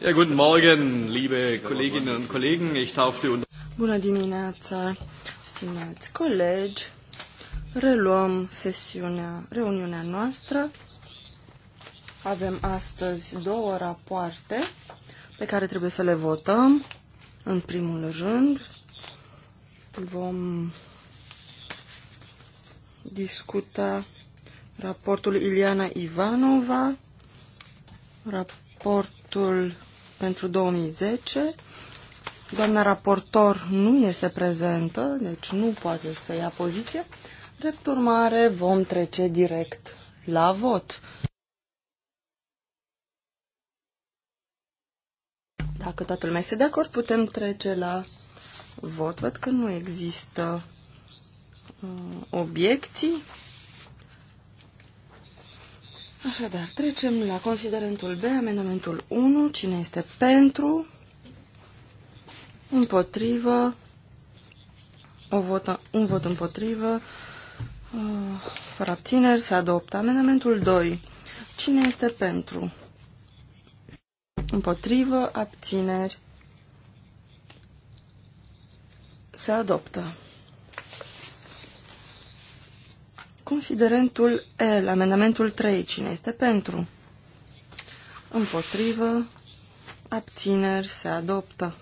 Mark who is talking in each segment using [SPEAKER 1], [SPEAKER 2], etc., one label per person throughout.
[SPEAKER 1] Ja, guten Morgen, liebe Kolleginnen und Kollegen. Ich darf
[SPEAKER 2] die Bună dimineața, stimați colegi. Reluăm sesiunea, reuniunea noastră. Avem astăzi două rapoarte pe care trebuie să le votăm. În primul rând, vom discuta raportul Iliana Ivanova raportul pentru 2010. Doamna raportor nu este prezentă, deci nu poate să ia poziție. Drept urmare, vom trece direct la vot. Dacă toată lumea este de acord, putem trece la vot. Văd că nu există uh, obiecții. Așadar, trecem la considerentul B, amendamentul 1. Cine este pentru? Împotrivă? O vot, un vot împotrivă? Uh, fără abțineri se adoptă. Amendamentul 2. Cine este pentru? Împotrivă? Abțineri? Se adoptă. Considerentul L, amendamentul 3, cine este pentru? Împotrivă, abțineri, se adoptă.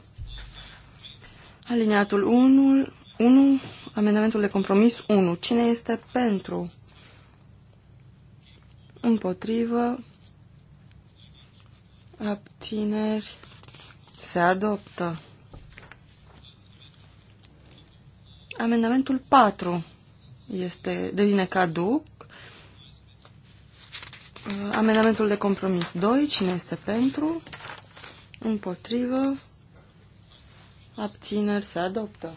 [SPEAKER 2] Aliniatul 1, 1, amendamentul de compromis 1, cine este pentru? Împotrivă, abțineri, se adoptă. Amendamentul 4 este, devine caduc. Uh, amendamentul de compromis 2, uh, cine este pentru? Împotrivă. Abțineri se adoptă.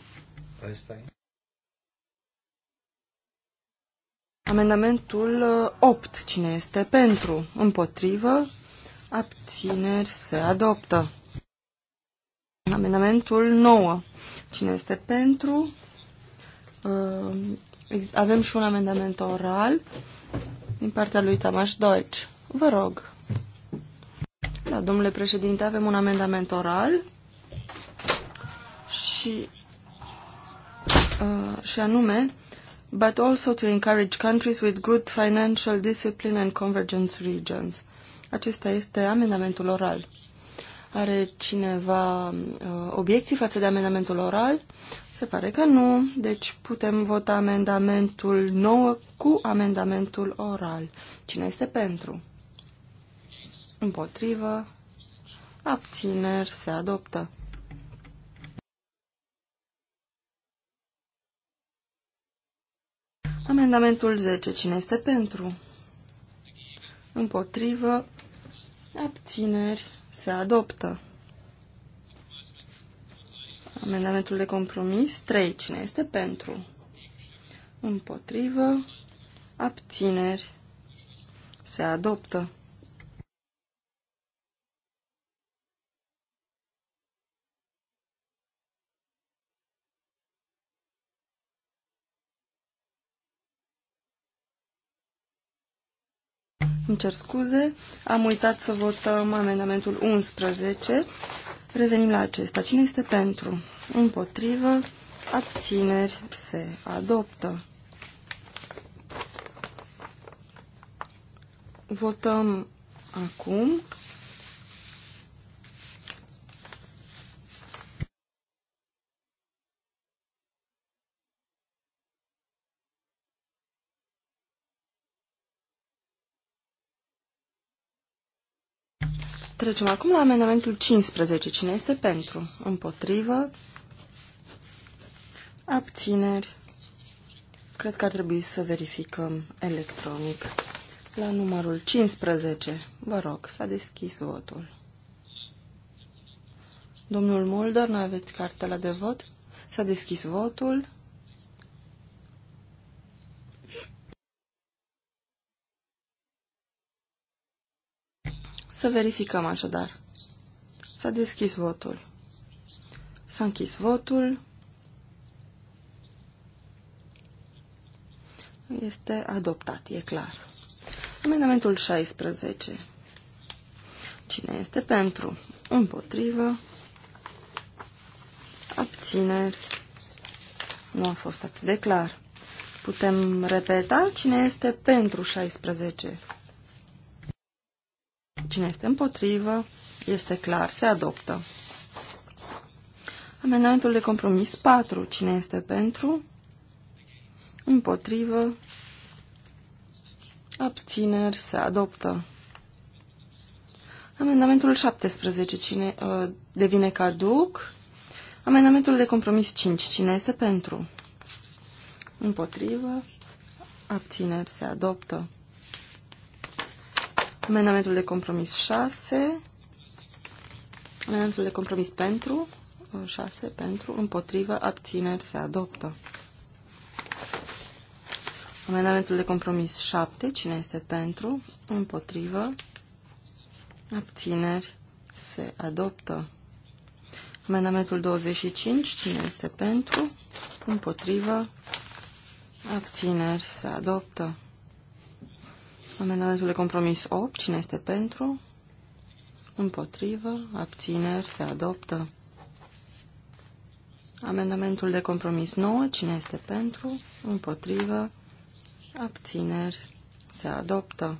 [SPEAKER 2] Amendamentul 8, cine este pentru? Împotrivă. Abțineri se adoptă. Amendamentul 9, cine este pentru? avem și un amendament oral din partea lui Tamaș Deutsch. Vă rog. Da, domnule președinte, avem un amendament oral și, uh, și anume but also to encourage countries with good financial discipline and convergence regions. Acesta este amendamentul oral. Are cineva uh, obiecții față de amendamentul oral? Se pare că nu, deci putem vota amendamentul 9 cu amendamentul oral. Cine este pentru? Împotrivă. Abțineri se adoptă. Amendamentul 10. Cine este pentru? Împotrivă. Abțineri se adoptă. Amendamentul de compromis 3. Cine este pentru? Împotrivă. Abțineri. Se adoptă. Îmi cer scuze, am uitat să votăm amendamentul 11 Revenim la acesta. Cine este pentru? Împotrivă. Abțineri se adoptă. Votăm acum Trecem acum la amendamentul 15. Cine este pentru? Împotrivă? Abțineri? Cred că ar trebui să verificăm electronic. La numărul 15, vă rog, s-a deschis votul. Domnul Mulder, nu aveți cartela de vot? S-a deschis votul. Să verificăm așadar. S-a deschis votul. S-a închis votul. Este adoptat, e clar. Amendamentul 16. Cine este pentru? Împotrivă. Abțineri. Nu a fost atât de clar. Putem repeta cine este pentru 16. Cine este împotrivă, este clar, se adoptă. Amendamentul de compromis 4. Cine este pentru? Împotrivă. Abțineri. Se adoptă. Amendamentul 17. Cine uh, devine caduc? Amendamentul de compromis 5. Cine este pentru? Împotrivă. Abțineri. Se adoptă. Amendamentul de compromis 6. Amendamentul de compromis pentru. 6 uh, pentru. Împotrivă. Abțineri. Se adoptă. Amendamentul de compromis 7. Cine este pentru? Împotrivă. Abțineri. Se adoptă. Amendamentul 25. Cine este pentru? Împotrivă. Abțineri. Se adoptă. Amendamentul de compromis 8. Cine este pentru? Împotrivă. Abțineri. Se adoptă. Amendamentul de compromis 9. Cine este pentru? Împotrivă. Abțineri. Se adoptă.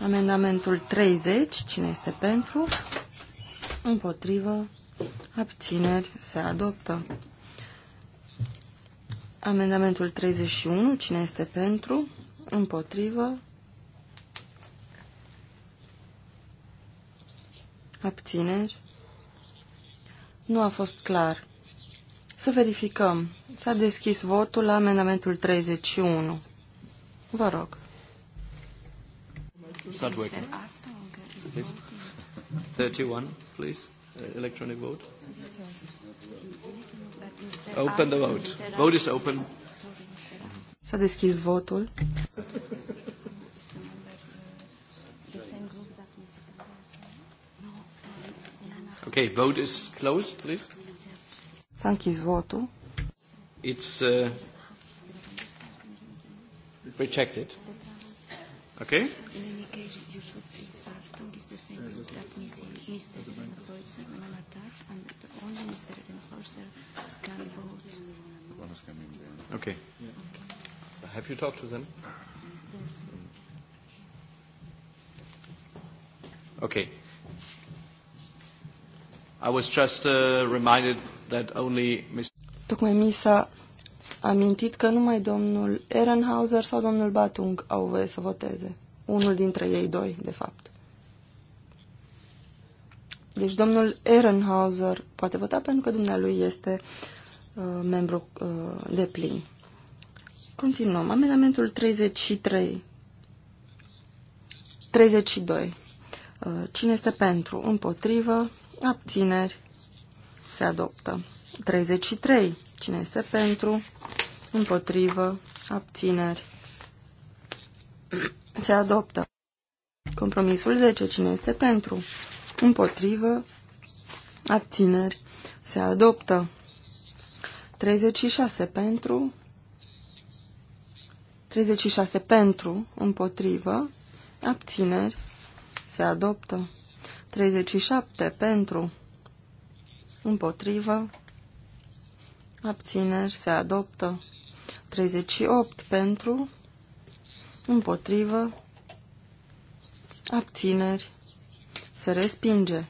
[SPEAKER 2] Amendamentul 30. Cine este pentru? Împotrivă. Abțineri. Se adoptă. Amendamentul 31. Cine este pentru? Împotrivă? Abțineri? Nu a fost clar. Să verificăm. S-a deschis votul la amendamentul 31. Vă rog.
[SPEAKER 1] It's working. 31, please. Electronic vote.
[SPEAKER 3] Open the vote. Vote is open.
[SPEAKER 2] S-a deschis votul. Okay, vote is closed, please. S-a închis votul.
[SPEAKER 3] It's uh,
[SPEAKER 1] rejected. Okay? In any case, you should please the same group that Mr. Mr
[SPEAKER 3] only Mr. can
[SPEAKER 1] vote. Okay.
[SPEAKER 2] Have you talked to them?
[SPEAKER 3] Okay. I was just
[SPEAKER 2] uh, reminded that only Mr. Tocmai mi s-a amintit că numai domnul Ehrenhauser sau domnul Batung au voie să voteze. Unul dintre ei doi, de fapt. Deci domnul Ehrenhauser poate vota pentru că dumnealui este uh, membru uh, de plin. Continuăm. Amendamentul 33. 32. Uh, cine este pentru? Împotrivă? Abțineri? Se adoptă. 33. Cine este pentru? Împotrivă? Abțineri? Se adoptă. Compromisul 10. Cine este pentru? împotrivă, abțineri, se adoptă. 36 pentru, 36 pentru, împotrivă, abțineri, se adoptă. 37 pentru, împotrivă, abțineri, se adoptă. 38 pentru, împotrivă, abțineri, se respinge.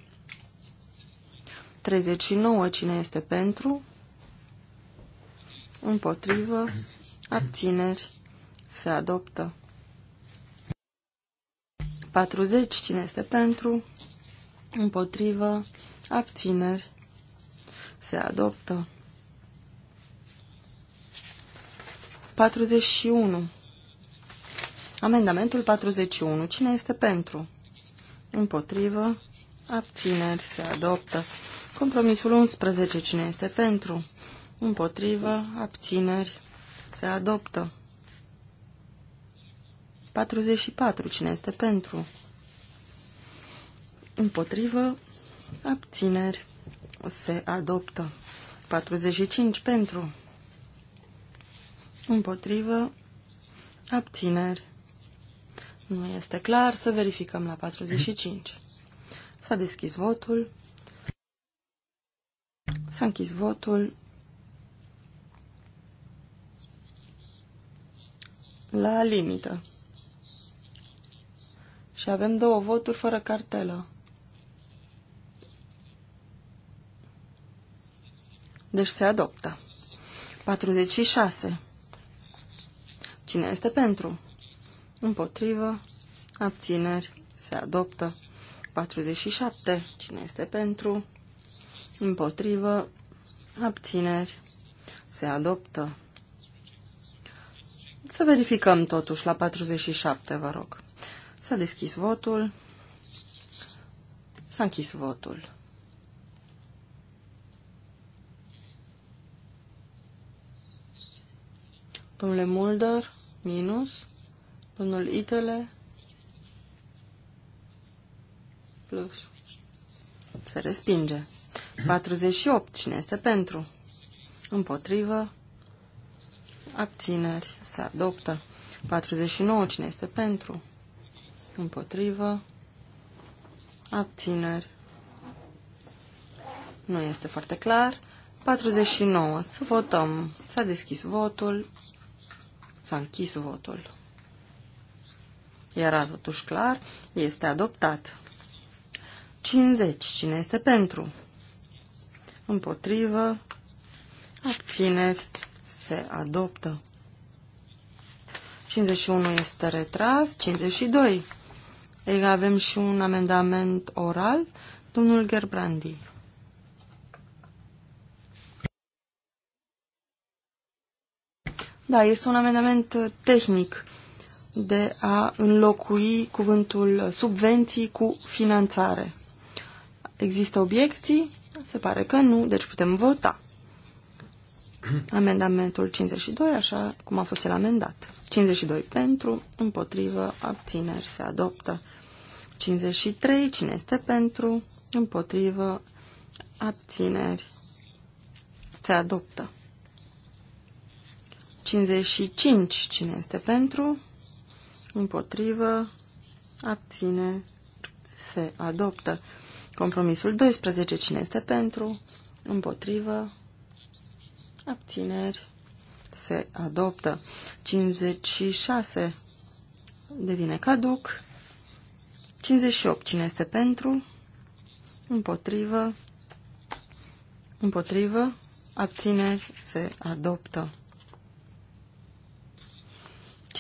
[SPEAKER 2] 39. Cine este pentru? Împotrivă. Abțineri. Se adoptă. 40. Cine este pentru? Împotrivă. Abțineri. Se adoptă. 41. Amendamentul 41. Cine este pentru? împotrivă, abțineri se adoptă. Compromisul 11, cine este pentru, împotrivă, abțineri se adoptă. 44, cine este pentru, împotrivă, abțineri se adoptă. 45 pentru, împotrivă, abțineri nu este clar. Să verificăm la 45. S-a deschis votul. S-a închis votul. La limită. Și avem două voturi fără cartelă. Deci se adoptă. 46. Cine este pentru? împotrivă, abțineri, se adoptă. 47. Cine este pentru, împotrivă, abțineri, se adoptă. Să verificăm totuși la 47, vă rog. S-a deschis votul. S-a închis votul. Domnule Mulder, minus. Domnul Itele. Plus. Se respinge. 48. Cine este pentru? Împotrivă. Abțineri. Se adoptă. 49. Cine este pentru? Împotrivă. Abțineri. Nu este foarte clar. 49. Să votăm. S-a deschis votul. S-a închis votul. Era totuși clar, este adoptat. 50. Cine este pentru? Împotrivă. Abțineri. Se adoptă. 51 este retras. 52. Ei, avem și un amendament oral. Domnul Gerbrandi. Da, este un amendament tehnic de a înlocui cuvântul subvenții cu finanțare. Există obiecții? Se pare că nu, deci putem vota. Amendamentul 52, așa cum a fost el amendat. 52 pentru, împotrivă, abțineri, se adoptă. 53, cine este pentru, împotrivă, abțineri, se adoptă. 55, cine este pentru, împotrivă, abține, se adoptă. Compromisul 12, cine este pentru, împotrivă, abțineri, se adoptă. 56 devine caduc. 58, cine este pentru, împotrivă, împotrivă, abțineri, se adoptă.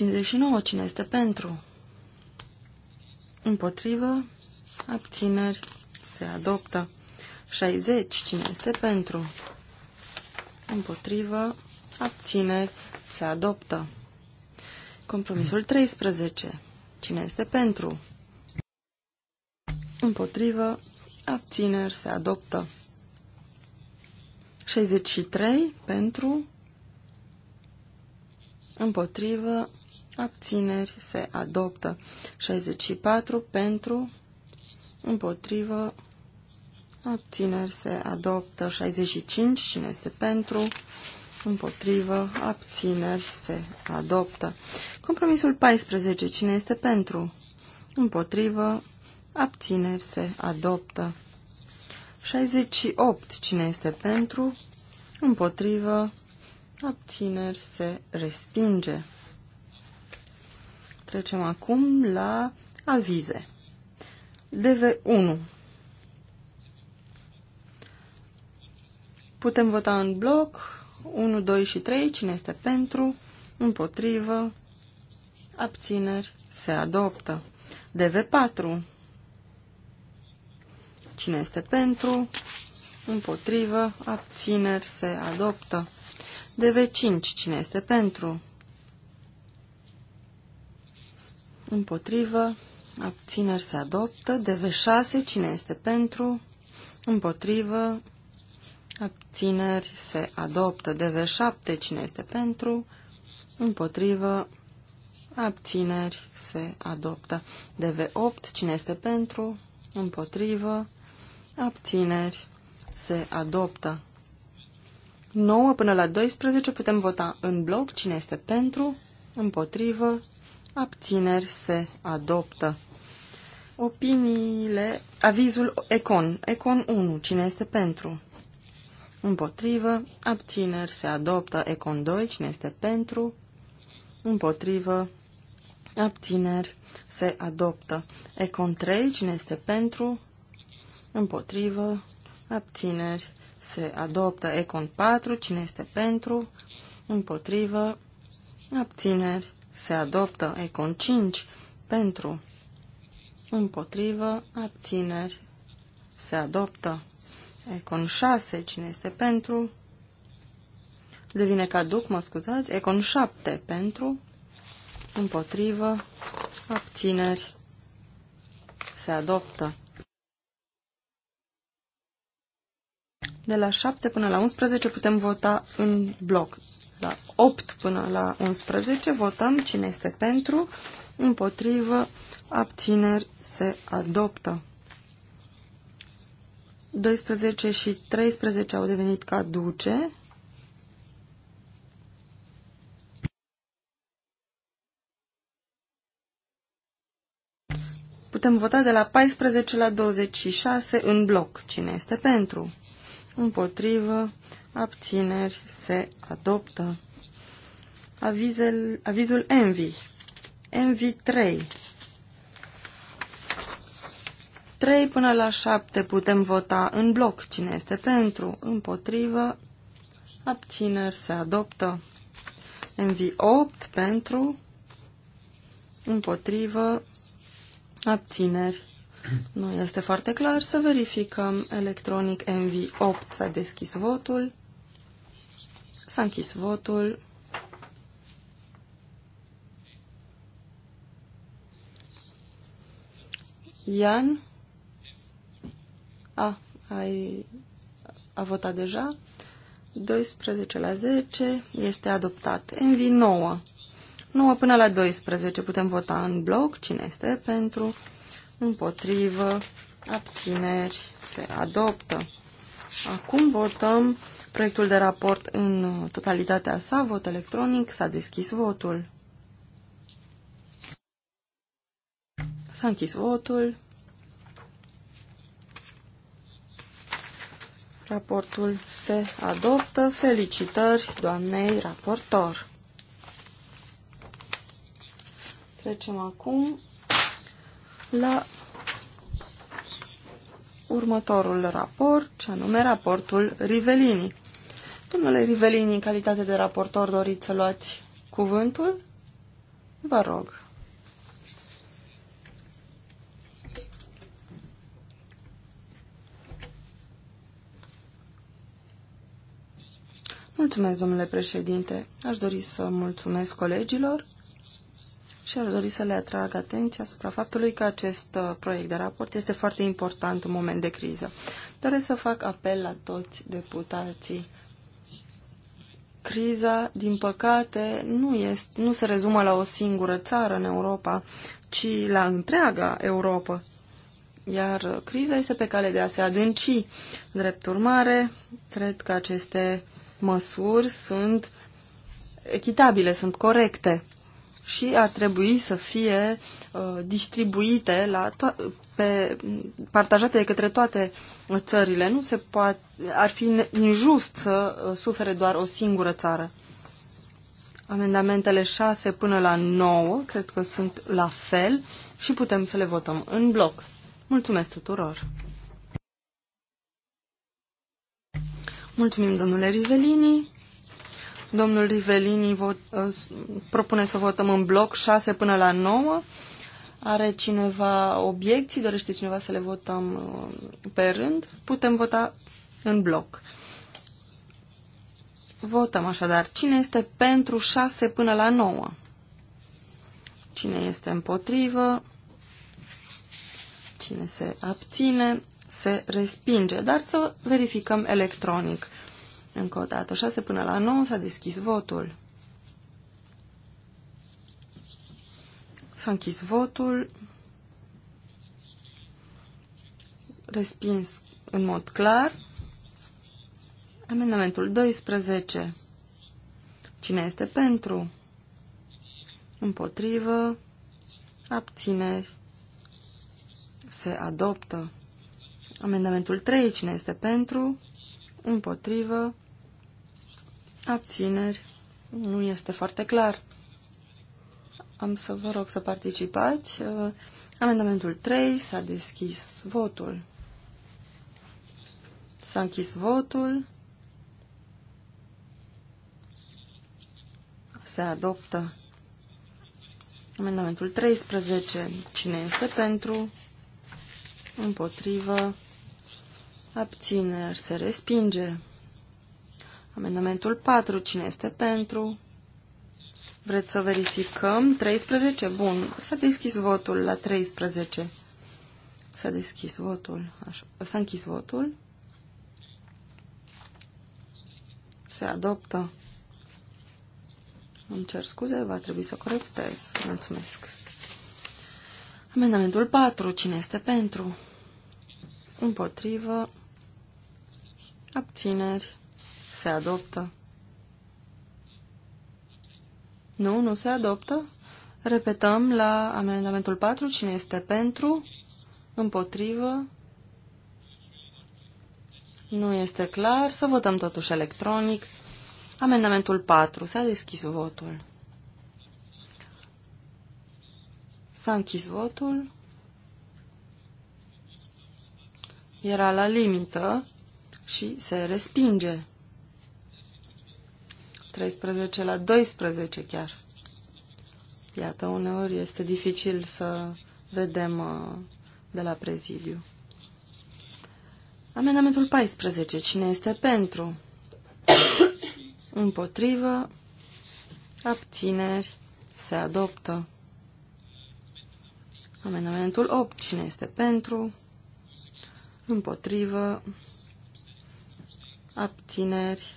[SPEAKER 2] 59. Cine este pentru? Împotrivă. Abțineri. Se adoptă. 60. Cine este pentru? Împotrivă. Abțineri. Se adoptă. Compromisul 13. Cine este pentru? Împotrivă. Abțineri. Se adoptă. 63. Pentru. Împotrivă abțineri se adoptă. 64 pentru, împotrivă, abțineri se adoptă. 65, cine este pentru, împotrivă, abțineri se adoptă. Compromisul 14, cine este pentru, împotrivă, abțineri se adoptă. 68, cine este pentru, împotrivă, abțineri se respinge. Trecem acum la avize. DV1. Putem vota în bloc 1, 2 și 3. Cine este pentru? Împotrivă? Abțineri? Se adoptă. DV4. Cine este pentru? Împotrivă? Abțineri? Se adoptă. DV5. Cine este pentru? împotrivă, abțineri se adoptă, DV6, cine este pentru, împotrivă, abțineri se adoptă, DV7, cine este pentru, împotrivă, abțineri se adoptă, DV8, cine este pentru, împotrivă, abțineri se adoptă. 9 până la 12 putem vota în bloc cine este pentru, împotrivă, abțineri se adoptă. Opiniile, avizul Econ, Econ 1, cine este pentru? Împotrivă, abțineri se adoptă. Econ 2, cine este pentru? Împotrivă, abțineri se adoptă. Econ 3, cine este pentru? Împotrivă, abțineri se adoptă. Econ 4, cine este pentru? Împotrivă, abțineri se adoptă Econ 5 pentru împotrivă abțineri se adoptă Econ 6 cine este pentru devine caduc, mă scuzați Econ 7 pentru împotrivă abțineri se adoptă de la 7 până la 11 putem vota în bloc la 8 până la 11, votăm cine este pentru, împotrivă, abțineri, se adoptă. 12 și 13 au devenit caduce. Putem vota de la 14 la 26 în bloc. Cine este pentru? Împotrivă, abțineri, se adoptă. Avizel, avizul Envy. Envy 3. 3 până la 7 putem vota în bloc cine este pentru, împotrivă, abțineri, se adoptă. Envy 8 pentru, împotrivă, abțineri. Nu este foarte clar să verificăm electronic NV8 s-a deschis votul. S-a închis votul. Ian? A, ai, a votat deja. 12 la 10 este adoptat. Envi 9. 9 până la 12 putem vota în bloc. Cine este pentru? Împotrivă. Abțineri. Se adoptă. Acum votăm proiectul de raport în totalitatea sa, vot electronic, s-a deschis votul. S-a închis votul. Raportul se adoptă. Felicitări doamnei raportor. Trecem acum la următorul raport, ce anume raportul Rivelini. Domnule Rivelini, în calitate de raportor, doriți să luați cuvântul? Vă rog. Mulțumesc, domnule președinte. Aș dori să mulțumesc colegilor și aș dori să le atrag atenția asupra faptului că acest uh, proiect de raport este foarte important în moment de criză. Doresc să fac apel la toți deputații criza, din păcate, nu, este, nu se rezumă la o singură țară în Europa, ci la întreaga Europa. Iar criza este pe cale de a se adânci. Drept urmare, cred că aceste măsuri sunt echitabile, sunt corecte și ar trebui să fie uh, distribuite la pe, partajate de către toate țările. Nu se poate, ar fi injust să uh, sufere doar o singură țară. Amendamentele 6 până la 9 cred că sunt la fel și putem să le votăm în bloc. Mulțumesc tuturor! Mulțumim, domnule Rivelini. Domnul Rivelini vot, uh, propune să votăm în bloc 6 până la 9. Are cineva obiecții? Dorește cineva să le votăm uh, pe rând? Putem vota în bloc. Votăm așadar. Cine este pentru 6 până la 9? Cine este împotrivă? Cine se abține? Se respinge. Dar să verificăm electronic. Încă o dată. 6 până la 9 s-a deschis votul. S-a închis votul. Respins în mod clar. Amendamentul 12. Cine este pentru? Împotrivă. Abțineri. Se adoptă. Amendamentul 3. Cine este pentru? Împotrivă. Abțineri. Nu este foarte clar. Am să vă rog să participați. Uh, amendamentul 3 s-a deschis votul. S-a închis votul. Se adoptă amendamentul 13. Cine este pentru? Împotrivă. Abțineri. Se respinge. Amendamentul 4. Cine este pentru? Vreți să verificăm? 13? Bun. S-a deschis votul la 13. S-a deschis votul. S-a închis votul. Se adoptă. Îmi cer scuze, va trebui să corectez. Mulțumesc. Amendamentul 4. Cine este pentru? Împotrivă. Abțineri. Se adoptă. Nu, nu se adoptă. Repetăm la amendamentul 4. Cine este pentru? Împotrivă? Nu este clar. Să votăm totuși electronic. Amendamentul 4. S-a deschis votul. S-a închis votul. Era la limită și se respinge. 13 la 12 chiar. Iată, uneori este dificil să vedem uh, de la prezidiu. Amendamentul 14. Cine este pentru? Împotrivă. Abțineri. Se adoptă. Amendamentul 8. Cine este pentru? Împotrivă. Abțineri.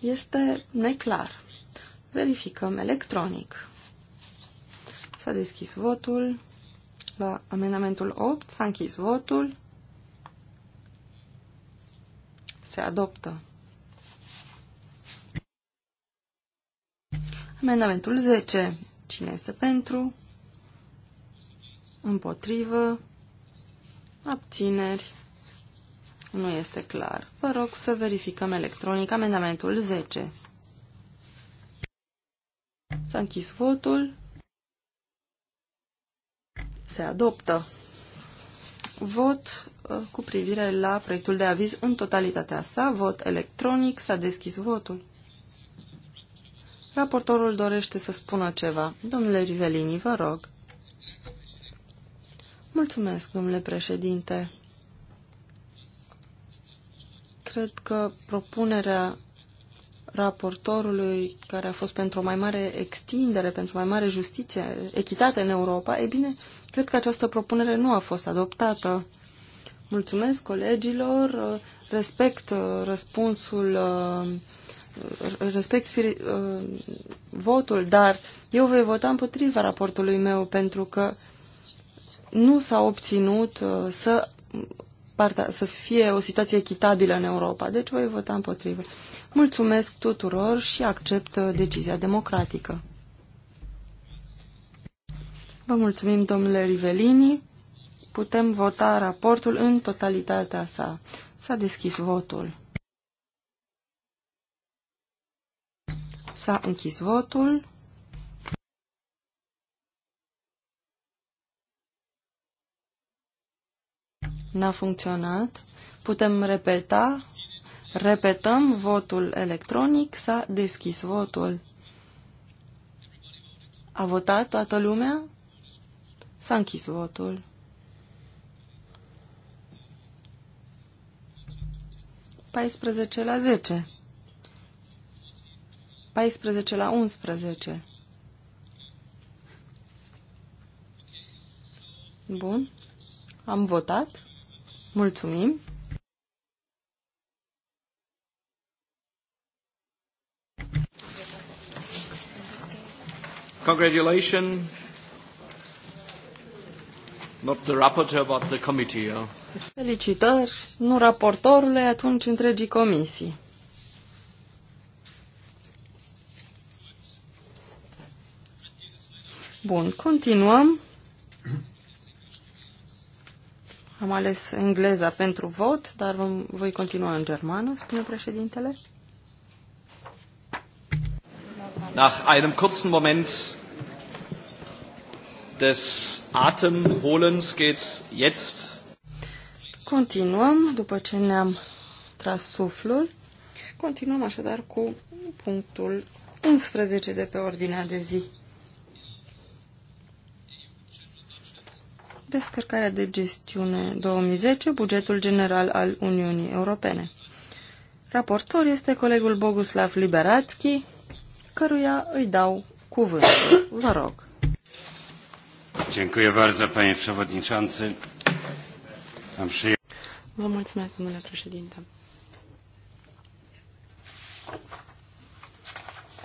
[SPEAKER 2] este neclar. Verificăm electronic. S-a deschis votul. La amendamentul 8 s-a închis votul. Se adoptă. Amendamentul 10. Cine este pentru? Împotrivă. Abțineri. Nu este clar. Vă rog să verificăm electronic amendamentul 10. S-a închis votul. Se adoptă. Vot uh, cu privire la proiectul de aviz în totalitatea sa, vot electronic, s-a deschis votul. Raportorul dorește să spună ceva. Domnule Rivelini, vă rog. Mulțumesc, domnule președinte cred că propunerea raportorului care a fost pentru o mai mare extindere, pentru o mai mare justiție, echitate în Europa, e bine, cred că această propunere nu a fost adoptată. Mulțumesc colegilor, respect uh, răspunsul, uh, respect spirit, uh, votul, dar eu voi vota împotriva raportului meu pentru că nu s-a obținut să partea, să fie o situație echitabilă în Europa. Deci voi vota împotrivă. Mulțumesc tuturor și accept uh, decizia democratică. Vă mulțumim, domnule Rivelini. Putem vota raportul în totalitatea sa. S-a deschis votul. S-a închis votul. N-a funcționat. Putem repeta. Repetăm votul electronic. S-a deschis votul. A votat toată lumea? S-a închis votul. Paisprezece la zece. Paisprezece la unsprezece. Bun. Am votat. Mulțumim.
[SPEAKER 1] Congratulations.
[SPEAKER 2] Not the rapporteur, but the committee. Felicitări, nu raportorule, atunci întregii comisii. Bun, continuăm. Am ales engleza pentru vot, dar vom, voi continua în germană, spune președintele. Nach einem kurzen Moment des Atemholens geht's jetzt. Continuăm după ce ne-am tras suflul. Continuăm așadar cu punctul 11 de pe ordinea de zi. descărcarea de gestiune 2010, bugetul general al Uniunii Europene. Raportor este colegul Boguslav Liberatski, căruia îi dau cuvântul. Vă rog.
[SPEAKER 1] Dziękuję bardzo, panie przewodniczący. Am przyjemność.
[SPEAKER 2] Vă mulțumesc,
[SPEAKER 3] domnule președinte.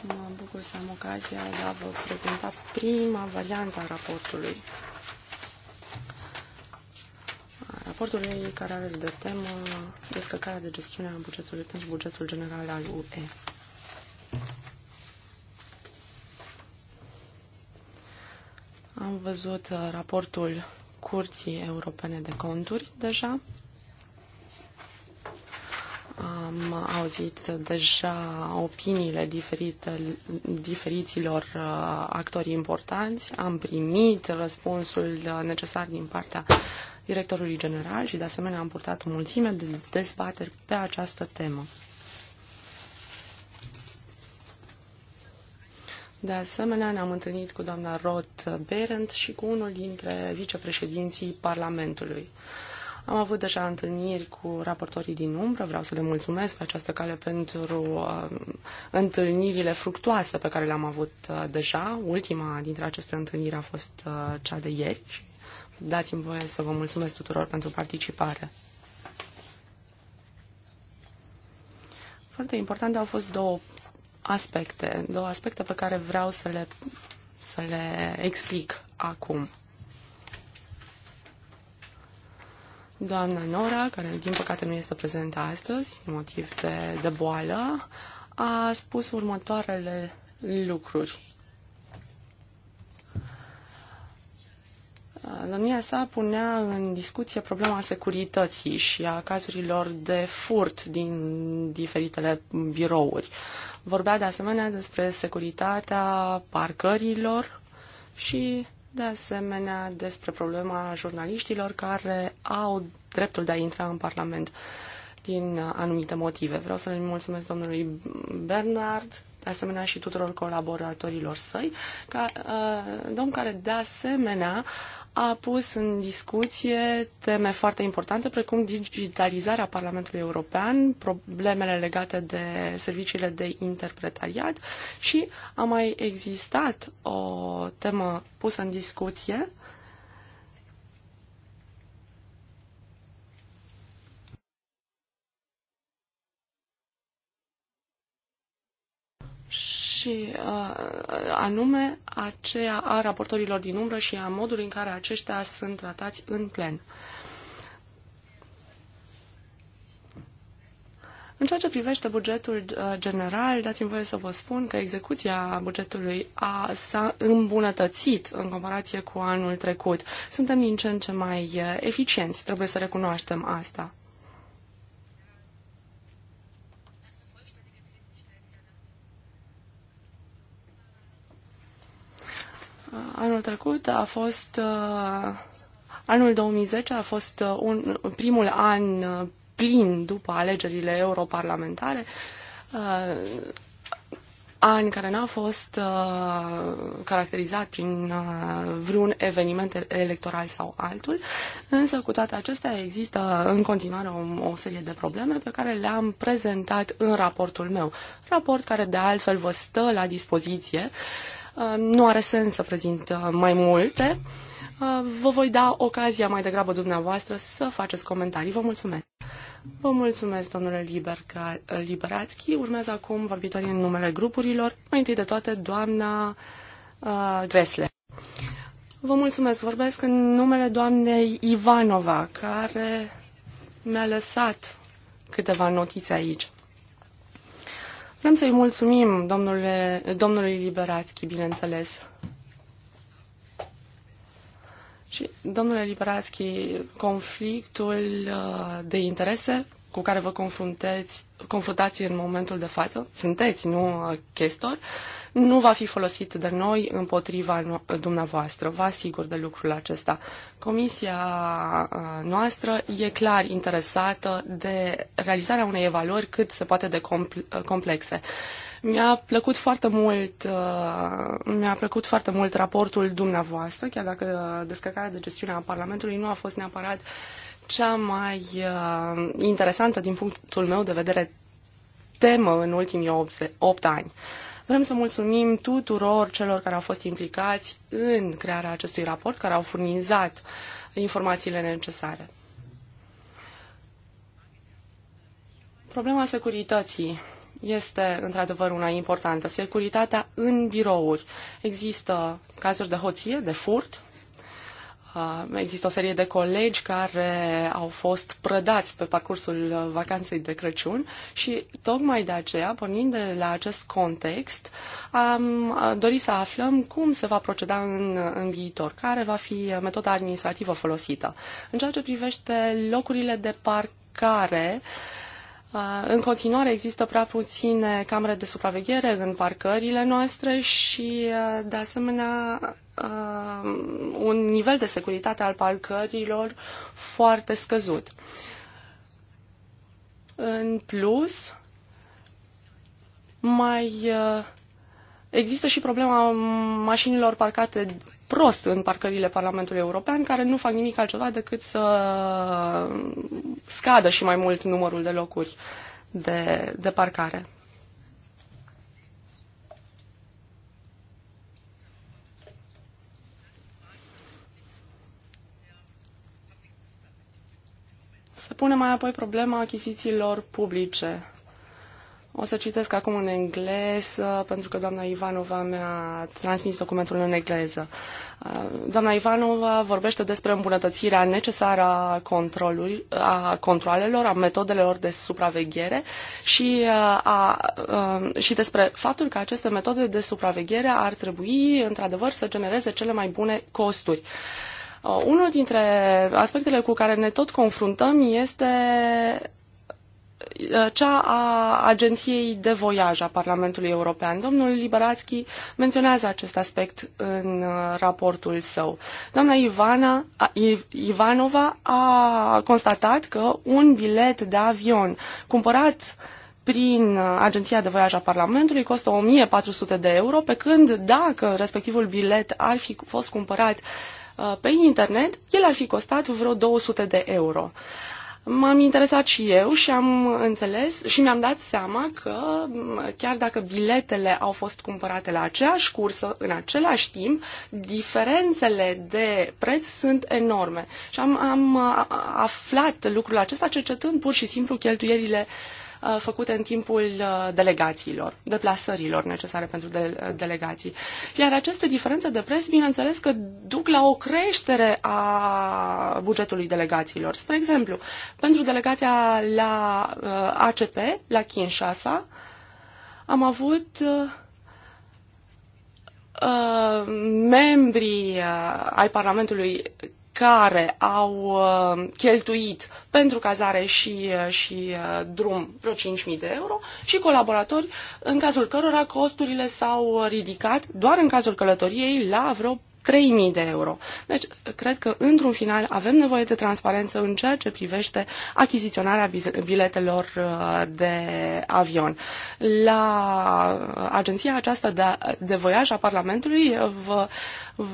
[SPEAKER 3] Mă bucur să am ocazia de a vă prezenta prima variantă a raportului. raportului care are de temă descărcarea de gestiune a bugetului pentru bugetul general al UE. Am văzut uh, raportul Curții Europene de Conturi deja. Am auzit deja opiniile diferite, diferiților uh, actori importanți. Am primit răspunsul uh, necesar din partea directorului general și de asemenea am purtat o mulțime de dezbateri pe această temă. De asemenea, ne-am întâlnit cu doamna Roth Berend și cu unul dintre vicepreședinții Parlamentului. Am avut deja întâlniri cu raportorii din umbră, vreau să le mulțumesc pe această cale pentru uh, întâlnirile fructuoase pe care le-am avut uh, deja. Ultima dintre aceste întâlniri a fost uh, cea de ieri și dați-mi voie să vă mulțumesc tuturor pentru participare. Foarte importante au fost două aspecte, două aspecte pe care vreau să le, să le explic acum. Doamna Nora, care din păcate nu este prezentă astăzi, motiv de, de boală, a spus următoarele lucruri. Domnia sa punea în discuție problema securității și a cazurilor de furt din diferitele birouri. Vorbea de asemenea despre securitatea parcărilor și de asemenea despre problema jurnaliștilor care au dreptul de a intra în Parlament din anumite motive. Vreau să le mulțumesc domnului Bernard, de asemenea și tuturor colaboratorilor săi, ca, uh, domn care de asemenea a pus în discuție teme foarte importante, precum digitalizarea Parlamentului European, problemele legate de serviciile de interpretariat și a mai existat o temă pusă în discuție și uh, anume aceea a raportorilor din umbră și a modului în care aceștia sunt tratați în plen. În ceea ce privește bugetul uh, general, dați-mi voie să vă spun că execuția bugetului a, s-a îmbunătățit în comparație cu anul trecut. Suntem din ce în ce mai uh, eficienți, trebuie să recunoaștem asta. Anul trecut a fost uh, anul 2010 a fost uh, un, primul an uh, plin după alegerile europarlamentare, an care n-a fost caracterizat prin vreun eveniment electoral sau altul, însă cu toate acestea există în continuare o, o serie de probleme pe care le-am prezentat în raportul meu, raport care de altfel vă stă la dispoziție uh, Uh, nu are sens să prezint uh, mai multe. Uh, vă voi da ocazia mai degrabă dumneavoastră să faceți comentarii. Vă mulțumesc! Vă mulțumesc, domnule Liber, că Liberațchi. Urmează acum vorbitorii în numele grupurilor. Mai întâi de toate, doamna uh, Gresle. Vă mulțumesc. Vorbesc în numele doamnei Ivanova, care mi-a lăsat câteva notițe aici. Vrem să-i mulțumim domnule, domnului Liberațchi, bineînțeles. Și, domnule Liberațchi, conflictul uh, de interese cu care vă confruntați, confruntați în momentul de față, sunteți, nu uh, chestor, nu va fi folosit de noi împotriva uh, dumneavoastră. Vă asigur de lucrul acesta. Comisia uh, noastră e clar interesată de realizarea unei evaluări cât se poate de complexe. Mi-a plăcut foarte mult, mi-a plăcut foarte mult raportul dumneavoastră, chiar dacă descărcarea de gestiune a Parlamentului nu a fost neapărat uh, cea mai uh, interesantă din punctul meu de vedere temă în ultimii 8, 8 ani. Vrem să mulțumim tuturor celor care au fost implicați în crearea acestui raport, care au furnizat informațiile necesare. Problema securității este într-adevăr una importantă. Securitatea în birouri. Există cazuri de hoție, de furt, Uh, există o serie de colegi care au fost prădați pe parcursul uh, vacanței de Crăciun și tocmai de aceea, pornind de la acest context, am uh, dorit să aflăm cum se va proceda în, în viitor, care va fi metoda administrativă folosită. În ceea ce privește locurile de parcare, în continuare există prea puține camere de supraveghere în parcările noastre și, de asemenea, uh, un nivel de securitate al parcărilor foarte scăzut. În plus, mai uh, există și problema mașinilor parcate prost în parcările Parlamentului European, care nu fac nimic altceva decât să scadă și mai mult numărul de locuri de, de parcare. pune mai apoi problema achizițiilor publice. O să citesc acum în engleză, pentru că doamna Ivanova mi-a transmis documentul în engleză. Uh, doamna Ivanova vorbește despre îmbunătățirea necesară a, controlului, a controlelor, a metodelor de supraveghere și, uh, a, a, uh, și despre faptul că aceste metode de supraveghere ar trebui, într-adevăr, să genereze cele mai bune costuri. Uh, unul dintre aspectele cu care ne tot confruntăm este uh, cea a Agenției de Voiaj a Parlamentului European. Domnul Liberațchi menționează acest aspect în uh, raportul său. Doamna Ivana, Ivanova a constatat că un bilet de avion cumpărat prin Agenția de Voiaj a Parlamentului costă 1400 de euro, pe când dacă respectivul bilet ar fi fost cumpărat uh, Uh, pe internet, el ar fi costat vreo 200 de euro. M-am interesat și eu și am înțeles și mi-am dat seama că mm, chiar dacă biletele au fost cumpărate la aceeași cursă în același timp, diferențele de preț sunt enorme. Și am, am uh, aflat lucrul acesta cercetând pur și simplu cheltuielile uh, Uh, făcute în timpul uh, delegațiilor, deplasărilor necesare pentru de- uh, delegații. Iar aceste diferențe de preț, bineînțeles că duc la o creștere a bugetului delegațiilor. Spre exemplu, pentru delegația la ACP, la Kinshasa, am avut membrii ai Parlamentului care au uh, cheltuit pentru cazare și, uh, și uh, drum vreo 5.000 de euro și colaboratori în cazul cărora costurile s-au ridicat doar în cazul călătoriei la vreo 3.000 de euro. Deci, cred că, într-un final, avem nevoie de transparență în ceea ce privește achiziționarea biletelor de avion. La agenția aceasta de, de voiaj a Parlamentului vă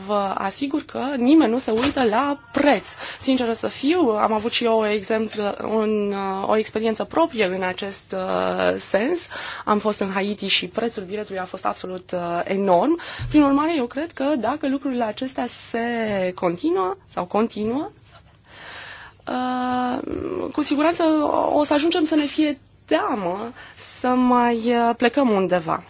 [SPEAKER 3] vă asigur că nimeni nu se uită la preț. Sinceră să fiu, am avut și eu o, exemplu, un, uh, o experiență proprie în acest uh, sens. Am fost în Haiti și prețul biletului a fost absolut uh, enorm. Prin urmare, eu cred că dacă lucrurile acestea se continuă sau continuă, uh, cu siguranță o să ajungem să ne fie teamă să mai uh, plecăm undeva.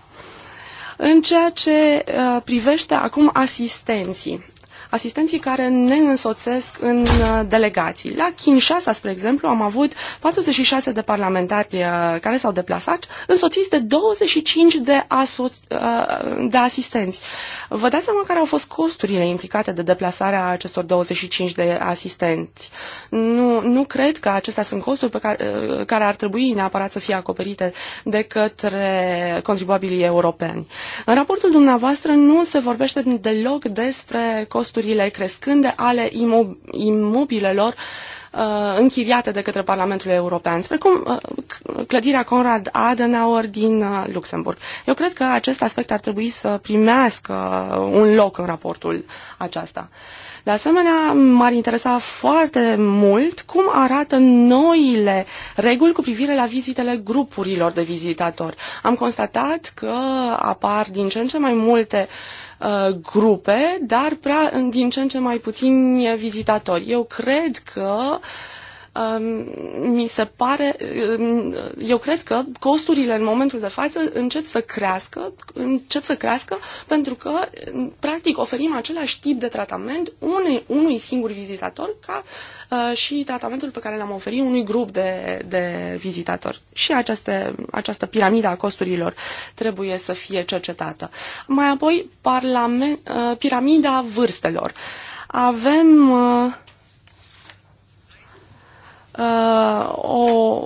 [SPEAKER 3] În ceea ce uh, privește acum asistenții, asistenții care ne însoțesc în uh, delegații. La Kinshasa, spre exemplu, am avut 46 de parlamentari uh, care s-au deplasat, însoțiți de 25 de, aso- uh, de asistenți. Vă dați seama care au fost costurile implicate de deplasarea acestor 25 de asistenți. Nu, nu cred că acestea sunt costuri pe care, care ar trebui neapărat să fie acoperite de către contribuabilii europeni. În raportul dumneavoastră nu se vorbește deloc despre costuri costurile crescânde ale imob- imobilelor uh, închiriate de către Parlamentul European, spre cum uh, clădirea Conrad Adenauer din uh, Luxemburg. Eu cred că acest aspect ar trebui să primească uh, un loc în raportul acesta. De asemenea, m-ar interesa foarte mult cum arată noile reguli cu privire la vizitele grupurilor de vizitatori. Am constatat că apar din ce în ce mai multe uh, Uh, grupe, dar prea, din ce în ce mai puțini vizitatori. Eu cred că uh, Um, mi se pare, um, eu cred că costurile în momentul de față încep să crească, încep să crească pentru că, um, practic, oferim același tip de tratament unui, unui singur vizitator ca uh, și tratamentul pe care l-am oferit unui grup de, de vizitatori. Și aceste, această piramidă a costurilor trebuie să fie cercetată. Mai apoi, parlament, uh, piramida vârstelor. Avem uh, uh, o,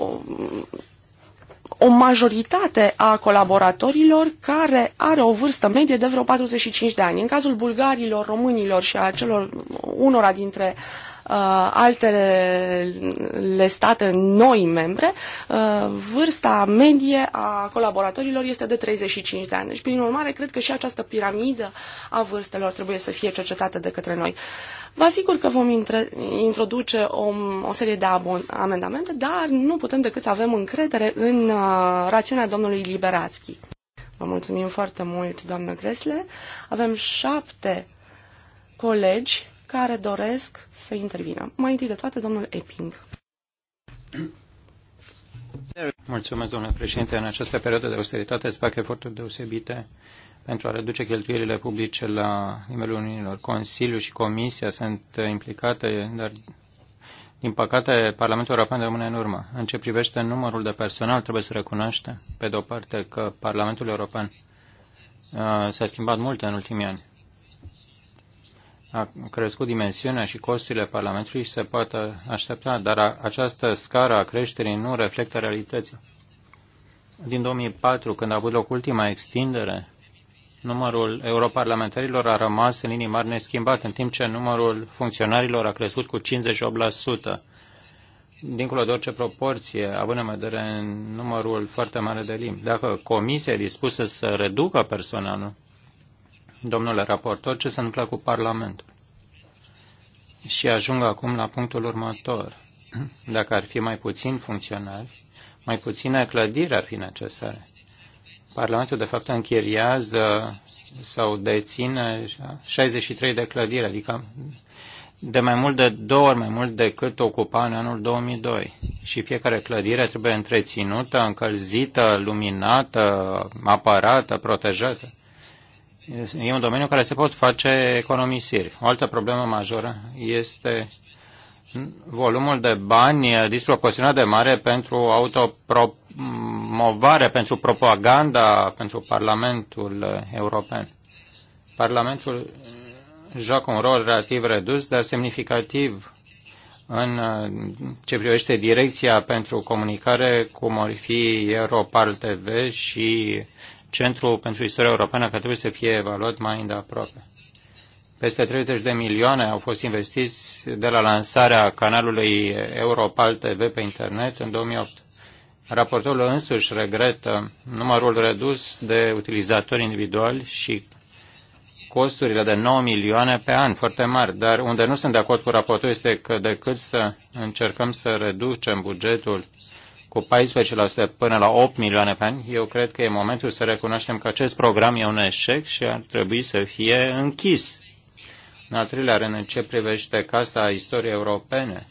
[SPEAKER 3] o majoritate a colaboratorilor care are o vârstă medie de vreo 45 de ani. În cazul bulgarilor, românilor și a celor unora dintre uh, altele state noi membre, uh, vârsta medie a colaboratorilor este de 35 de ani. Deci, prin urmare, cred că și această piramidă a vârstelor trebuie să fie cercetată de către noi. Uh, Vă asigur că vom introduce o, o serie de amendamente, dar nu putem decât să avem încredere în uh, rațiunea domnului Liberațchi. Vă mulțumim foarte mult, doamnă Gresle. Avem șapte colegi care doresc să intervină. Mai întâi de toate, domnul Epping.
[SPEAKER 1] Mulțumesc, domnule președinte. În această perioadă de austeritate îți fac eforturi deosebite pentru a reduce cheltuielile publice la nivelul Uniunilor. Consiliul și Comisia sunt implicate, dar din păcate, Parlamentul European rămâne în urmă. În ce privește numărul de personal, trebuie să recunoaște, pe de o parte, că Parlamentul European uh, s-a schimbat mult în ultimii ani. A crescut dimensiunea și costurile Parlamentului și se poate aștepta, dar a, această scară a creșterii nu reflectă realitatea. Din 2004, când a avut loc ultima extindere numărul europarlamentarilor a rămas în linii mari neschimbat, în timp ce numărul funcționarilor a crescut cu 58%, dincolo de orice proporție, având în vedere în numărul foarte mare de limbi. Dacă comisia e dispusă să reducă personalul, domnule raportor, ce se întâmplă cu Parlamentul? Și ajung acum la punctul următor. Dacă ar fi mai puțin funcționari, mai puțină clădire ar fi necesare Parlamentul, de fapt, închiriază sau deține 63 de clădiri, adică de mai mult de două ori mai mult decât ocupa în anul 2002. Și fiecare clădire trebuie întreținută, încălzită, luminată, aparată, protejată. E un domeniu care se pot face economisiri. O altă problemă majoră este volumul de bani disproporționat de mare pentru autoprop promovare, pentru propaganda pentru Parlamentul European. Parlamentul joacă un rol relativ redus, dar semnificativ în uh, ce privește direcția pentru comunicare, cum ar fi Europal TV și Centrul pentru Istoria Europeană, care trebuie să fie evaluat mai îndeaproape. Peste 30 de milioane au fost investiți de la lansarea canalului Europal TV pe internet în 2008. Raportorul însuși regretă numărul redus de utilizatori individuali și costurile de 9 milioane pe an, foarte mari, dar unde nu sunt de acord cu raportul este că decât să încercăm să reducem bugetul cu 14% până la 8 milioane pe an, eu cred că e momentul să recunoaștem că acest program e un eșec și ar trebui să fie închis. În al treilea rând, în ce privește Casa Istoriei Europene,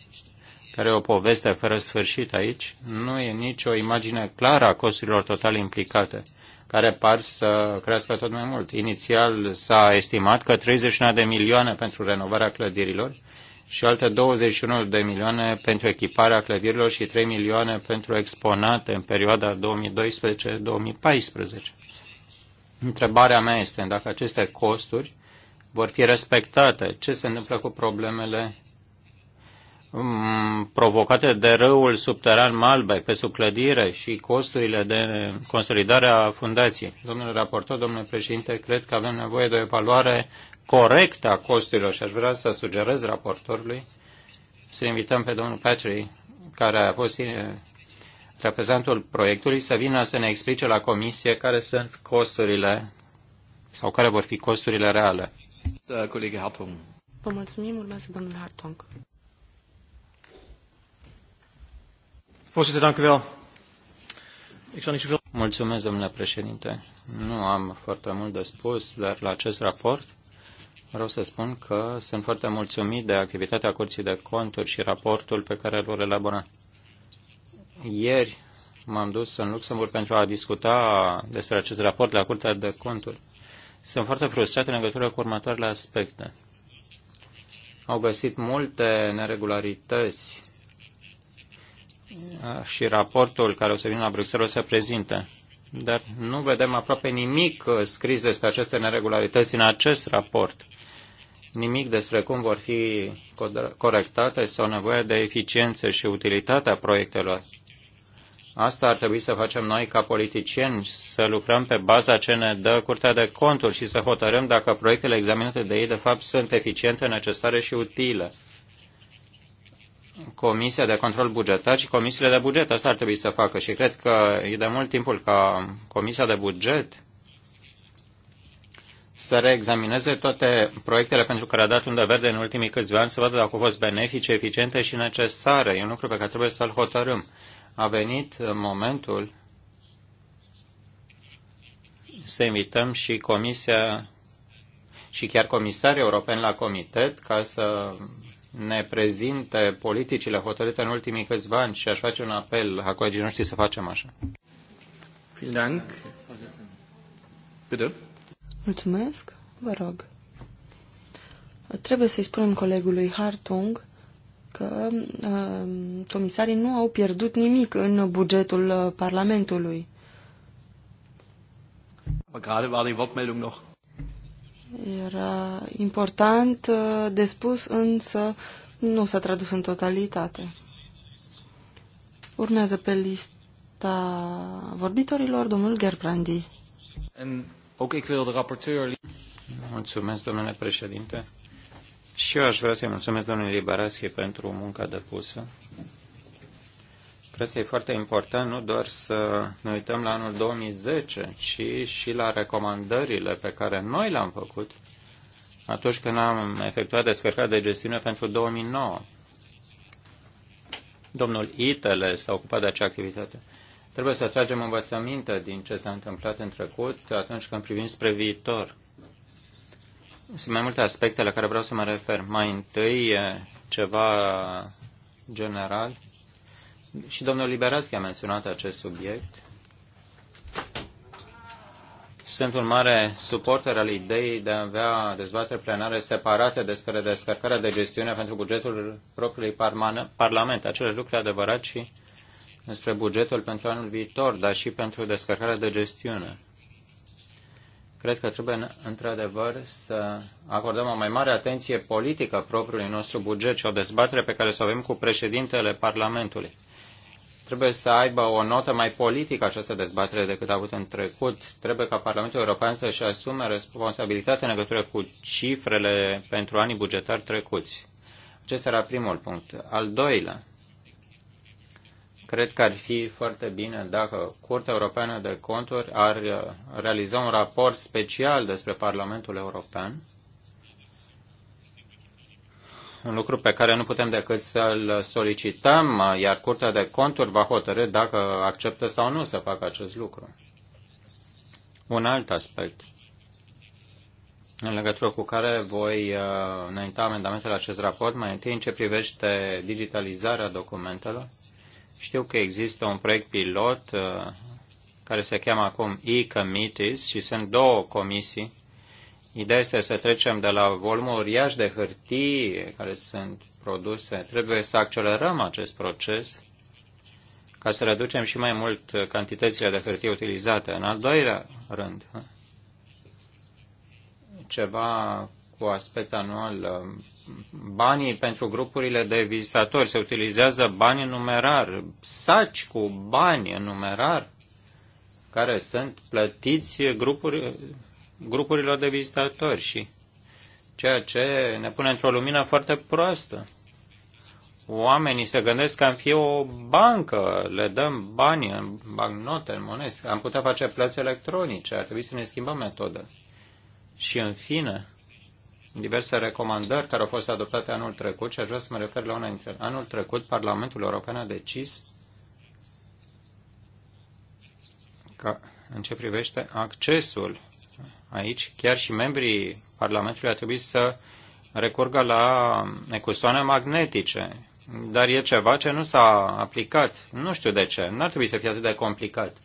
[SPEAKER 1] care e o poveste fără sfârșit aici, nu e nicio imagine clară a costurilor totale implicate, care par să crească tot mai mult. Inițial s-a estimat că 31 de milioane pentru renovarea clădirilor și alte 21 de milioane pentru echiparea clădirilor și 3 milioane pentru exponate în perioada 2012-2014. Întrebarea mea este dacă aceste costuri vor fi respectate. Ce se întâmplă cu problemele Mm, provocate de râul subteran Malbec pe sub și costurile de consolidare a fundației. Domnule raportor, domnule președinte, cred că avem nevoie de o evaluare corectă a costurilor și aș vrea să sugerez raportorului să invităm pe domnul Patrick, care a fost eh, reprezentantul proiectului, să vină să ne explice la comisie care sunt costurile sau care vor fi costurile reale.
[SPEAKER 3] Vă mulțumim, urmează domnul Hartong.
[SPEAKER 1] Voorzitter, dank u wel. Ik zal niet zoveel... Mulțumesc, domnule președinte. Nu am foarte mult de spus, dar la acest raport vreau să spun că sunt foarte mulțumit de activitatea Curții de Conturi și raportul pe care îl vor elabora. Ieri m-am dus în Luxemburg pentru a discuta despre acest raport la Curtea de Conturi. Sunt foarte frustrat în legătură cu următoarele aspecte. Au găsit multe neregularități și raportul care o să vină la Bruxelles o să prezinte. Dar nu vedem aproape nimic uh, scris despre aceste neregularități în acest raport. Nimic despre cum vor fi corectate sau nevoia de eficiență și utilitatea proiectelor. Asta ar trebui să facem noi ca politicieni, să lucrăm pe baza ce ne dă Curtea de Conturi și să hotărâm dacă proiectele examinate de ei de fapt sunt eficiente, necesare și utile. Comisia de Control Bugetar și Comisiile de Buget. Asta ar trebui să facă și cred că e de mult timpul ca Comisia de Buget să reexamineze toate proiectele pentru care a dat unde verde în ultimii câțiva ani, să vadă dacă au fost benefice, eficiente și necesare. E un lucru pe care trebuie să-l hotărâm. A venit momentul să invităm și Comisia și chiar comisarii europeni la comitet ca să ne prezinte politicile hotărâte în ultimii câțiva ani și aș face un apel a colegii noștri să facem așa.
[SPEAKER 2] Mulțumesc, vă rog. Trebuie să-i spunem colegului Hartung că uh, comisarii nu au pierdut nimic în bugetul uh, Parlamentului.
[SPEAKER 1] Aber gerade war die Wortmeldung noch
[SPEAKER 2] era important uh, de spus, însă nu s-a tradus în totalitate. Urmează pe lista vorbitorilor domnul Gerbrandi.
[SPEAKER 1] Mulțumesc, domnule președinte. Și eu aș vrea să-i mulțumesc domnului Liberaschi pentru munca depusă. Cred că e foarte important nu doar să ne uităm la anul 2010, ci și la recomandările pe care noi le-am făcut atunci când am efectuat descărcarea de gestiune pentru 2009. Domnul Itele s-a ocupat de acea activitate. Trebuie să tragem învățăminte din ce s-a întâmplat în trecut atunci când privim spre viitor. Sunt mai multe aspecte la care vreau să mă refer. Mai întâi, ceva general și domnul Liberaschi a menționat acest subiect. Sunt un mare suporter al ideii de a avea dezbatere plenare separate despre descărcarea de gestiune pentru bugetul propriului parlament. Același lucru e adevărat și despre bugetul pentru anul viitor, dar și pentru descărcarea de gestiune. Cred că trebuie, într-adevăr, să acordăm o mai mare atenție politică propriului nostru buget și o dezbatere pe care să o avem cu președintele Parlamentului. Trebuie să aibă o notă mai politică această dezbatere decât a avut în trecut. Trebuie ca Parlamentul European să-și asume responsabilitatea în legătură cu cifrele pentru anii bugetari trecuți. Acesta era primul punct. Al doilea, cred că ar fi foarte bine dacă Curtea Europeană de Conturi ar realiza un raport special despre Parlamentul European un lucru pe care nu putem decât să-l solicităm, iar Curtea de Conturi va hotărâ dacă acceptă sau nu să facă acest lucru. Un alt aspect în legătură cu care voi uh, înainta amendamentele la acest raport, mai întâi în ce privește digitalizarea documentelor. Știu că există un proiect pilot uh, care se cheamă acum e-committees și sunt două comisii Ideea este să trecem de la volumul uriaș de hârtii care sunt produse. Trebuie să accelerăm acest proces ca să reducem și mai mult cantitățile de hârtie utilizate. În al doilea rând, ceva cu aspect anual, banii pentru grupurile de vizitatori. Se utilizează bani în numerar, saci cu bani în numerar care sunt plătiți grupuri, grupurilor de vizitatori și ceea ce ne pune într-o lumină foarte proastă. Oamenii se gândesc că am fi o bancă, le dăm bani în bancnote, în monede, am putea face plăți electronice, ar trebui să ne schimbăm metoda. Și în fine, diverse recomandări care au fost adoptate anul trecut și aș vrea să mă refer la una dintre anul trecut, Parlamentul European a decis că în ce privește accesul aici, chiar și membrii Parlamentului ar trebui să recurgă la ecusoane magnetice. Dar e ceva ce nu s-a aplicat. Nu știu de ce. N-ar trebui să fie atât de complicat.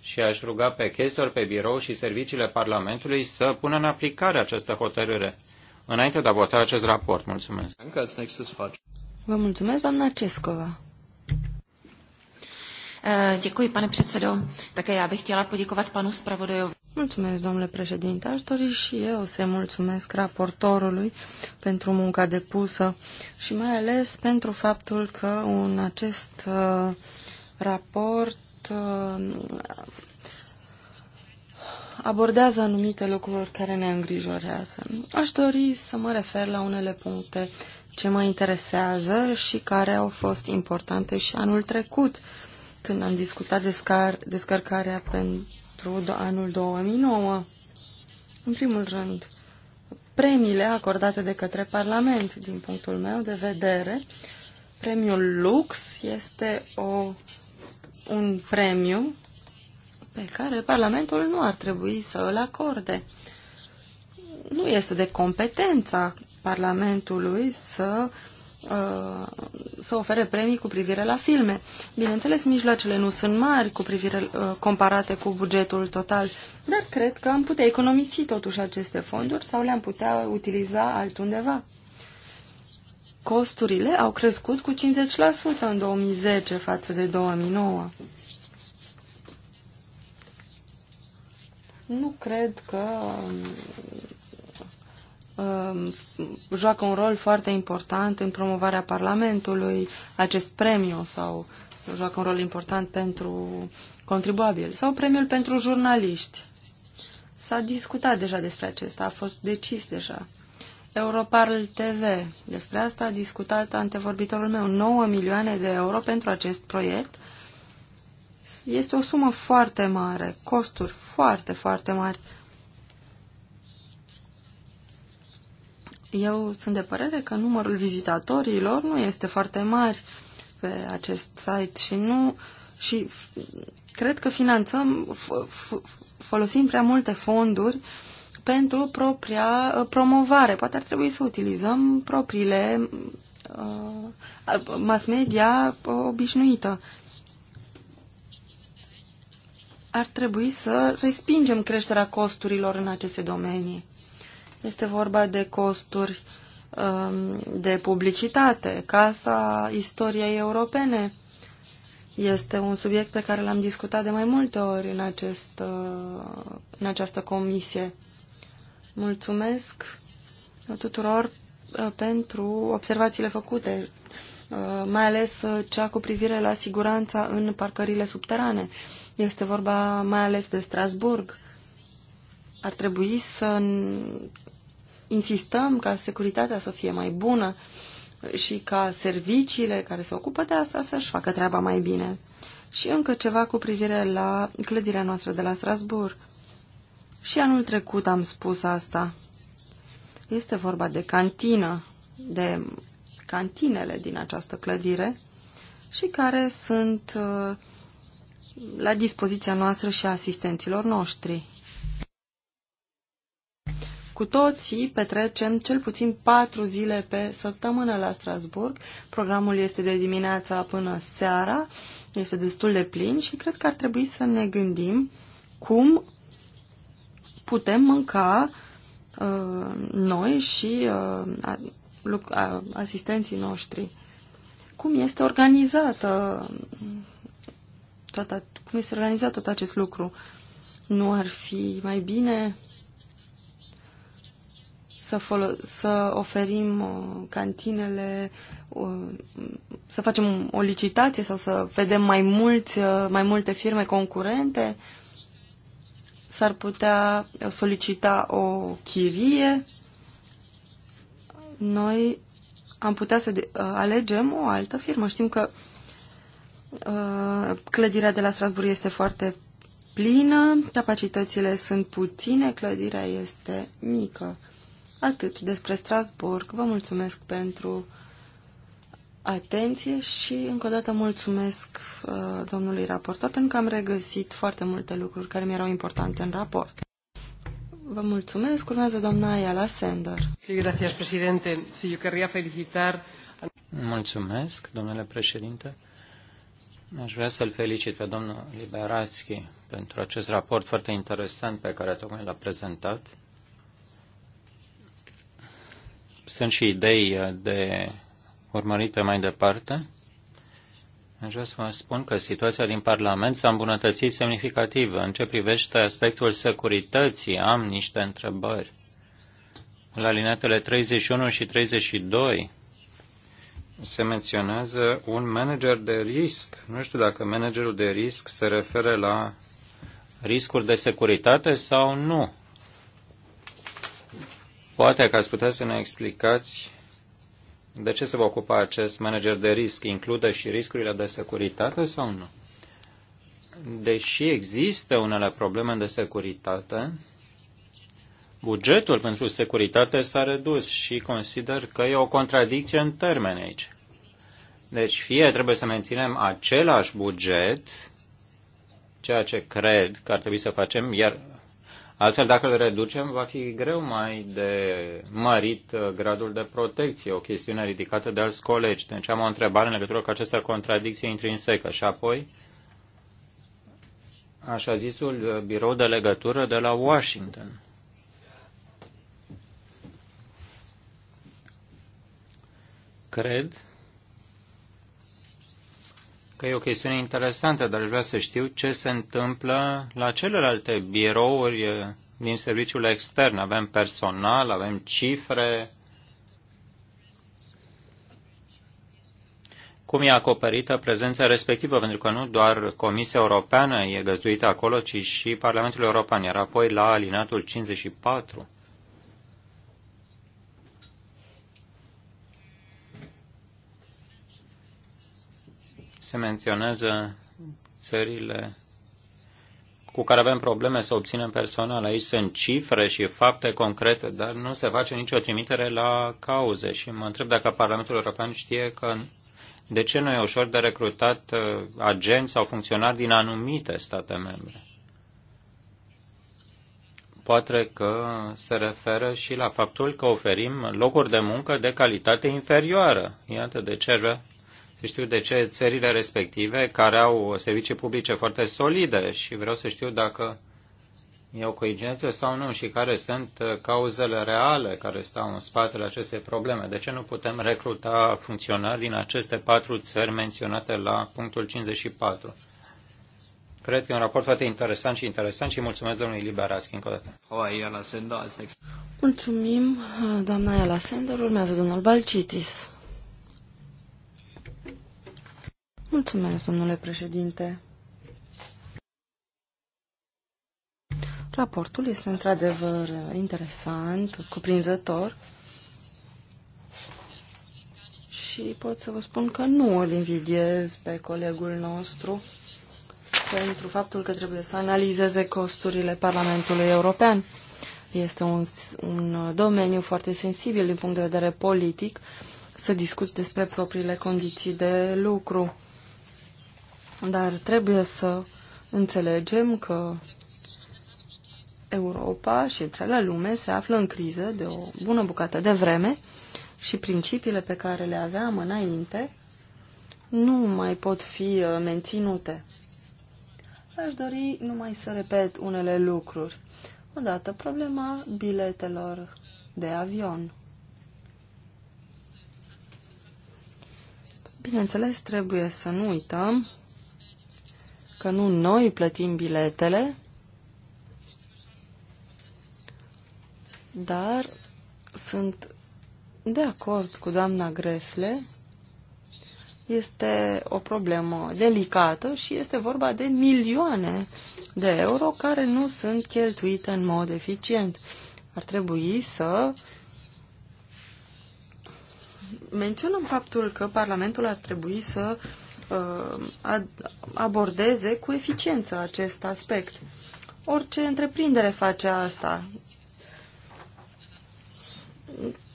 [SPEAKER 1] Și aș ruga pe chestor, pe birou și serviciile Parlamentului să pună în aplicare această hotărâre înainte de a vota acest raport. Mulțumesc.
[SPEAKER 2] Vă mulțumesc, doamna Cescova. Eh, děkuji, pane předsedo. Také já bych chtěla poděkovat panu zpravodajovi. Mulțumesc, domnule președinte. Aș dori și eu să mulțumesc raportorului pentru munca depusă și mai ales pentru faptul că în acest uh, raport uh, abordează anumite lucruri care ne îngrijorează. Aș dori să mă refer la unele puncte ce mă interesează și care au fost importante și anul trecut când am discutat descar descărcarea pentru pentru anul 2009. În primul rând, premiile acordate de către Parlament, din punctul meu de vedere, premiul Lux este o, un premiu pe care Parlamentul nu ar trebui să îl acorde. Nu este de competența Parlamentului să uh, Uh, să ofere premii cu privire la filme. Bineînțeles, mijloacele nu sunt mari cu privire, uh, comparate cu bugetul total, dar cred că am putea economisi totuși aceste fonduri sau le-am putea utiliza altundeva. Costurile au crescut cu 50% în 2010 față de 2009. Nu cred că um, Um, joacă un rol foarte important în promovarea Parlamentului, acest premiu sau joacă un rol important pentru contribuabil sau premiul pentru jurnaliști. S-a discutat deja despre acesta, a fost decis deja. Europarl TV, despre asta a discutat antevorbitorul meu, 9 milioane de euro pentru acest proiect. Este o sumă foarte mare, costuri foarte, foarte mari. Eu sunt de părere că numărul vizitatorilor nu este foarte mare pe acest site și nu și cred că finanțăm folosim prea multe fonduri pentru propria uh, promovare. Poate ar trebui să utilizăm propriile uh, mass media uh, obișnuită. Ar trebui să respingem creșterea costurilor în aceste domenii. Este vorba de costuri um, de publicitate. Casa istoriei europene este un subiect pe care l-am discutat de mai multe ori în, acest, uh, în această comisie. Mulțumesc tuturor uh, pentru observațiile făcute, uh, mai ales cea cu privire la siguranța în parcările subterane. Este vorba mai ales de Strasburg. Ar trebui să insistăm ca securitatea să fie mai bună și ca serviciile care se ocupă de asta să-și facă treaba mai bine. Și încă ceva cu privire la clădirea noastră de la Strasbourg. Și anul trecut am spus asta. Este vorba de cantină, de cantinele din această clădire și care sunt uh, la dispoziția noastră și a asistenților noștri. Cu toții petrecem cel puțin patru zile pe săptămână la Strasburg. Programul este de dimineața până seara, este destul de plin și cred că ar trebui să ne gândim cum putem mânca uh, noi și uh, asistenții noștri. Cum este organizată toată, cum este organizat tot acest lucru? Nu ar fi mai bine să, să oferim uh, cantinele, uh, să facem o licitație sau să vedem mai, mulți, uh, mai multe firme concurente? S-ar putea uh, solicita o chirie? Noi am putea să de, uh, alegem o altă firmă. Știm că uh, clădirea de la Strasburg este foarte plină, capacitățile sunt puține, clădirea este mică. Atât despre Strasburg. Vă mulțumesc pentru atenție și încă o dată mulțumesc uh, domnului raportor pentru că am regăsit foarte multe lucruri care mi erau importante în raport. Vă mulțumesc. Urmează doamna Ayala Sender. Sí, gracias, presidente. Sí, yo querría felicitar...
[SPEAKER 1] Mulțumesc, domnule președinte. Aș vrea să-l felicit pe domnul Liberațchi pentru acest raport foarte interesant pe care tocmai l-a prezentat. sunt și idei uh, de urmărit pe mai departe. Aș vrea să vă spun că situația din Parlament s-a îmbunătățit semnificativ. În ce privește aspectul securității, am niște întrebări. La linetele 31 și 32 se menționează un manager de risc. Nu știu dacă managerul de risc se referă la riscuri de securitate sau nu. Poate că ați putea să ne explicați de ce se va ocupa acest manager de risc? Include și riscurile de securitate sau nu? Deși există unele probleme de securitate, bugetul pentru securitate s-a redus și consider că e o contradicție în termeni aici. Deci fie trebuie să menținem același buget, ceea ce cred că ar trebui să facem, iar Altfel, dacă îl reducem, va fi greu mai de mărit uh, gradul de protecție, o chestiune ridicată de alți colegi. Deci am o întrebare în legătură cu această contradicție intrinsecă. Și apoi, așa zisul uh, birou de legătură de la Washington. Cred că e o chestiune interesantă, dar aș vrea să știu ce se întâmplă la celelalte birouri eh, din serviciul extern. Avem personal, avem cifre. Cum e acoperită prezența respectivă? Pentru că nu doar Comisia Europeană e găzduită acolo, ci și Parlamentul European, iar apoi la alinatul 54. se menționează țările cu care avem probleme să obținem personal. Aici sunt cifre și fapte concrete, dar nu se face nicio trimitere la cauze. Și mă întreb dacă Parlamentul European știe că de ce nu e ușor de recrutat uh, agenți sau funcționari din anumite state membre. Poate că se referă și la faptul că oferim locuri de muncă de calitate inferioară. Iată de ce aș vrea să știu de ce țările respective, care au servicii publice foarte solide și vreau să știu dacă e o coincidență sau nu și care sunt uh, cauzele reale care stau în spatele acestei probleme. De ce nu putem recruta funcționari din aceste patru țări menționate la punctul 54? Cred că e un raport foarte interesant și interesant și mulțumesc domnului Liberaschi încă o dată.
[SPEAKER 2] Mulțumim, uh, doamna Iala Sender. Urmează domnul Balcitis. Mulțumesc, domnule președinte. Raportul este într-adevăr interesant, cuprinzător și pot să vă spun că nu îl invidiez pe colegul nostru pentru faptul că trebuie să analizeze costurile Parlamentului European. Este un, un domeniu foarte sensibil din punct de vedere politic să discuți despre propriile condiții de lucru. Dar trebuie să înțelegem că Europa și întreaga lume se află în criză de o bună bucată de vreme și principiile pe care le aveam înainte nu mai pot fi uh, menținute. Aș dori numai să repet unele lucruri. Odată, problema biletelor de avion. Bineînțeles, trebuie să nu uităm că nu noi plătim biletele, dar sunt de acord cu doamna Gresle. Este o problemă delicată și este vorba de milioane de euro care nu sunt cheltuite în mod eficient. Ar trebui să menționăm faptul că Parlamentul ar trebui să uh, Uh, abordeze cu eficiență acest aspect. Orice întreprindere face asta.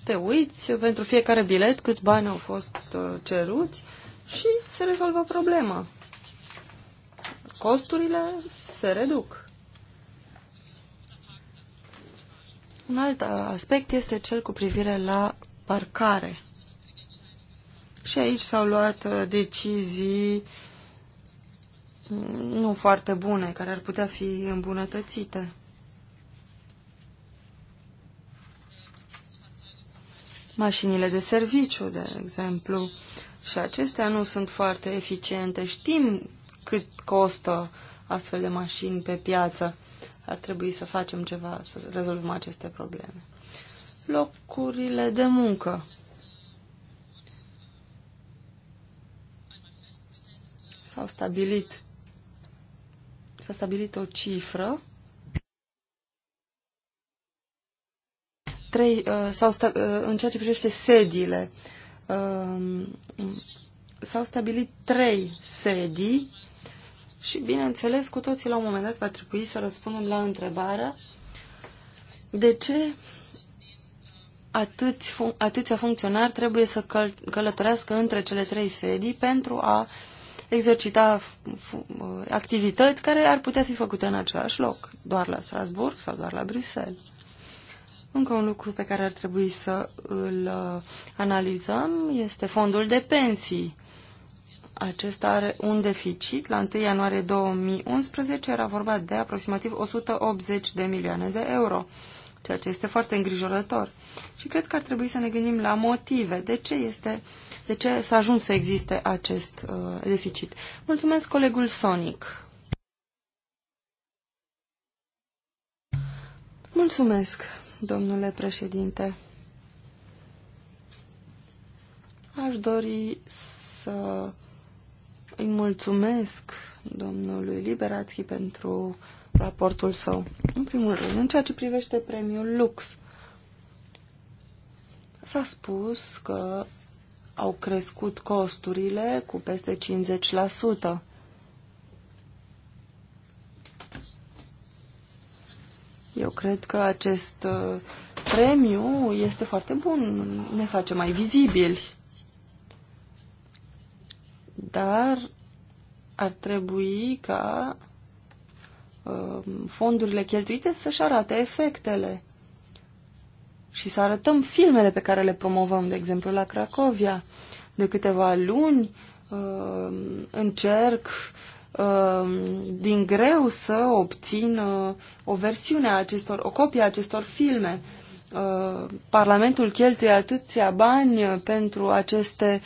[SPEAKER 2] Te uiți pentru fiecare bilet câți bani au fost uh, ceruți și se rezolvă problema. Costurile se reduc. Un alt aspect este cel cu privire la parcare. Și aici s-au luat uh, decizii mm, nu foarte bune, care ar putea fi îmbunătățite. Mașinile de serviciu, de exemplu, și acestea nu sunt foarte eficiente. Știm cât costă astfel de mașini pe piață. Ar trebui să facem ceva, să rezolvăm aceste probleme. Locurile de muncă. s-au stabilit s-a stabilit o cifră trei, uh, sau sta, uh, în ceea ce privește sediile uh, s-au stabilit trei sedii și bineînțeles cu toții la un moment dat va trebui să răspundem la întrebarea de ce atâți, fun atâția funcționari trebuie să căl călătorească între cele trei sedii pentru a uh, exercita uh, activități care ar putea fi făcute în același loc, doar la Strasburg sau doar la Bruxelles. Încă un lucru pe care ar trebui să îl uh, analizăm este fondul de pensii. Acesta are un deficit. La 1 ianuarie 2011 era vorba de aproximativ 180 de milioane de euro, ceea ce este foarte îngrijorător. Și cred că ar trebui să ne gândim la motive. De ce este uh, de ce s-a ajuns să existe acest uh, deficit. Mulțumesc colegul Sonic. Mulțumesc, domnule președinte. Aș dori să îi mulțumesc domnului Liberatski pentru raportul său. În primul rând, în ceea ce privește premiul Lux, s-a spus că au crescut costurile cu peste 50%. Eu cred că acest uh, premiu este foarte bun, ne face mai vizibili. Dar ar trebui ca uh, fondurile cheltuite să-și arate efectele și să arătăm filmele pe care le promovăm, de exemplu, la Cracovia. De câteva luni uh, încerc uh, din greu să obțin uh, o versiune a acestor, o copie a acestor filme. Parlamentul cheltuie atâția bani pentru aceste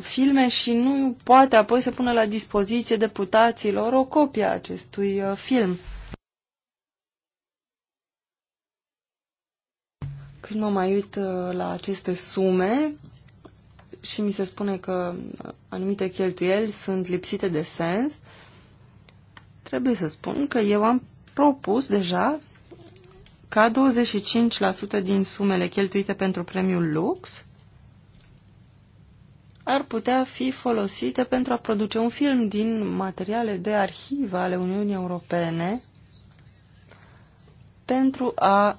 [SPEAKER 2] filme și nu poate apoi să pună la dispoziție deputaților o copie a acestui film. când mă mai uit uh, la aceste sume și mi se spune că anumite cheltuieli sunt lipsite de sens, trebuie să spun că eu am propus deja ca 25% din sumele cheltuite pentru premiul Lux ar putea fi folosite pentru a produce un film din materiale de arhivă ale Uniunii Europene pentru a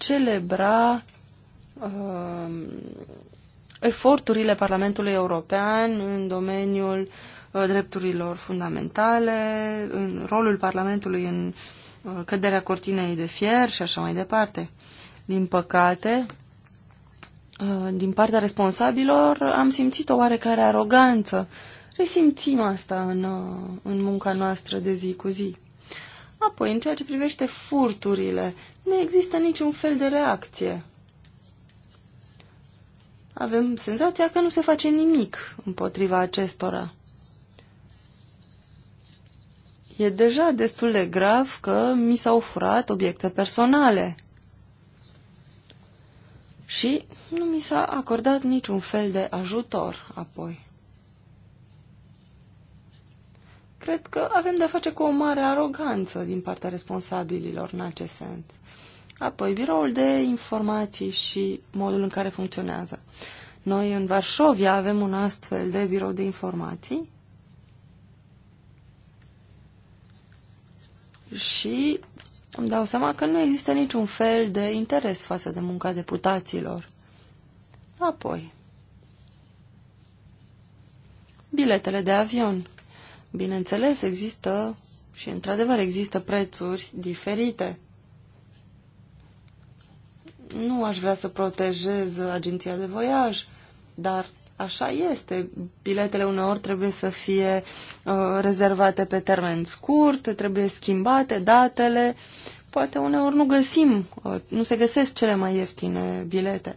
[SPEAKER 2] celebra uh, eforturile Parlamentului European în domeniul uh, drepturilor fundamentale, în rolul Parlamentului în uh, căderea cortinei de fier și așa mai departe. Din păcate, uh, din partea responsabilor am simțit o oarecare aroganță. Resimțim asta în, uh, în munca noastră de zi cu zi. Apoi, în ceea ce privește furturile, nu există niciun fel de reacție. Avem senzația că nu se face nimic împotriva acestora. E deja destul de grav că mi s-au furat obiecte personale. Și nu mi s-a acordat niciun fel de ajutor apoi. Cred că avem de-a face cu o mare aroganță din partea responsabililor în acest sens apoi biroul de informații și modul în care funcționează. Noi în Varșovia avem un astfel de birou de informații și îmi dau seama că nu există niciun fel de interes față de munca deputaților. Apoi, biletele de avion. Bineînțeles, există și într-adevăr există prețuri diferite nu aș vrea să protejez agenția de voiaj, dar așa este. Biletele uneori trebuie să fie uh, rezervate pe termen scurt, trebuie schimbate datele. Poate uneori nu găsim, uh, nu se găsesc cele mai ieftine bilete.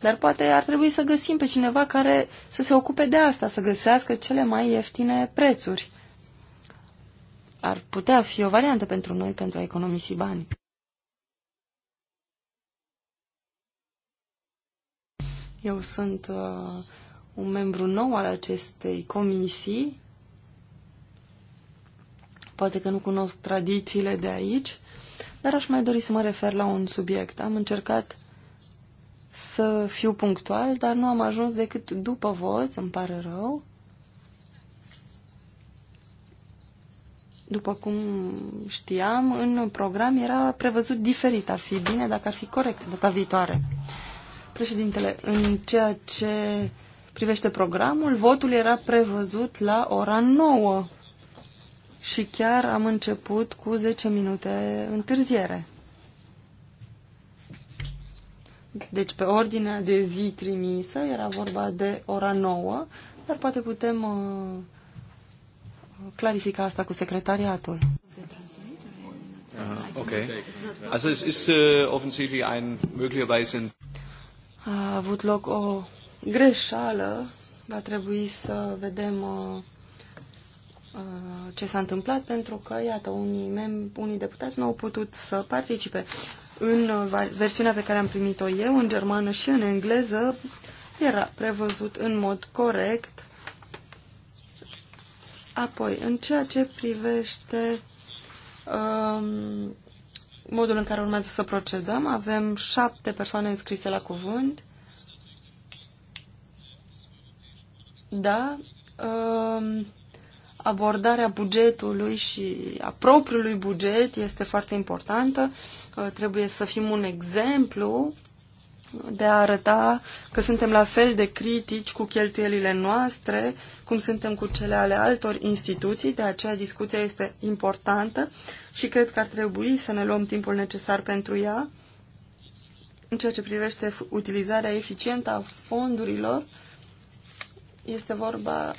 [SPEAKER 2] Dar poate ar trebui să găsim pe cineva care să se ocupe de asta, să găsească cele mai ieftine prețuri. Ar putea fi o variantă pentru noi pentru a economisi bani. Eu sunt uh, un membru nou al acestei comisii. Poate că nu cunosc tradițiile de aici, dar aș mai dori să mă refer la un subiect. Am încercat să fiu punctual, dar nu am ajuns decât după vot, îmi pare rău. După cum știam, în program era prevăzut diferit. Ar fi bine dacă ar fi corect data viitoare. Președintele, în ceea ce privește programul, votul era prevăzut la ora 9 și chiar am început cu 10 minute întârziere. Deci pe ordinea de zi trimisă era vorba de ora 9, dar poate putem uh, clarifica asta cu secretariatul.
[SPEAKER 1] Uh, okay. Also es
[SPEAKER 3] ist uh, offensichtlich ein möglicherweise
[SPEAKER 2] a avut loc o greșeală. Va trebui să vedem uh, uh, ce s-a întâmplat, pentru că, iată, unii, mem- unii deputați nu au putut să participe. În uh, versiunea pe care am primit-o eu, în germană și în engleză, era prevăzut în mod corect. Apoi, în ceea ce privește um, modul în care urmează să procedăm. Avem șapte persoane înscrise la cuvânt. Da, um, abordarea bugetului și a propriului buget este foarte importantă. Uh, trebuie să fim un exemplu de a arăta că suntem la fel de critici cu cheltuielile noastre, cum suntem cu cele ale altor instituții, de aceea discuția este importantă și cred că ar trebui să ne luăm timpul necesar pentru ea. În ceea ce privește utilizarea eficientă a fondurilor, este vorba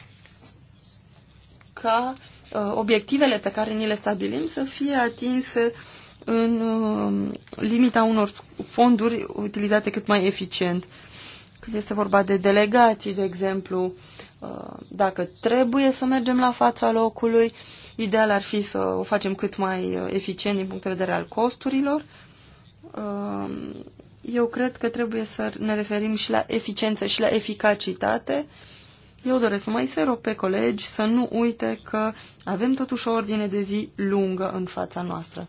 [SPEAKER 2] ca uh, obiectivele pe care ni le stabilim să fie atinse uh, în um, limita unor fonduri utilizate cât mai eficient. Când este vorba de delegații, de exemplu, uh, dacă trebuie să mergem la fața locului, ideal ar fi să o facem cât mai uh, eficient din punct de vedere al costurilor. Um, eu cred că trebuie să ne referim și la eficiență și la eficacitate. Eu doresc numai să rog pe colegi să nu uite că avem totuși o ordine de zi lungă în fața noastră.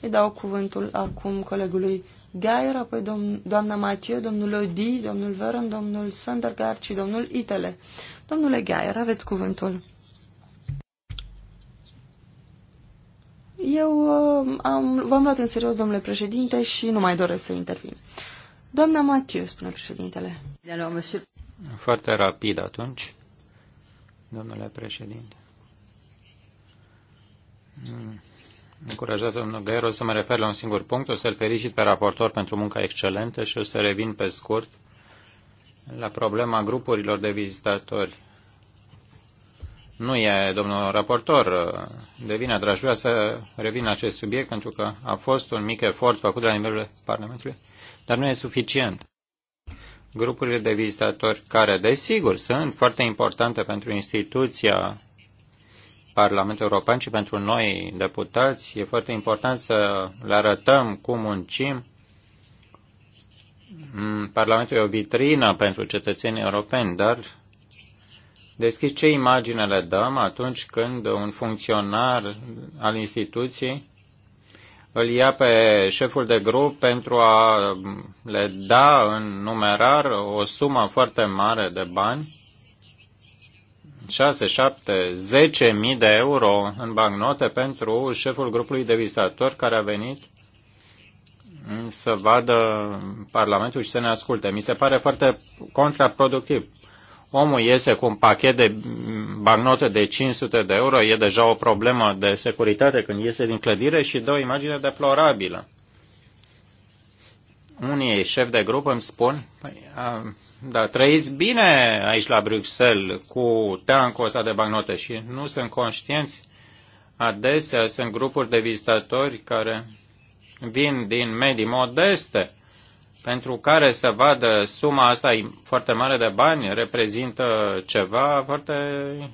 [SPEAKER 2] Îi dau cuvântul acum colegului Gaier, apoi dom doamna Mathieu, domnul Odi, domnul Veron, domnul Sandergaard și domnul Itele. Domnule Gaier, aveți cuvântul. Eu uh, am, v-am luat în serios, domnule președinte, și nu mai doresc să intervin. Doamna Mathieu, spune președintele.
[SPEAKER 1] Foarte rapid atunci, domnule președinte. Mm încurajat domnul Gairo să mă refer la un singur punct. O să-l felicit pe raportor pentru munca excelentă și o să revin pe scurt la problema grupurilor de vizitatori. Nu e, domnul raportor, de vină, dragi să revin la acest subiect, pentru că a fost un mic efort făcut la nivelul Parlamentului, dar nu e suficient. Grupurile de vizitatori, care, desigur, sunt foarte importante pentru instituția Parlamentul European și pentru noi deputați. E foarte important să le arătăm cum muncim. Mm, Parlamentul e o vitrină pentru cetățenii europeni, dar deschis ce imagine le dăm atunci când un funcționar al instituției îl ia pe șeful de grup pentru a le da în numerar o sumă foarte mare de bani 6, 7, 10 mii de euro în bancnote pentru șeful grupului de vizitatori care a venit să vadă Parlamentul și să ne asculte. Mi se pare foarte contraproductiv. Omul iese cu un pachet de bagnote de 500 de euro, e deja o problemă de securitate când iese din clădire și dă o imagine deplorabilă unii șefi de grup îmi spun, păi, da, trăiți bine aici la Bruxelles cu teancul ăsta de bagnote și nu sunt conștienți. Adesea sunt grupuri de vizitatori care vin din medii modeste, pentru care să vadă suma asta foarte mare de bani reprezintă ceva foarte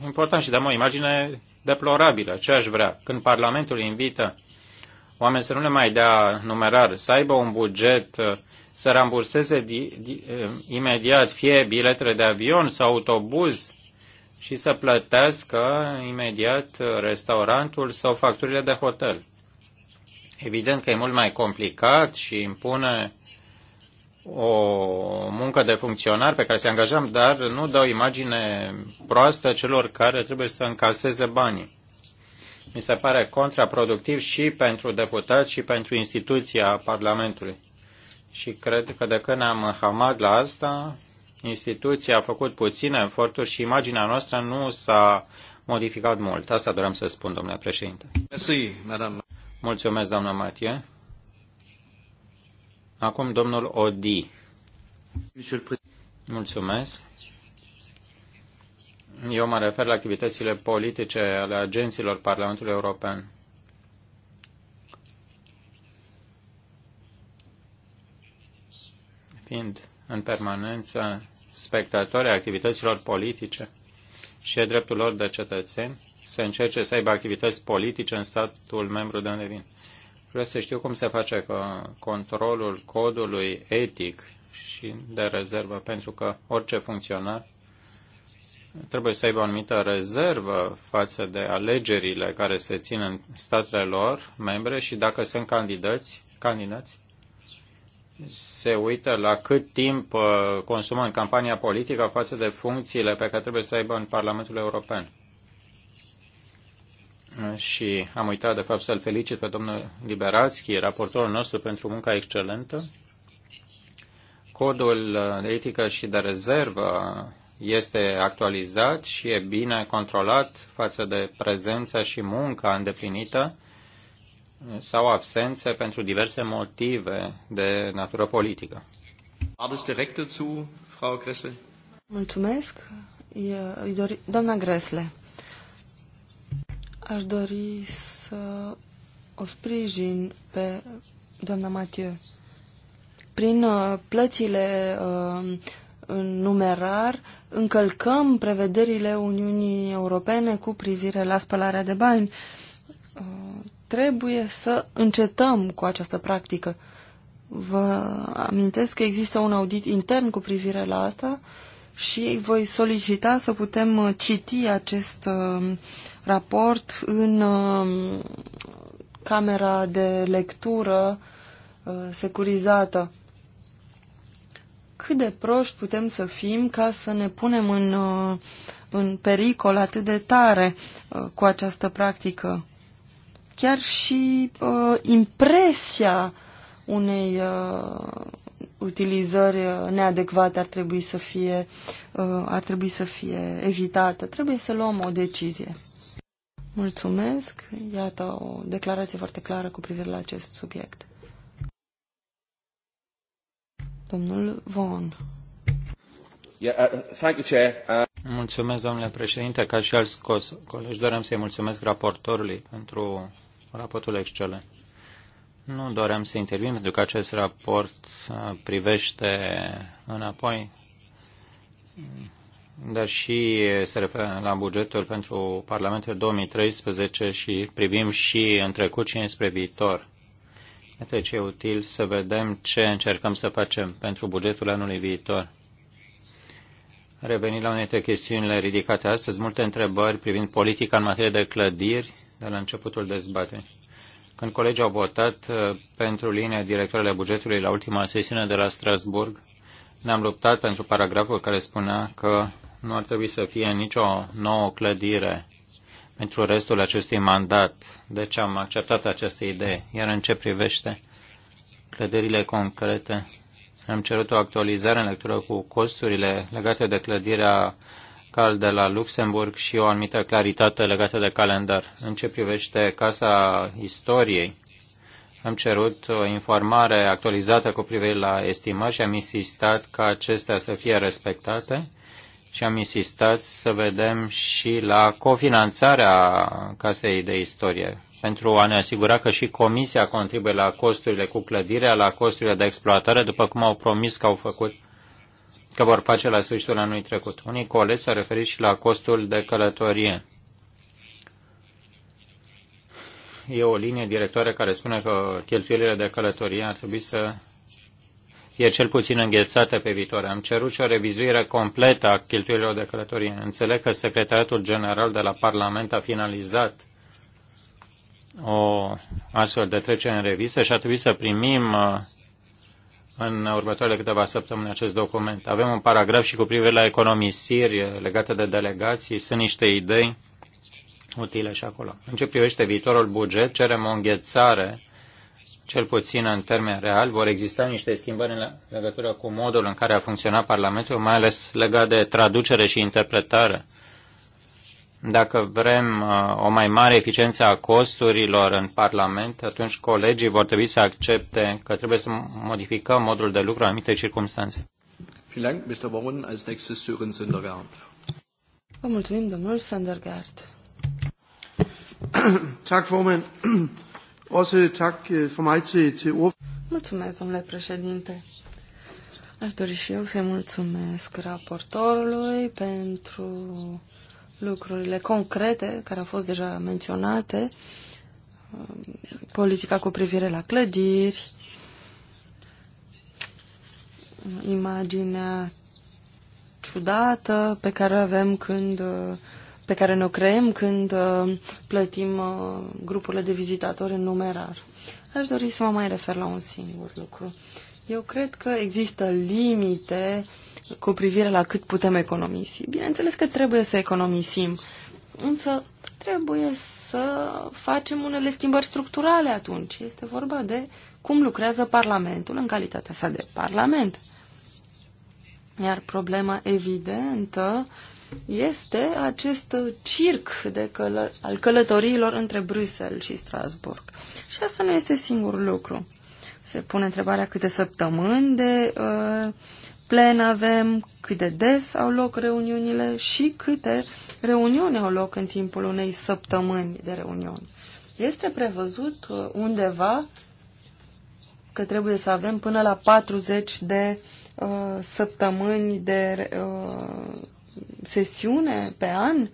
[SPEAKER 1] important și dăm o imagine deplorabilă. Ce aș vrea? Când Parlamentul invită oameni să nu le mai dea numerar, să aibă un buget, uh, să ramburseze di, di, uh, imediat fie biletele de avion sau autobuz și să plătească imediat uh, restaurantul sau facturile de hotel. Evident că e mult mai complicat și impune o muncă de funcționar pe care se angajăm, dar nu dă o imagine proastă celor care trebuie să încaseze banii. Mi se pare contraproductiv și pentru deputați și pentru instituția Parlamentului. Și cred că de când am hamat la asta, instituția a făcut puține eforturi și imaginea noastră nu s-a modificat mult. Asta doream să spun, domnule președinte. Mersi, madame. Mulțumesc, doamna Matie. Acum domnul Odi. Mulțumesc. Eu mă refer la activitățile politice ale agenților Parlamentului European. Fiind în permanență spectatori activităților politice și e dreptul lor de cetățeni să încerce să aibă activități politice în statul membru de unde vin. Vreau să știu cum se face că controlul codului etic și de rezervă, pentru că orice funcționar trebuie să aibă o anumită rezervă față de alegerile care se țin în statele lor membre și dacă sunt candidați, candidați se uită la cât timp uh, consumă în campania politică față de funcțiile pe care trebuie să aibă în Parlamentul European. Și am uitat, de fapt, să-l felicit pe domnul Liberaschi, raportorul nostru, pentru munca excelentă. Codul de etică și de rezervă este actualizat și e bine controlat față de prezența și munca îndeplinită sau absențe pentru diverse motive de natură politică.
[SPEAKER 2] Mulțumesc. Doamna Gresle, aș dori să o sprijin pe doamna Mathieu. Prin uh, plățile uh, în numerar încălcăm prevederile Uniunii Europene cu privire la spălarea de bani. Trebuie să încetăm cu această practică. Vă amintesc că există un audit intern cu privire la asta și voi solicita să putem uh, citi acest uh, raport în uh, camera de lectură securizată cât de proști putem să fim ca să ne punem în, uh, în pericol atât de tare uh, cu această practică. Chiar și uh, impresia unei uh, utilizări uh, neadecvate ar trebui să fie, uh, ar trebui să fie evitată. Trebuie să luăm o decizie. Mulțumesc. Iată o declarație foarte clară cu privire la acest subiect. Domnul Vaughan.
[SPEAKER 1] Uh, uh, mulțumesc, domnule președinte, ca și alți colegi, doream să-i mulțumesc raportorului pentru raportul excelent. Nu doream să intervin pentru că acest raport uh, privește înapoi, dar și se referă la bugetul pentru Parlamentul 2013 și privim și în trecut și înspre viitor. Iată ce e util să vedem ce încercăm să facem pentru bugetul anului viitor. Revenind la unele chestiunile ridicate astăzi, multe întrebări privind politica în materie de clădiri de la începutul dezbaterii. Când colegii au votat uh, pentru linia directorului bugetului la ultima sesiune de la Strasburg, ne-am luptat pentru paragraful care spunea că nu ar trebui să fie nicio nouă clădire pentru restul acestui mandat. de deci ce am acceptat această idee. Iar în ce privește clădirile concrete, am cerut o actualizare în legătură cu costurile legate de clădirea cal de la Luxemburg și o anumită claritate legată de calendar. În ce privește Casa Istoriei, am cerut o informare actualizată cu privire la estimări și am insistat ca acestea să fie respectate și am insistat să vedem și la cofinanțarea Casei de Istorie, pentru a ne asigura că și Comisia contribuie la costurile cu clădirea, la costurile de exploatare, după cum au promis că au făcut că vor face la sfârșitul anului trecut. Unii colegi s-au referit și la costul de călătorie. E o linie directoare care spune că cheltuielile de călătorie ar trebui să e cel puțin înghețată pe viitor. Am cerut și o revizuire completă a cheltuielilor de călătorie. Înțeleg că Secretariatul General de la Parlament a finalizat o astfel de trecere în revistă și a trebuit să primim uh, în următoarele câteva săptămâni acest document. Avem un paragraf și cu privire la economisiri legate de delegații. Sunt niște idei utile și acolo. În ce privește viitorul buget, cerem o înghețare cel puțin în termen real, vor exista niște schimbări în legătură cu modul în care a funcționat Parlamentul, mai ales legat de traducere și interpretare. Dacă vrem uh, o mai mare eficiență a costurilor în Parlament, atunci colegii vor trebui să accepte că trebuie să modificăm modul de lucru în anumite circunstanțe.
[SPEAKER 2] Vă mulțumim, domnul Sandergaard.
[SPEAKER 3] Tak, formand. Også tak øh, for mig til, til
[SPEAKER 2] Mulțumesc, domnule președinte. Aș dori și eu să-i mulțumesc raportorului pentru lucrurile concrete care au fost deja menționate, um, politica cu privire la clădiri, imaginea ciudată pe care o avem când uh, pe care ne-o creăm când uh, plătim uh, grupurile de vizitatori în numerar. Aș dori să mă mai refer la un singur lucru. Eu cred că există limite cu privire la cât putem economisi. Bineînțeles că trebuie să economisim, însă trebuie să facem unele schimbări structurale atunci. Este vorba de cum lucrează Parlamentul în calitatea sa de Parlament. Iar problema evidentă este acest circ de călă al călătoriilor între Bruxelles și Strasburg. Și asta nu este singurul lucru. Se pune întrebarea câte săptămâni de uh, plen avem, cât de des au loc reuniunile și câte reuniuni au loc în timpul unei săptămâni de reuniuni. Este prevăzut uh, undeva că trebuie să avem până la 40 de uh, săptămâni de uh, sesiune pe an?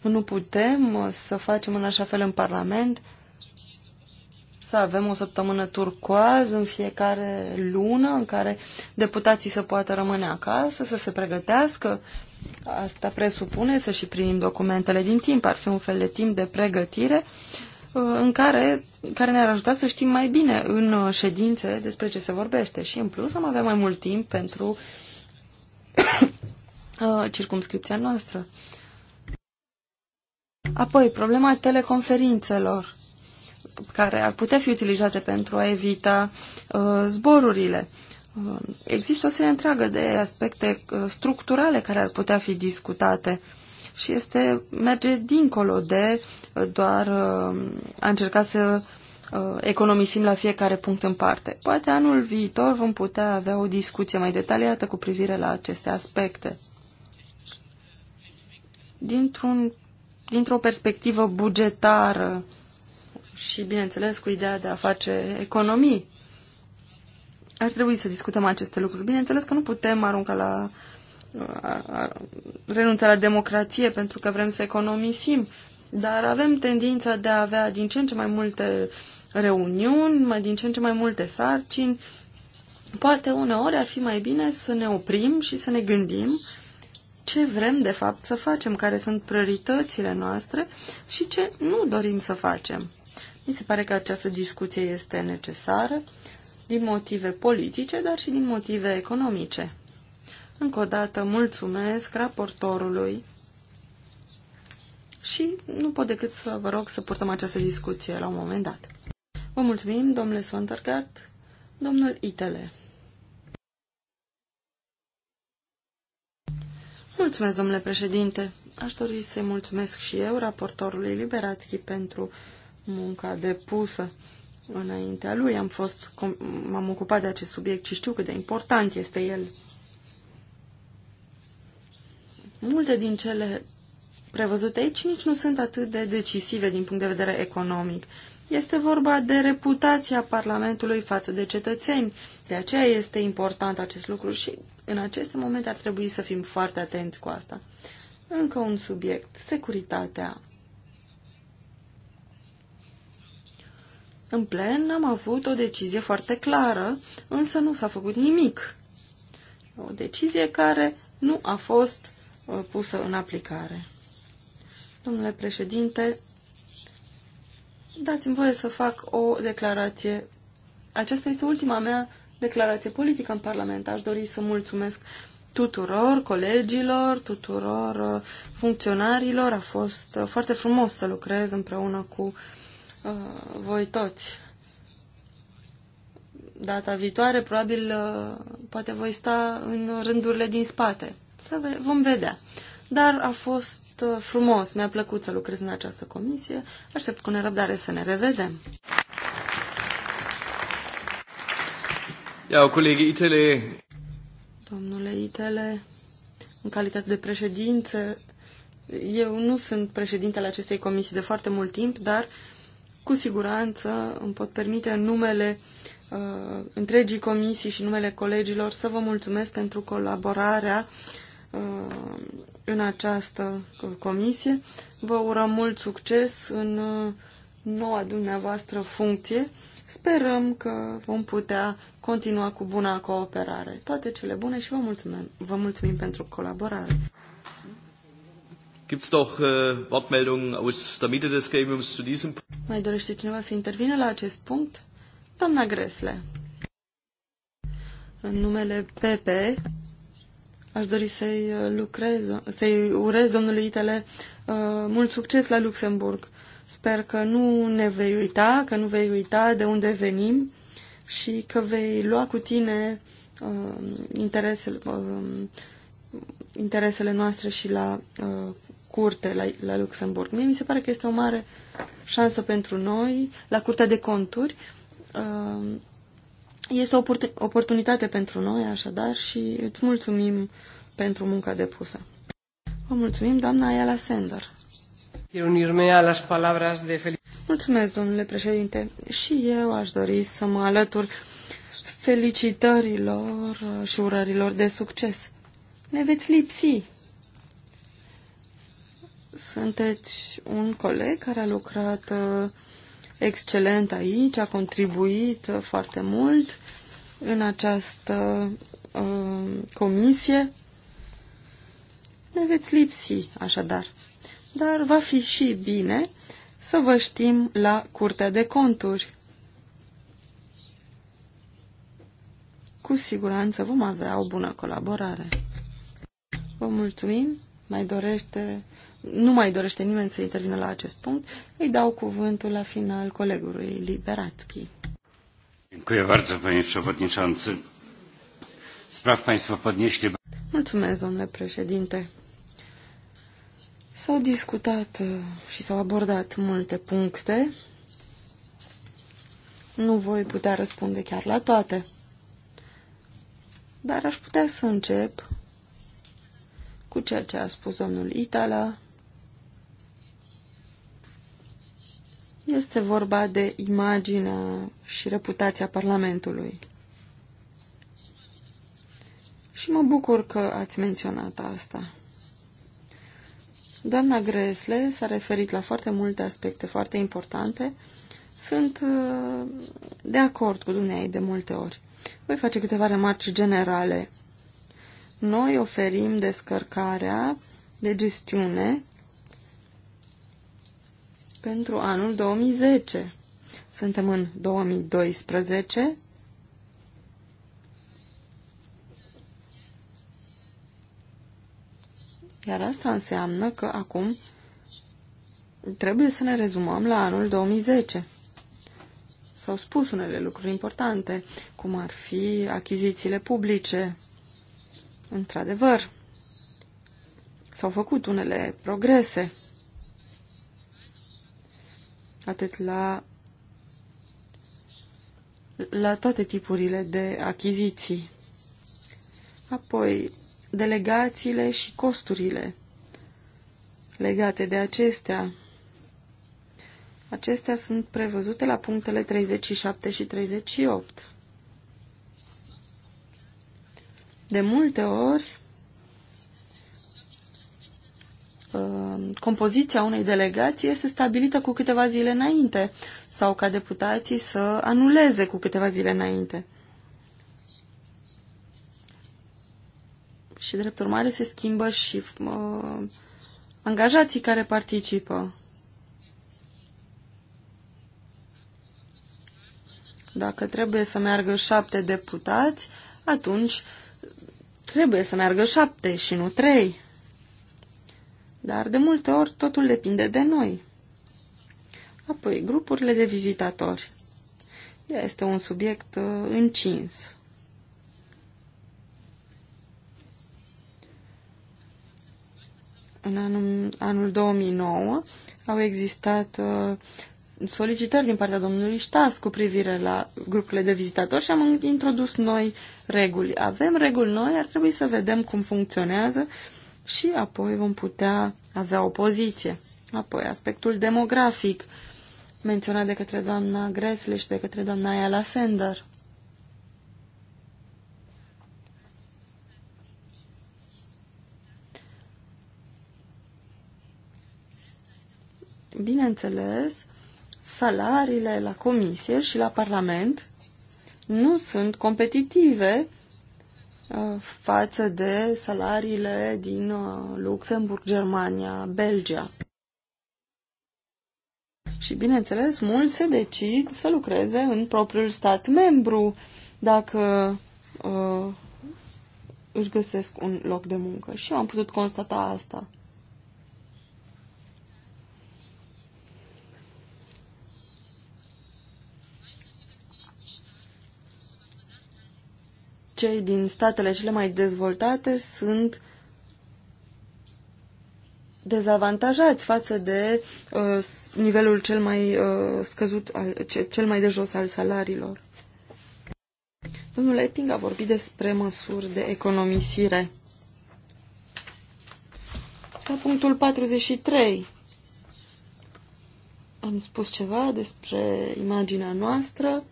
[SPEAKER 2] Nu putem uh, să facem în așa fel în Parlament să avem o săptămână turcoază în fiecare lună în care deputații să poată rămâne acasă, să se pregătească. Asta presupune să și primim documentele din timp. Ar fi un fel de timp de pregătire uh, în care, care ne-ar ajuta să știm mai bine în uh, ședințe despre ce se vorbește. Și în plus am avea mai mult timp pentru uh, Uh, circumscripția noastră. Apoi, problema teleconferințelor, care ar putea fi utilizate pentru a evita uh, zborurile. Uh, există o serie întreagă de aspecte uh, structurale care ar putea fi discutate și este, merge dincolo de uh, doar uh, a încerca să uh, economisim la fiecare punct în parte. Poate anul viitor vom putea avea o discuție mai detaliată cu privire la aceste aspecte dintr-un, dintr-o perspectivă bugetară și, bineînțeles, cu ideea de a face economii. Ar trebui să discutăm aceste lucruri. Bineînțeles că nu putem arunca la renunța la democrație pentru că vrem să economisim, dar avem tendința de a avea din ce în ce mai multe reuniuni, mai din ce în ce mai multe sarcini. Poate uneori ar fi mai bine să ne oprim și să ne gândim uh, ce vrem de fapt să facem, care sunt prioritățile noastre și ce nu dorim să facem. Mi se pare că această discuție este necesară din motive politice, dar și din motive economice. Încă o dată mulțumesc raportorului și nu pot decât să vă rog să purtăm această discuție la un moment dat. Vă mulțumim, domnule Sondergaard, domnul Itele. Mulțumesc, domnule președinte. Aș dori să-i mulțumesc și eu, raportorului Liberațchi, pentru munca depusă înaintea lui. Am fost, m-am ocupat de acest subiect și știu cât de important este el. Multe din cele prevăzute aici nici nu sunt atât de decisive din punct de vedere economic. Este vorba de reputația Parlamentului față de cetățeni, de aceea este important acest lucru și în aceste momente ar trebui să fim foarte atenți cu asta. Încă un subiect, securitatea. În plen am avut o decizie foarte clară, însă nu s-a făcut nimic. O decizie care nu a fost uh, pusă în aplicare. Domnule președinte, dați-mi voie să fac o declarație. Aceasta este ultima mea declarație politică în Parlament. Aș dori să mulțumesc tuturor colegilor, tuturor uh, funcționarilor. A fost uh, foarte frumos să lucrez împreună cu uh, voi toți. Data viitoare, probabil, uh, poate voi sta în rândurile din spate. Să ve vom vedea. Dar a fost uh, frumos, mi-a plăcut să lucrez în această comisie. Aștept cu nerăbdare să ne revedem. Ia, colegi Itele. Domnule Itele, în calitate de președinte, eu nu sunt președintele acestei comisii de foarte mult timp, dar cu siguranță îmi pot permite în numele uh, întregii comisii și numele colegilor să vă mulțumesc pentru colaborarea uh, în această uh, comisie. Vă urăm mult succes în uh, noua dumneavoastră funcție. Sperăm că vom putea continua cu buna cooperare. Toate cele bune și vă mulțumim, vă mulțumim pentru colaborare. Gibt's noch äh, Wortmeldungen aus der Mitte des Gremiums zu diesem Mai dorește cineva să intervine la acest punct? Doamna Gresle. În numele PP aș dori să-i uh, lucrez, să-i urez domnului Itele uh, mult succes la Luxemburg. Sper că nu ne vei uita, că nu vei uita de unde venim și că vei lua cu tine uh, interesele, uh, interesele noastre și la uh, curte la, la Luxemburg. Mie mi se pare că este o mare șansă pentru noi, la Curtea de Conturi. Uh, este o oportunitate pentru noi, așadar, și îți mulțumim pentru munca depusă. Vă mulțumim, doamna Ayala Sender.
[SPEAKER 1] Quiero unirme a las palabras
[SPEAKER 3] de
[SPEAKER 2] Felipe. Mulțumesc, domnule președinte. Și eu aș dori să mă alătur felicitărilor și urărilor de succes. Ne veți lipsi. Sunteți un coleg care a lucrat uh, excelent aici, a contribuit uh, foarte mult în această uh, comisie. Ne veți lipsi, așadar. Dar va fi și bine să vă știm la Curtea de Conturi. Cu siguranță vom avea o bună colaborare. Vă mulțumim. Mai dorește, nu mai dorește nimeni să intervină la acest punct. Îi dau cuvântul la final colegului Liberatski.
[SPEAKER 1] Dziękuję bardzo, panie przewodniczący. Spraw podnieśli.
[SPEAKER 2] Mulțumesc, domnule președinte. S-au discutat uh, și s-au abordat multe puncte. Nu voi putea răspunde chiar la toate. Dar aș putea să încep cu ceea ce a spus domnul Itala. Este vorba de imaginea și reputația Parlamentului. Și mă bucur că ați menționat asta. Doamna Gresle s-a referit la foarte multe aspecte foarte importante. Sunt uh, de acord cu dumneai de multe ori. Voi face câteva remarci generale. Noi oferim descărcarea de gestiune pentru anul 2010. Suntem în 2012 Iar asta înseamnă că acum trebuie să ne rezumăm la anul 2010. S-au spus unele lucruri importante, cum ar fi achizițiile publice. Într-adevăr, s-au făcut unele progrese, atât la, la toate tipurile de achiziții. Apoi, delegațiile și costurile legate de acestea. Acestea sunt prevăzute la punctele 37 și 38. De multe ori, uh, compoziția unei delegații este stabilită cu câteva zile înainte sau ca deputații să anuleze cu câteva zile înainte. și, drept urmare, se schimbă și uh, angajații care participă. Dacă trebuie să meargă șapte deputați, atunci trebuie să meargă șapte și nu trei. Dar de multe ori totul depinde de noi. Apoi, grupurile de vizitatori. Este un subiect uh, încins. în anul, anul 2009 au existat uh, solicitări din partea domnului Ștas cu privire la grupurile de vizitatori și am introdus noi reguli. Avem reguli noi, ar trebui să vedem cum funcționează și apoi vom putea avea o poziție. Apoi, aspectul demografic menționat de către doamna Gresle și de către doamna Ayala Sender. Bineînțeles, salariile la Comisie și la Parlament nu sunt competitive uh, față de salariile din uh, Luxemburg, Germania, Belgia. Și, bineînțeles, mulți se decid să lucreze în propriul stat membru dacă uh, își găsesc un loc de muncă. Și eu am putut constata asta. cei din statele cele mai dezvoltate sunt dezavantajați față de uh, nivelul cel mai uh, scăzut, al, ce, cel mai de jos al salariilor. Domnul Epping a vorbit despre măsuri de economisire. La punctul 43 am spus ceva despre imaginea noastră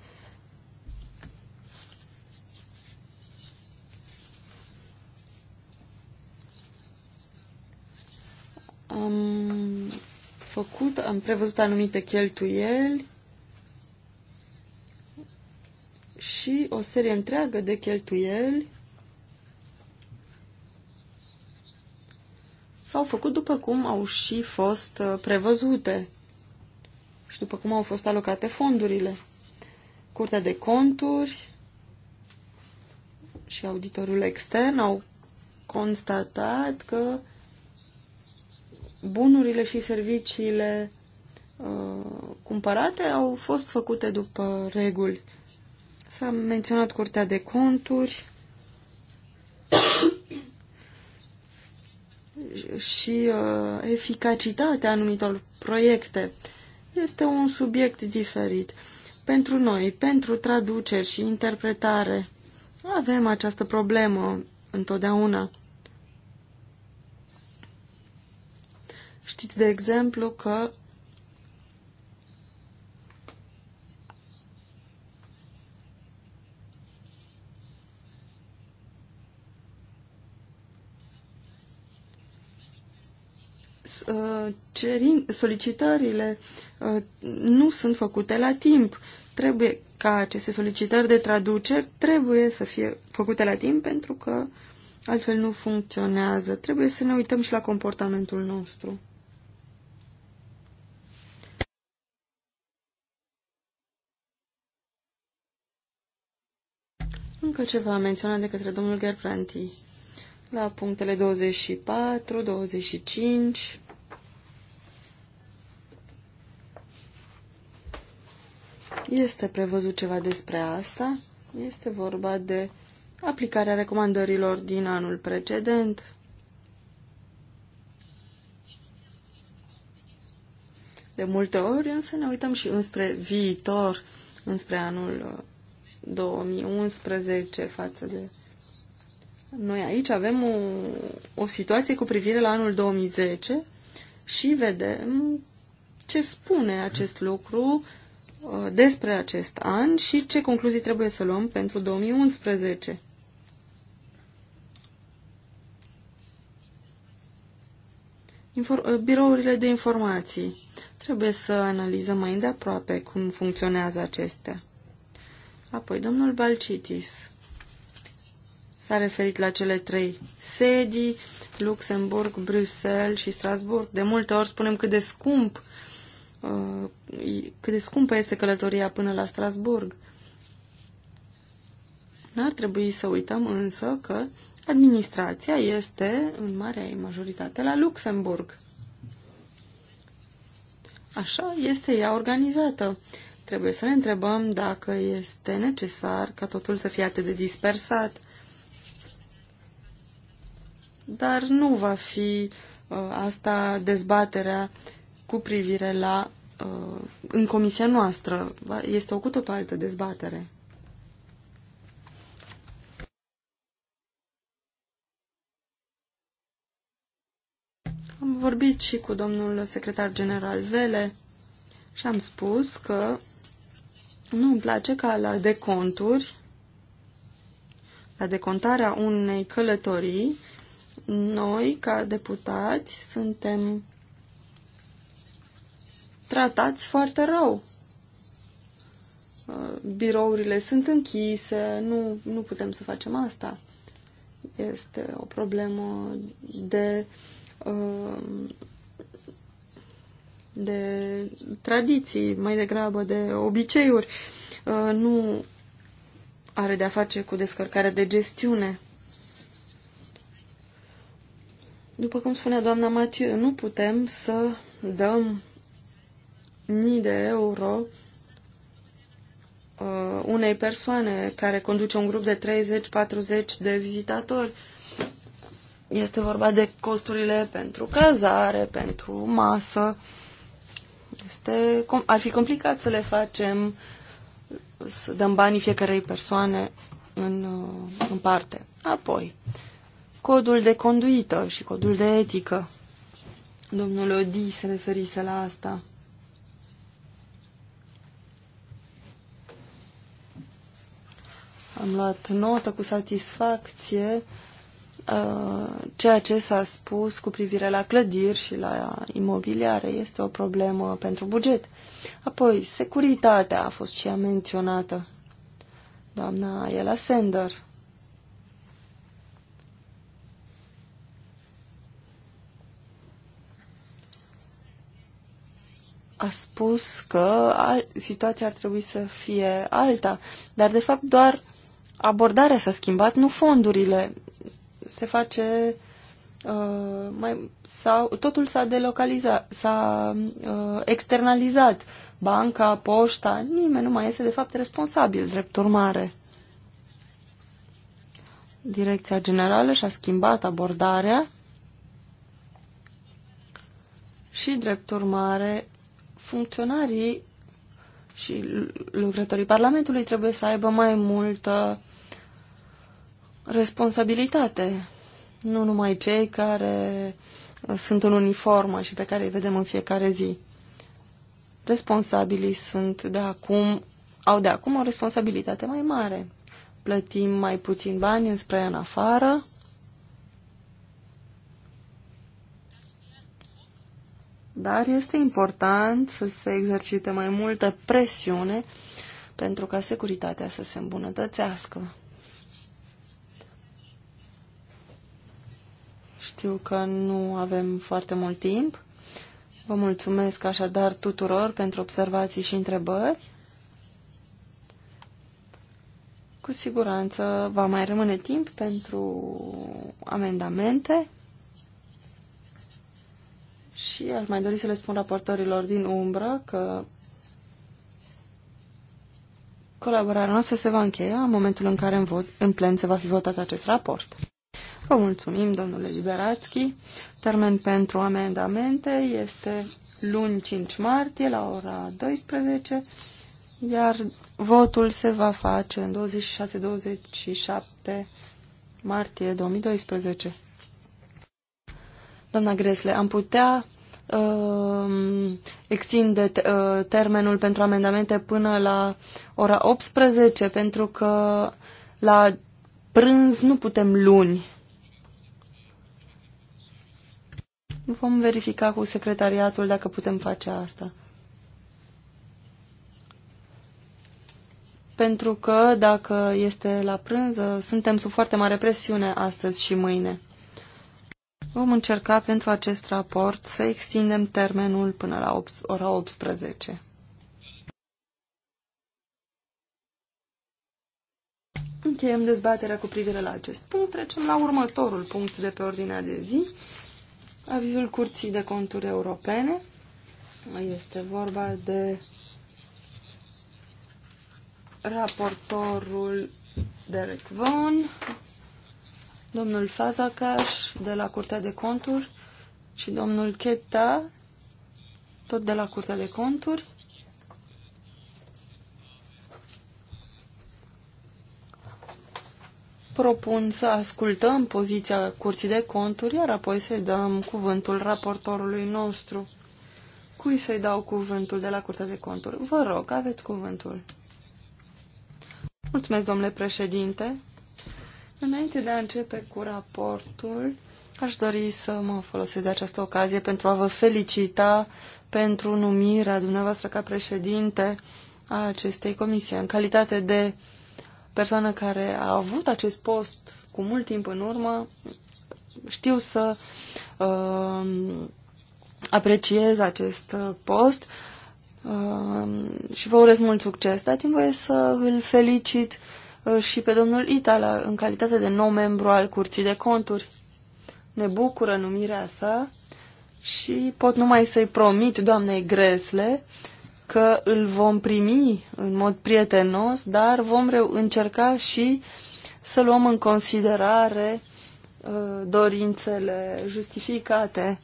[SPEAKER 2] Am făcut, am prevăzut anumite cheltuieli și o serie întreagă de cheltuieli s-au făcut după cum au și fost uh, prevăzute și după cum au fost alocate fondurile. Curtea de conturi și auditorul extern au constatat că bunurile și serviciile uh, cumpărate au fost făcute după reguli. S-a menționat Curtea de Conturi și uh, eficacitatea anumitor proiecte. Este un subiect diferit. Pentru noi, pentru traduceri și interpretare, avem această problemă întotdeauna. Știți, de exemplu, că uh, cerin, solicitările uh, nu sunt făcute la timp. Trebuie ca aceste solicitări de traduceri trebuie să fie făcute la timp pentru că altfel nu funcționează. Trebuie să ne uităm și la comportamentul nostru. încă ceva menționat de către domnul Gerpranti la punctele 24, 25. Este prevăzut ceva despre asta. Este vorba de aplicarea recomandărilor din anul precedent. De multe ori însă ne uităm și înspre viitor, înspre anul 2011 față de... Noi aici avem o, o situație cu privire la anul 2010 și vedem ce spune acest lucru uh, despre acest an și ce concluzii trebuie să luăm pentru 2011. Infor uh, birourile de informații. Trebuie să analizăm mai îndeaproape cum funcționează acestea. Apoi, domnul Balcitis s-a referit la cele trei sedii, Luxemburg, Bruxelles și Strasburg. De multe ori spunem cât de scump uh, cât de scumpă este călătoria până la Strasburg. N-ar trebui să uităm însă că administrația este în marea ei majoritate la Luxemburg. Așa este ea organizată. Trebuie să ne întrebăm dacă este necesar ca totul să fie atât de dispersat. Dar nu va fi uh, asta dezbaterea cu privire la uh, în comisia noastră. Este o cu totul altă dezbatere. Am vorbit și cu domnul secretar general Vele și am spus că nu îmi place ca la deconturi, la decontarea unei călătorii, noi, ca deputați, suntem tratați foarte rău. Uh, birourile sunt închise, nu, nu putem să facem asta. Este o problemă de uh, de tradiții, mai degrabă de obiceiuri. Uh, nu are de-a face cu descărcarea de gestiune. După cum spunea doamna Matiu, nu putem să dăm mii de euro uh, unei persoane care conduce un grup de 30-40 de vizitatori. Este vorba de costurile pentru cazare, pentru masă, uh, este, ar fi complicat să le facem, să dăm banii fiecarei persoane în, uh, în parte. Apoi, codul de conduită și codul de etică. Domnul Odi se referise la asta. Am luat notă cu satisfacție Uh, ceea ce s-a spus cu privire la clădiri și la imobiliare este o problemă pentru buget. Apoi, securitatea a fost și ea menționată. Doamna Ela Sender. a spus că situația ar trebui să fie alta, dar de fapt doar abordarea s-a schimbat, nu fondurile se face uh, mai, sau totul s-a delocalizat, s-a uh, externalizat. Banca, poșta, nimeni nu mai este de fapt responsabil, drept urmare. Direcția Generală și-a schimbat abordarea și, drept urmare, funcționarii și lucrătorii Parlamentului trebuie să aibă mai multă uh, responsabilitate. Nu numai cei care uh, sunt în uniformă și pe care îi vedem în fiecare zi. Responsabilii sunt de acum, au de acum o responsabilitate mai mare. Plătim mai puțin bani înspre în afară, dar este important să se exercite mai multă presiune pentru ca securitatea să se îmbunătățească. Știu că nu avem foarte mult timp. Vă mulțumesc așadar tuturor pentru observații și întrebări. Cu siguranță va mai rămâne timp pentru amendamente. Și aș mai dori să le spun raportorilor din umbră că colaborarea noastră se va încheia în momentul în care în, vot, în plen se va fi votat acest raport. Vă mulțumim, domnule Liberațchi. Termen pentru amendamente este luni 5 martie la ora 12, iar votul se va face în 26-27 martie 2012. Doamna Gresle, am putea uh, extinde uh, termenul pentru amendamente până la ora 18, pentru că la prânz nu putem luni Vom verifica cu secretariatul dacă putem face asta. Pentru că dacă este la prânz, suntem sub foarte mare presiune astăzi și mâine. Vom încerca pentru acest raport să extindem termenul până la 8, ora 18. Încheiem dezbaterea cu privire la acest punct. Trecem la următorul punct de pe ordinea de zi. Avizul Curții de Conturi Europene este vorba de raportorul Derek Vaughan, domnul Fazakash de la Curtea de Conturi și domnul Cheta, tot de la Curtea de Conturi. propun să ascultăm poziția Curții de Conturi, iar apoi să-i dăm cuvântul raportorului nostru. Cui să-i dau cuvântul de la Curtea de Conturi? Vă rog, aveți cuvântul. Mulțumesc, domnule președinte. Înainte de a începe cu raportul, aș dori să mă folosesc de această ocazie pentru a vă felicita pentru numirea dumneavoastră ca președinte a acestei comisii. În calitate de persoană care a avut acest post cu mult timp în urmă, știu să uh, apreciez acest post uh, și vă urez mult succes. Dați-mi voie să îl felicit uh, și pe domnul Itala în calitate de nou membru al Curții de Conturi. Ne bucură numirea sa și pot numai să-i promit doamnei Gresle uh, că îl vom primi în mod prietenos, dar vom încerca și să luăm în considerare uh, dorințele justificate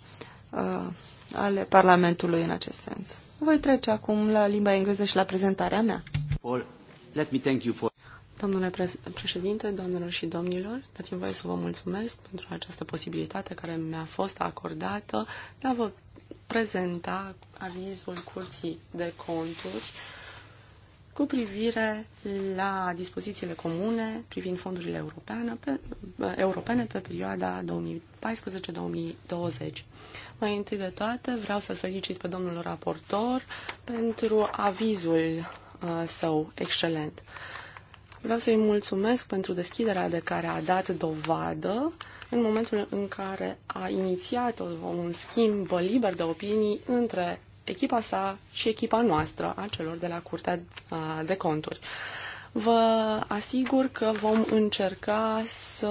[SPEAKER 2] uh, ale Parlamentului în acest sens. Voi trece acum la limba engleză și la prezentarea mea. Paul, let me thank you for... Domnule pre președinte,
[SPEAKER 3] domnilor și domnilor, dați-mi voie să vă mulțumesc pentru această posibilitate care mi-a fost acordată de a vă prezenta avizul Curții de Conturi cu privire la dispozițiile comune privind fondurile europene pe, europene pe perioada 2014-2020. Mai întâi de toate, vreau să-l felicit pe domnul raportor pentru avizul uh, său excelent. Vreau să-i mulțumesc pentru deschiderea de care a dat dovadă uh, în momentul în care a inițiat un schimb liber de opinii între echipa sa și echipa noastră, a celor de la Curtea de Conturi. Vă asigur că vom încerca să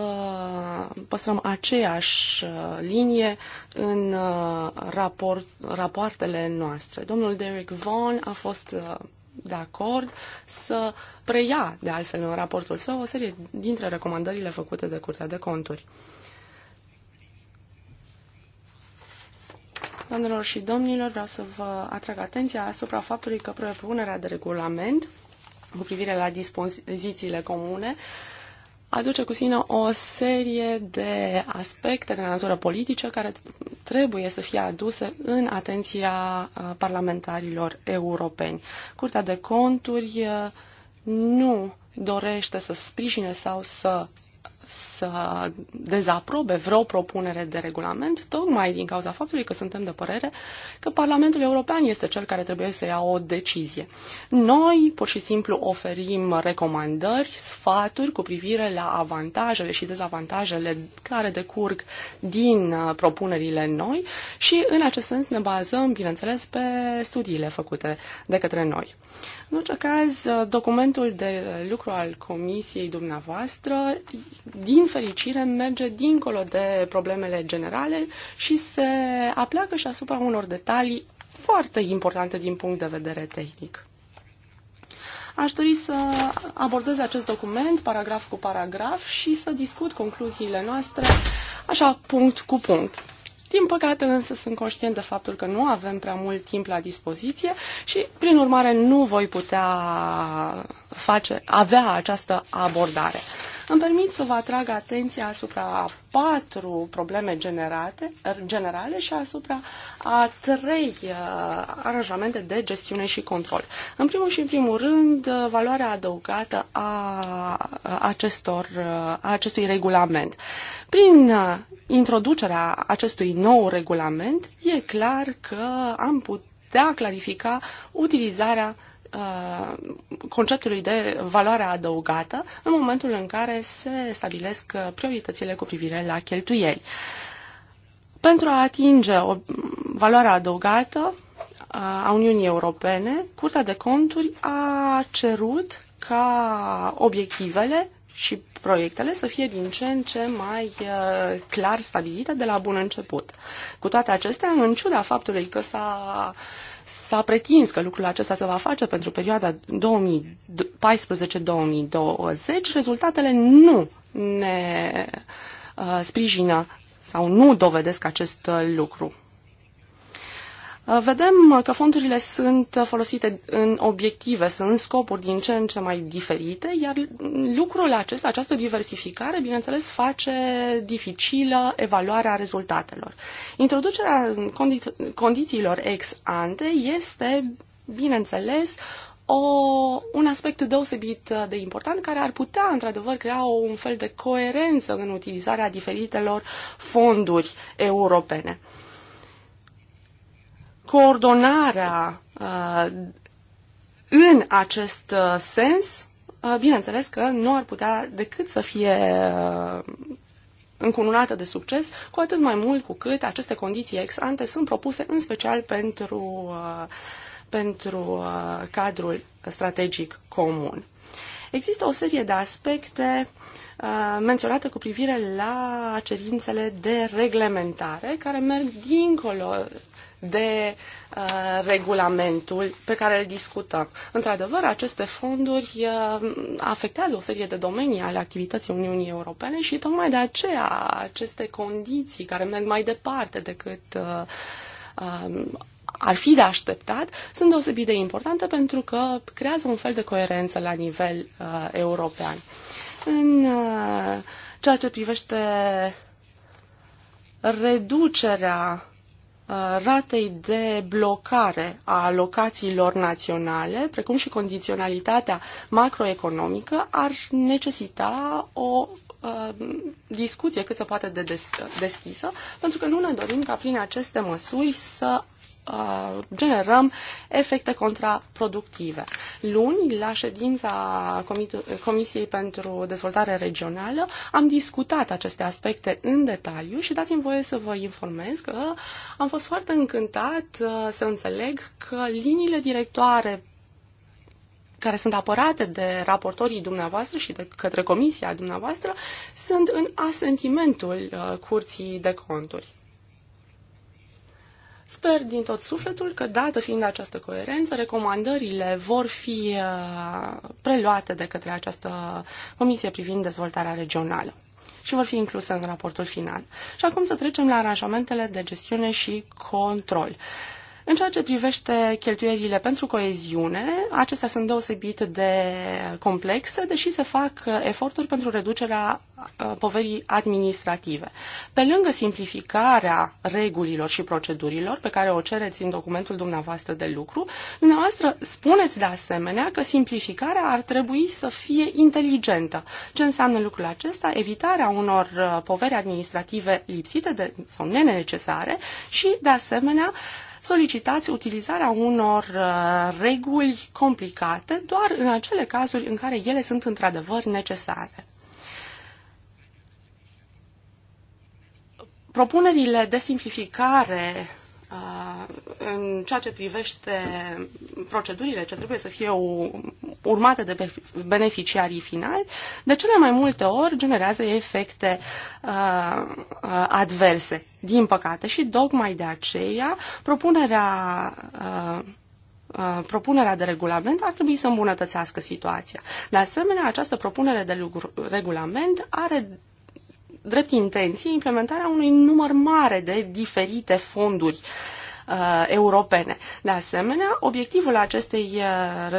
[SPEAKER 3] păstrăm aceeași linie în raport, rapoartele noastre. Domnul Derek Vaughan a fost de acord să preia, de altfel, în raportul său o serie dintre recomandările făcute de Curtea de Conturi. Doamnelor și domnilor, vreau să vă atrag atenția asupra faptului că propunerea de regulament cu privire la dispozițiile comune aduce cu sine o serie de aspecte de natură politică care trebuie să fie aduse în atenția uh, parlamentarilor europeni. Curtea de conturi uh, nu dorește să sprijine sau să să dezaprobe vreo propunere de regulament, tocmai din cauza faptului că suntem de părere că Parlamentul European este cel care trebuie să ia o decizie. Noi pur și simplu oferim recomandări, sfaturi cu privire la avantajele și dezavantajele care decurg din uh, propunerile noi și în acest sens ne bazăm, bineînțeles, pe studiile făcute de către noi. În orice caz, uh, documentul de lucru al comisiei dumneavoastră din fericire, merge dincolo de problemele generale și se apleacă și asupra unor detalii foarte importante din punct de vedere tehnic. Aș dori să abordez acest document paragraf cu paragraf și să discut concluziile noastre așa punct cu punct. Din păcate însă sunt conștient de faptul că nu avem prea mult timp la dispoziție și prin urmare nu voi putea face, avea această abordare. Îmi permit să vă atrag atenția asupra a patru probleme generate, generale și asupra a trei uh, aranjamente de gestiune și control. În primul și în primul rând, uh, valoarea adăugată a, uh, acestor, a acestui regulament. Prin introducerea acestui nou regulament, e clar că am putea clarifica utilizarea uh, Uh, conceptului de valoare adăugată în momentul în care se stabilesc uh, prioritățile cu privire la cheltuieli. Pentru a atinge o valoare adăugată uh, a Uniunii Europene, Curtea de Conturi a cerut ca obiectivele și proiectele să fie din ce în ce mai clar stabilite de la bun început. Cu toate acestea, în ciuda faptului că s-a uh, S-a pretins că lucrul acesta se va face pentru perioada 2014-2020. Rezultatele nu ne uh, sprijină sau nu dovedesc acest uh, lucru. Uh, vedem că fondurile sunt folosite în obiective, sunt în scopuri din ce în ce mai diferite, iar lucrul acesta, această diversificare, bineînțeles, face dificilă evaluarea rezultatelor. Introducerea condi- condițiilor ex ante este, bineînțeles, o, un aspect deosebit de important care ar putea, într-adevăr, crea un fel de coerență în utilizarea diferitelor fonduri europene coordonarea uh, în acest uh, sens, uh, bineînțeles că nu ar putea decât să fie încununată de succes, cu atât mai mult cu cât aceste condiții ex ante sunt propuse în special pentru, pentru cadrul strategic comun. Există o serie de aspecte menționate cu privire la cerințele de reglementare care merg dincolo de uh, regulamentul pe care îl discutăm. Într-adevăr, aceste fonduri uh, afectează o serie de domenii ale activității Uniunii Europene și tocmai de aceea aceste condiții care merg mai departe decât uh, um, ar fi de așteptat, sunt deosebit de importante pentru că creează un fel de coerență la nivel uh, european. În uh, ceea ce privește reducerea Uh, ratei de blocare a alocațiilor naționale, precum și condiționalitatea macroeconomică, ar necesita o uh, discuție cât se poate de deschisă, pentru că nu ne dorim ca prin aceste măsuri să Uh, generăm efecte contraproductive. Luni, la ședința Comisiei pentru Dezvoltare Regională, am discutat aceste aspecte în detaliu și dați-mi voie să vă informez că am fost foarte încântat uh, să înțeleg că liniile directoare care sunt apărate de raportorii dumneavoastră și de către comisia dumneavoastră sunt în asentimentul uh, curții de conturi. Sper din tot sufletul că, dată fiind această coerență, recomandările vor fi uh, preluate de către această comisie privind dezvoltarea regională și vor fi incluse în raportul final. Și acum să trecem la aranjamentele de gestiune și control. În ceea ce privește cheltuielile pentru coeziune, acestea sunt deosebit de complexe, deși se fac uh, eforturi pentru reducerea uh, poverii administrative. Pe lângă simplificarea regulilor și procedurilor pe care o cereți în documentul dumneavoastră de lucru, dumneavoastră spuneți de asemenea că simplificarea ar trebui să fie inteligentă. Ce înseamnă lucrul acesta? Evitarea unor uh, poveri administrative lipsite de, sau nenecesare și, de asemenea, solicitați utilizarea unor uh, reguli complicate doar în acele cazuri în care ele sunt într-adevăr necesare. Propunerile de simplificare în ceea ce privește procedurile ce trebuie să fie urmate de beneficiarii finali, de cele mai multe ori generează efecte uh, uh, adverse, din păcate. Și tocmai de aceea propunerea uh, propunerea de regulament ar trebui să îmbunătățească situația. De asemenea, această propunere de regulament are drept intenție implementarea unui număr mare de diferite fonduri uh, europene. De asemenea, obiectivul acestei,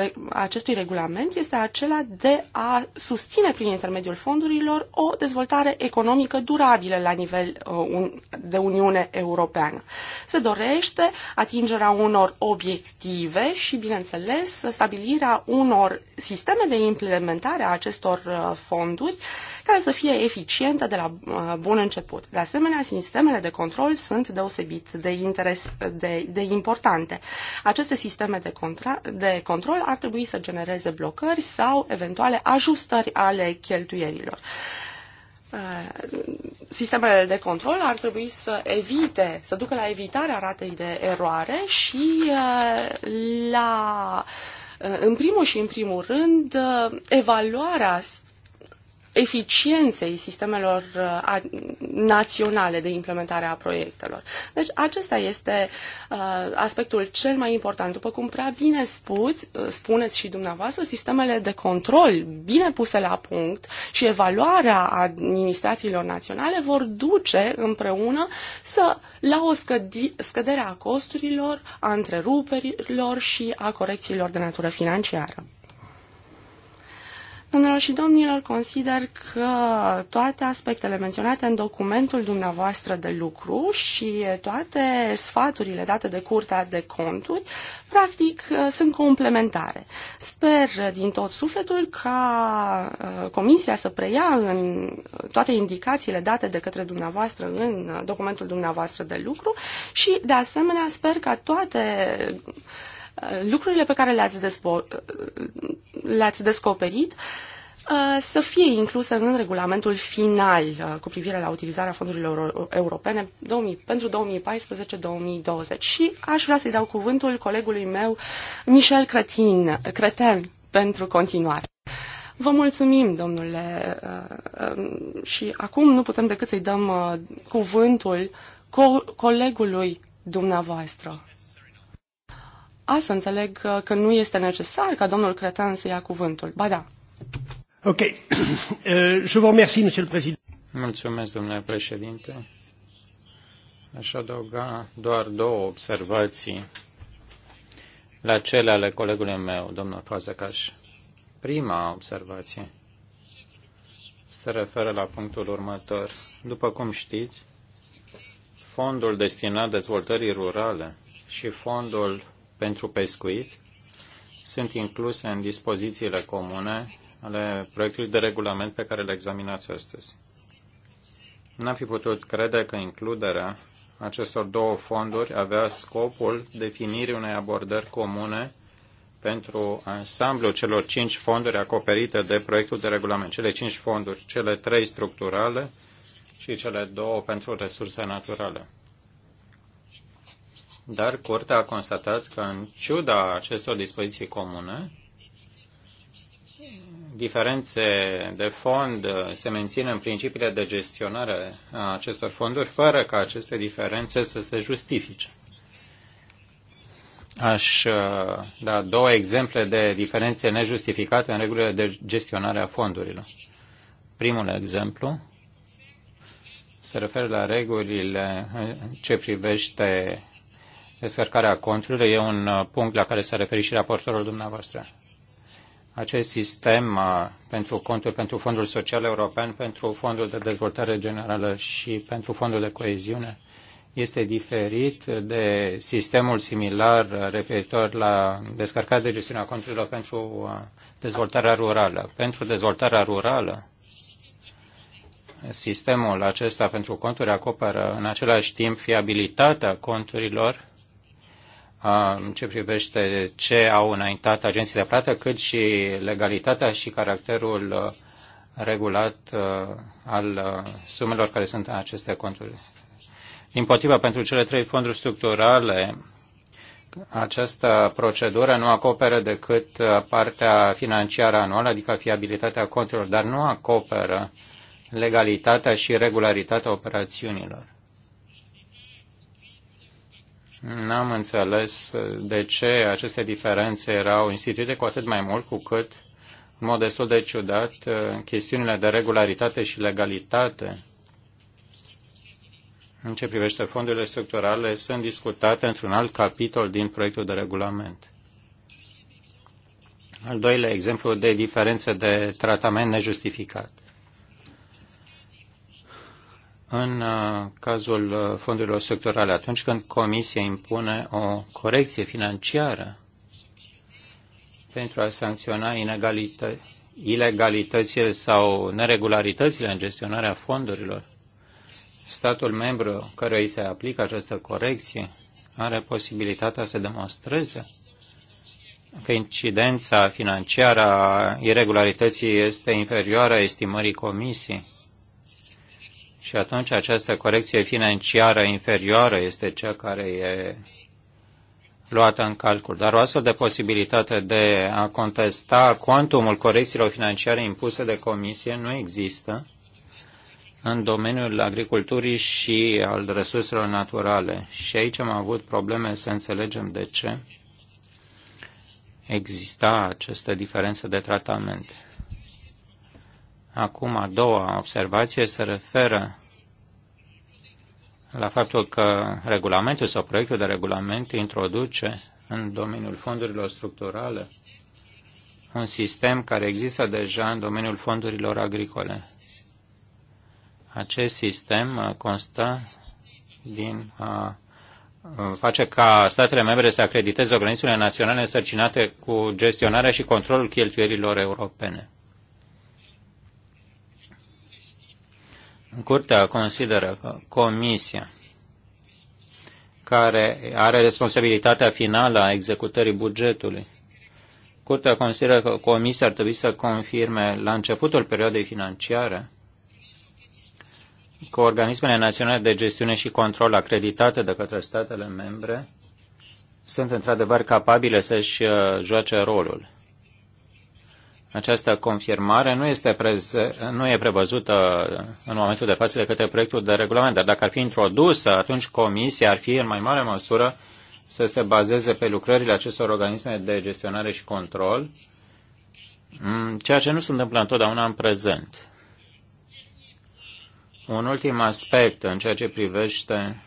[SPEAKER 3] uh, acestui regulament este acela de a susține prin intermediul fondurilor o dezvoltare economică durabilă la nivel uh, un, de Uniune Europeană. Se dorește atingerea unor obiective și, bineînțeles, stabilirea unor sisteme de implementare a acestor uh, fonduri uh, care să fie eficientă de la uh, bun început. De asemenea, sistemele de control sunt deosebit de, interes, de, de importante. Aceste sisteme de, contra, de control ar trebui să genereze blocări sau eventuale ajustări ale cheltuierilor. Uh, sistemele de control ar trebui să evite, să ducă la evitarea ratei de eroare și uh, la, în primul și în primul rând, evaluarea eficienței sistemelor uh, naționale de implementare a proiectelor. Deci acesta este uh, aspectul cel mai important. După cum prea bine spuți, uh, spuneți și dumneavoastră, sistemele de control bine puse la punct și evaluarea administrațiilor naționale vor duce împreună să la o scădere a costurilor, a întreruperilor și a corecțiilor de natură financiară. Domnilor și domnilor, consider că toate aspectele menționate în documentul dumneavoastră de lucru și toate sfaturile date de Curtea de Conturi, practic, sunt complementare. Sper din tot sufletul ca uh, Comisia să preia în toate indicațiile date de către dumneavoastră în documentul dumneavoastră de lucru și, de asemenea, sper ca toate lucrurile pe care le-ați, le-ați descoperit uh, să fie incluse în regulamentul final uh, cu privire la utilizarea fondurilor europene pentru 2014-2020. Și aș vrea să-i dau cuvântul colegului meu, Michel Cretin, Creten, pentru continuare. Vă mulțumim, domnule, uh, um, și acum nu putem decât să-i dăm cuvântul co- colegului dumneavoastră. A, să înțeleg uh, că nu este necesar ca domnul Cretan să ia cuvântul. Ba da.
[SPEAKER 1] Ok. Uh, je vous remercie, monsieur le président. Mulțumesc, domnule președinte. Aș adăuga doar două observații la cele ale colegului meu, domnul Fazăcaș. Prima observație se referă la punctul următor. După cum știți, fondul destinat dezvoltării rurale și fondul pentru pescuit sunt incluse în dispozițiile comune ale proiectului de regulament pe care le examinați astăzi. N-am fi putut crede că includerea acestor două fonduri avea scopul definirii unei abordări comune pentru ansamblul celor cinci fonduri acoperite de proiectul de regulament. Cele cinci fonduri, cele trei structurale și cele două pentru resurse naturale dar Curtea a constatat că, în ciuda acestor dispoziții comune, diferențe de fond se mențin în principiile de gestionare a acestor fonduri, fără ca aceste diferențe să se justifice. Aș uh, da două exemple de diferențe nejustificate în regulile de gestionare a fondurilor. Primul exemplu se referă la regulile ce privește descărcarea conturilor e un uh, punct la care s-a referit și raportorul dumneavoastră. Acest sistem uh, pentru conturi, pentru Fondul Social European, pentru Fondul de Dezvoltare Generală și pentru Fondul de Coeziune este diferit de sistemul similar uh, referitor la descărcarea de gestiunea conturilor pentru dezvoltarea rurală. Pentru dezvoltarea rurală, sistemul acesta pentru conturi acoperă în același timp fiabilitatea conturilor în ce privește ce au înaintat agenții de plată, cât și legalitatea și caracterul uh, regulat uh, al uh, sumelor care sunt în aceste conturi. Din potrivă, pentru cele trei fonduri structurale, această procedură nu acoperă decât partea financiară anuală, adică fiabilitatea conturilor, dar nu acoperă legalitatea și regularitatea operațiunilor. N-am înțeles uh, de ce aceste diferențe erau instituite cu atât mai mult cu cât, în mod destul de ciudat, uh, chestiunile de regularitate și legalitate în ce privește fondurile structurale sunt discutate într-un alt capitol din proiectul de regulament. Al doilea exemplu de diferență de tratament nejustificat în uh, cazul uh, fondurilor sectorale, atunci când Comisia impune o corecție financiară pentru a sancționa ilegalitățile sau neregularitățile în gestionarea fondurilor, statul membru care îi se aplică această corecție are posibilitatea să demonstreze că incidența financiară a irregularității este inferioară a estimării comisiei și atunci această corecție financiară inferioară este cea care e luată în calcul. Dar o astfel de posibilitate de a contesta cuantumul corecțiilor financiare impuse de comisie nu există în domeniul agriculturii și al resurselor naturale. Și aici am avut probleme să înțelegem de ce exista această diferență de tratament. Acum, a doua observație se referă la faptul că regulamentul sau proiectul de regulament introduce în domeniul fondurilor structurale un sistem care există deja în domeniul fondurilor agricole. Acest sistem uh, constă din a uh, uh, face ca statele membre să acrediteze organismele naționale însărcinate cu gestionarea și controlul cheltuielilor europene. Curtea consideră că comisia care are responsabilitatea finală a executării bugetului. Curtea consideră că comisia ar trebui să confirme la începutul perioadei financiare că organismele naționale de gestiune și control acreditate de către statele membre sunt într-adevăr capabile să-și uh, joace rolul. Această confirmare nu, este nu e prevăzută în momentul de față de către proiectul de regulament, dar dacă ar fi introdusă, atunci Comisia ar fi în mai mare măsură să se bazeze pe lucrările acestor organisme de gestionare și control, mm, ceea ce nu se întâmplă întotdeauna în prezent. Un ultim aspect în ceea ce privește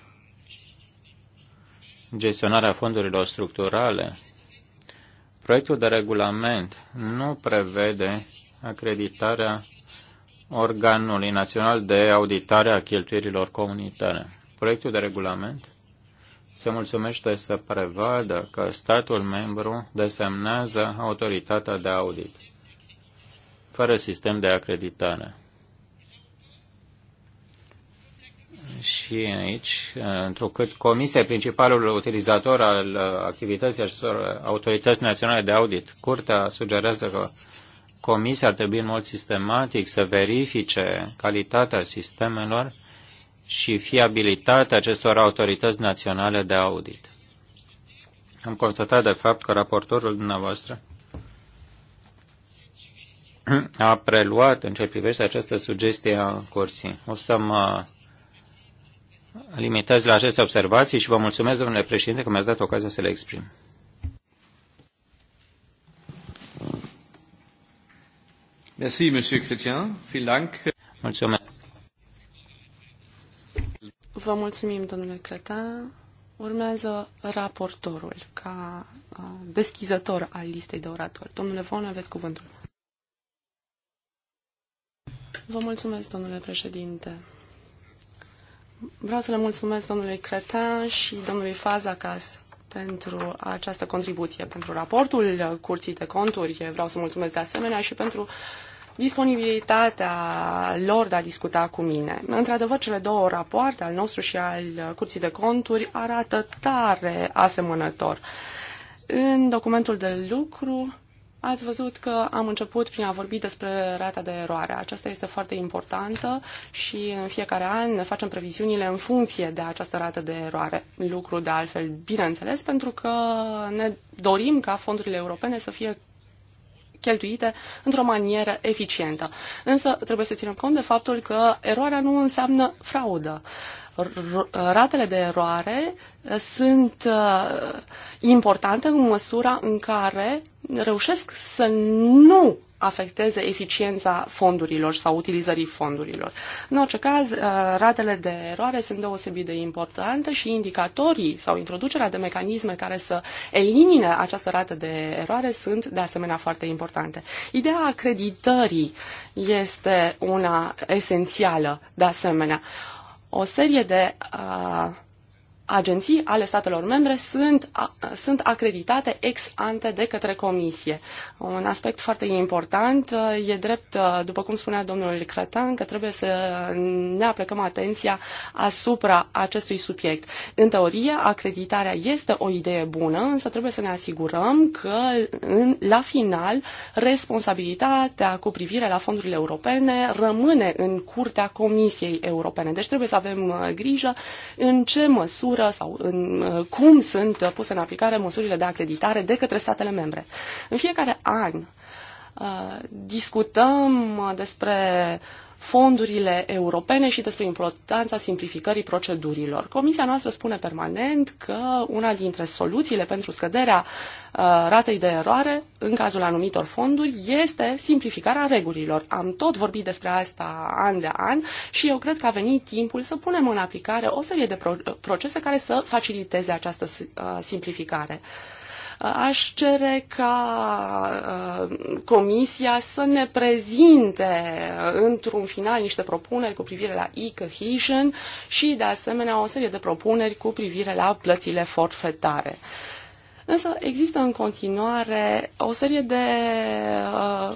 [SPEAKER 1] gestionarea fondurilor structurale Proiectul de regulament nu prevede acreditarea organului național de auditare a cheltuierilor comunitare. Proiectul de regulament se mulțumește să prevadă că statul membru desemnează autoritatea de audit, fără sistem de acreditare. și aici, întrucât Comisia, principalul utilizator al activității acestor autorități naționale de audit, Curtea sugerează că Comisia ar trebui în mod sistematic să verifice calitatea sistemelor și fiabilitatea acestor autorități naționale de audit. Am constatat de fapt că raportorul dumneavoastră a preluat în ce privește această sugestie a curții. O să mă limitez la aceste observații și vă mulțumesc, domnule președinte, că mi-ați dat ocazia să le exprim. Merci, monsieur Chrétien. Vielen Dank. Mulțumesc.
[SPEAKER 3] Vă mulțumim, domnule Cretan. Urmează raportorul ca deschizător al listei de oratori. Domnule Von, aveți cuvântul. Vă mulțumesc, domnule președinte. Vreau să le mulțumesc domnului Cretan și domnului Fazacas pentru această contribuție, pentru raportul Curții de Conturi. Vreau să mulțumesc de asemenea și pentru disponibilitatea lor de a discuta cu mine. Într-adevăr, cele două rapoarte, al nostru și al Curții de Conturi, arată tare asemănător. În documentul de lucru Ați văzut că am început prin a vorbi despre rata de eroare. Aceasta este foarte importantă și în fiecare an ne facem previziunile în funcție de această rată de eroare. Lucru de altfel, bineînțeles, pentru că ne dorim ca fondurile europene să fie cheltuite într-o manieră eficientă. Însă trebuie să ținem cont de faptul că eroarea nu înseamnă fraudă. R ratele de eroare sunt uh, importante în măsura în care reușesc să nu afecteze eficiența fondurilor sau utilizării fondurilor. În orice caz, uh, ratele de eroare sunt deosebit de importante și indicatorii sau introducerea de mecanisme care să elimine această rată de eroare sunt de asemenea foarte importante. Ideea acreditării este una esențială de asemenea. O serie de uh, agenții ale statelor membre sunt, a, sunt acreditate ex ante de către comisie. Un aspect foarte important uh, e drept, uh, după cum spunea domnul Cretan, că trebuie să ne aplecăm atenția asupra acestui subiect. În teorie, acreditarea este o idee bună, însă trebuie să ne asigurăm că în, la final responsabilitatea cu privire la fondurile europene rămâne în curtea Comisiei Europene. Deci trebuie să avem uh, grijă în ce măsură măsură sau în uh, cum sunt puse în aplicare măsurile de acreditare de către statele membre. În fiecare an uh, discutăm despre fondurile europene și despre importanța simplificării procedurilor. Comisia noastră spune permanent că una dintre soluțiile pentru scăderea uh, ratei de eroare în cazul anumitor fonduri este simplificarea regulilor. Am tot vorbit despre asta an de an și eu cred că a venit timpul să punem în aplicare o serie de procese care să faciliteze această uh, simplificare aș cere ca uh, Comisia să ne prezinte uh, într-un final niște propuneri cu privire la e-cohesion și, de asemenea, o serie de propuneri cu privire la plățile forfetare. Însă există în continuare o serie de uh,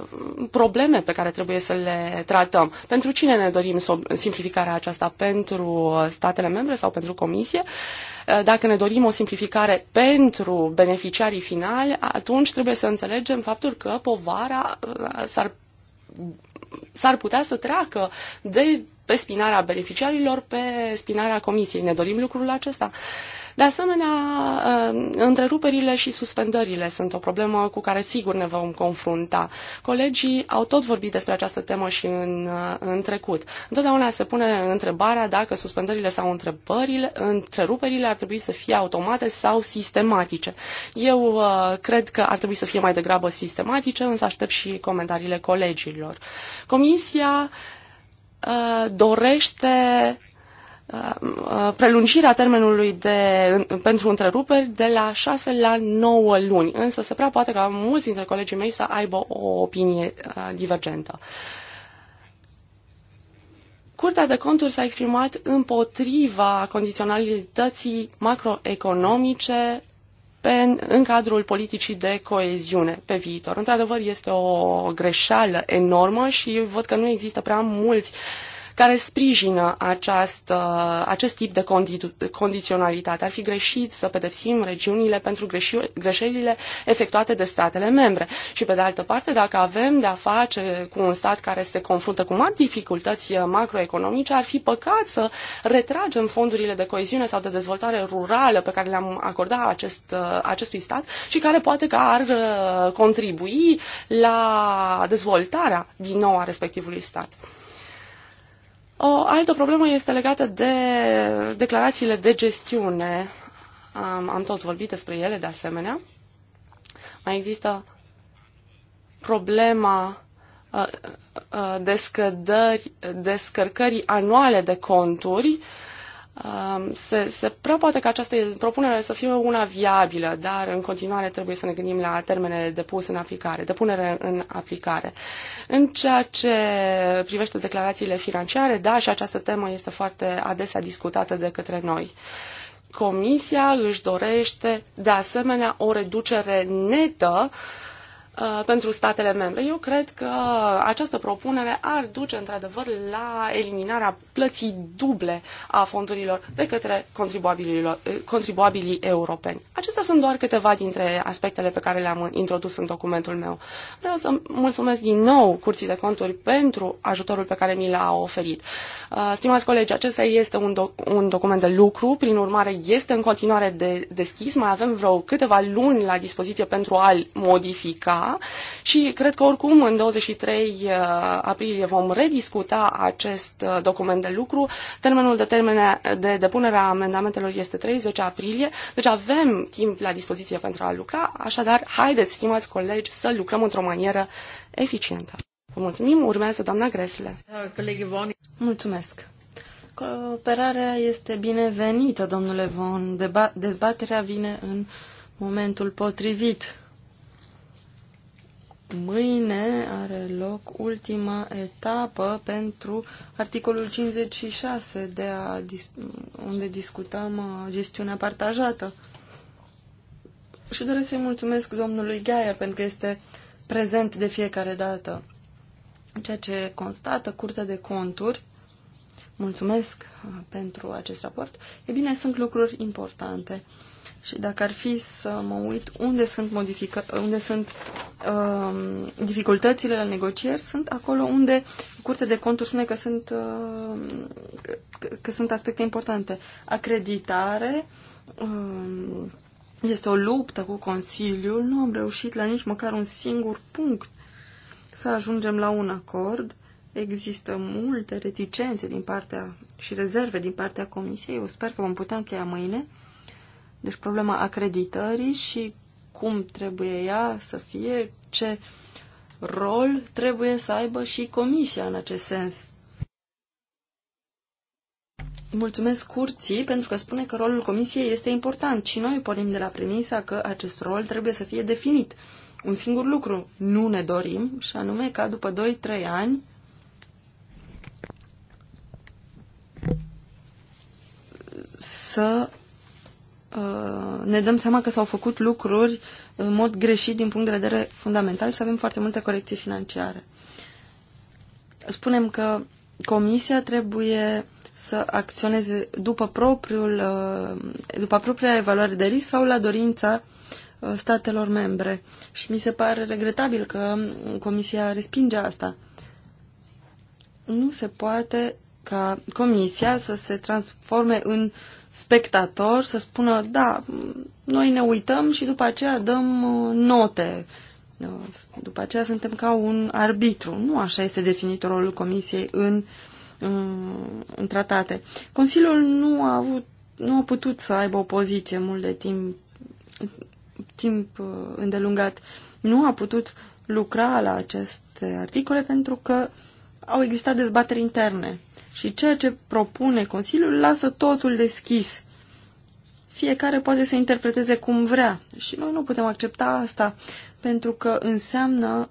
[SPEAKER 3] probleme pe care trebuie să le tratăm. Pentru cine ne dorim simplificarea aceasta? Pentru uh, statele membre sau pentru comisie? Uh, Eh, dacă ne dorim o simplificare pentru beneficiarii finali, atunci trebuie să înțelegem faptul că povara eh, s-ar, s-ar putea să treacă de pe spinarea beneficiarilor, pe spinarea comisiei. Ne dorim lucrul acesta. Uh, de asemenea, uh, întreruperile și suspendările sunt o problemă cu care sigur ne vom confrunta. Colegii au tot vorbit despre această temă și în, uh, în trecut. Întotdeauna se pune întrebarea dacă suspendările sau întrebările, întreruperile ar trebui să fie automate sau sistematice. Eu uh, cred că ar trebui să fie mai degrabă sistematice, însă aștept și comentariile colegilor. Comisia dorește Uh, uh, prelungirea termenului de, pentru întreruperi de la 6 la 9 luni, însă se prea poate ca mulți dintre colegii mei să aibă o opinie uh, divergentă. Curtea de conturi s-a exprimat împotriva condiționalității macroeconomice pe, în cadrul politicii de coeziune pe viitor. Într-adevăr, este o greșeală enormă și văd că nu există prea mulți uh, care sprijină această, acest tip de condi- condiționalitate. Ar fi greșit să pedepsim regiunile pentru greșelile efectuate de statele membre. Și pe de altă parte, dacă avem de-a face cu un stat care se confruntă cu mari dificultăți macroeconomice, ar fi păcat să retragem fondurile de coeziune sau de dezvoltare rurală pe care le-am acordat acest, acestui stat și care poate că ar uh, contribui la dezvoltarea din nou a respectivului stat. O altă problemă este legată de declarațiile de gestiune. Am, am tot vorbit despre ele, de asemenea. Mai există problema uh, uh, uh, descădări, descărcării anuale de conturi Um, se, se prea poate că această propunere să fie una viabilă, dar în continuare trebuie să ne gândim la termenele de pus în aplicare, de punere în aplicare. În ceea ce privește declarațiile financiare, da, și această temă este foarte adesea discutată de către noi. Comisia își dorește de asemenea o reducere netă uh, Uh, pentru statele membre. Eu cred că această propunere ar duce într-adevăr la eliminarea plății duble a fondurilor de către uh, contribuabilii europeni. Acestea sunt doar câteva dintre aspectele pe care le-am introdus în documentul meu. Vreau să mulțumesc din nou Curții de Conturi pentru ajutorul pe care mi l-a oferit. Uh, stimați colegi, acesta este un, doc- un document de lucru, prin urmare este în continuare de deschis, mai avem vreo câteva luni la dispoziție pentru a-l modifica și cred că oricum în 23 uh, aprilie vom rediscuta acest uh, document de lucru. Termenul de, termene, de depunere a amendamentelor este 30 aprilie, deci avem timp la dispoziție pentru a lucra, așadar haideți, stimați colegi, să lucrăm
[SPEAKER 2] într-o manieră eficientă. Vă mulțumim, urmează doamna Gresle. Mulțumesc. Cooperarea este binevenită, domnule Von. Dezbaterea vine în momentul potrivit. Mâine are loc ultima etapă pentru articolul 56, de a, unde discutam uh, gestiunea partajată. Și doresc să-i mulțumesc domnului Gaier pentru că este prezent de fiecare dată. Ceea ce constată Curtea de Conturi, mulțumesc uh, pentru acest raport, e bine, sunt lucruri importante. Și dacă ar fi să mă uit unde sunt, modifică, unde sunt uh, dificultățile la negocieri, sunt acolo unde Curtea de Conturi spune că sunt, uh, că, că sunt aspecte importante. Acreditare uh, este o luptă cu Consiliul. Nu am reușit la nici măcar un singur punct să ajungem la un acord. Există multe reticențe din partea și rezerve din partea Comisiei. Eu sper că vom putea încheia mâine deci problema acreditării și cum trebuie ea să fie, ce rol trebuie să aibă și comisia în acest sens. Mulțumesc curții pentru că spune că rolul comisiei este important și noi pornim de la premisa că acest rol trebuie să fie definit. Un singur lucru nu ne dorim și anume ca după 2-3 ani să Uh, ne dăm seama că s-au făcut lucruri în mod greșit din punct de vedere fundamental și să avem foarte multe corecții financiare. Spunem că comisia trebuie să acționeze după, propriul, uh, după propria evaluare de risc sau la dorința uh, statelor membre. Și mi se pare regretabil că comisia respinge asta. Nu se poate ca comisia să se transforme în uh, spectator să spună, da, noi ne uităm și după aceea dăm uh, note. Uh, după aceea suntem ca un arbitru. Nu așa este definit rolul Comisiei în, uh, în tratate. Consiliul nu a, avut, nu a putut să aibă o poziție mult de timp, timp îndelungat. Nu a putut lucra la aceste articole pentru că au existat dezbateri interne. Și ceea ce propune Consiliul lasă totul deschis. Fiecare poate să interpreteze cum vrea și noi nu putem accepta asta pentru că înseamnă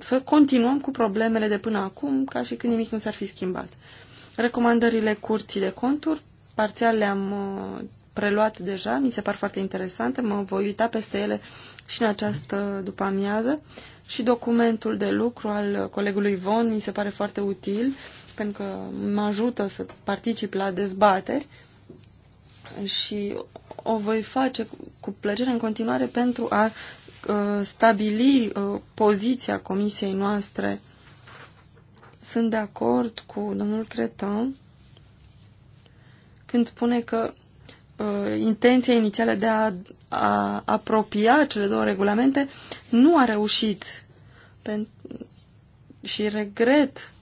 [SPEAKER 2] să continuăm cu problemele de până acum ca și când nimic nu s-ar fi schimbat. Recomandările curții de conturi, parțial le-am uh, preluat deja, mi se par foarte interesante, mă voi uita peste ele și în această după-amiază și documentul de lucru al colegului Von mi se pare foarte util pentru că mă ajută să particip la dezbateri și o voi face cu plăcere în continuare pentru a uh, stabili uh, poziția comisiei noastre. Sunt de acord cu domnul Cretan când spune că uh, intenția inițială de a, a apropia cele două regulamente nu a reușit. pentru și regret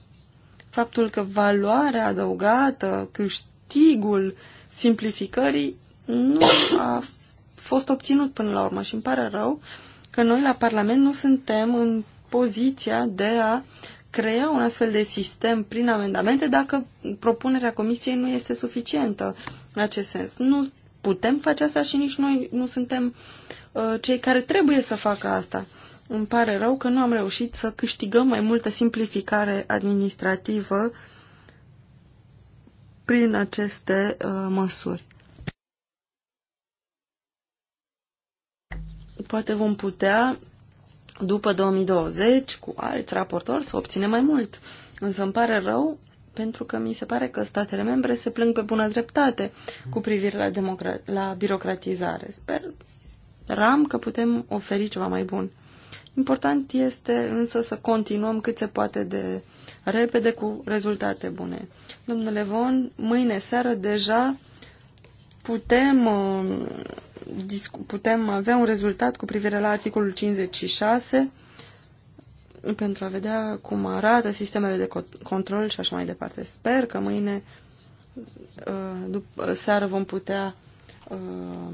[SPEAKER 2] faptul că valoarea adăugată, câștigul simplificării nu a fost obținut până la urmă și îmi pare rău că noi la Parlament nu suntem în poziția de a crea un astfel de sistem prin amendamente dacă propunerea Comisiei nu este suficientă în acest sens. Nu putem face asta și nici noi nu suntem uh, cei care trebuie să facă asta. Îmi pare rău că nu am reușit să câștigăm mai multă simplificare administrativă prin aceste uh, măsuri. Poate vom putea, după 2020, cu alți raportori, să obținem mai mult. Însă îmi pare rău pentru că mi se pare că statele membre se plâng pe bună dreptate cu privire la, democra- la birocratizare. Sper ram că putem oferi ceva mai bun. Important este însă să continuăm cât se poate de repede cu rezultate bune. Domnule Von, mâine seară deja putem, uh, putem avea un rezultat cu privire la articolul 56 pentru a vedea cum arată sistemele de control și așa mai departe. Sper că mâine uh, după seară vom putea uh,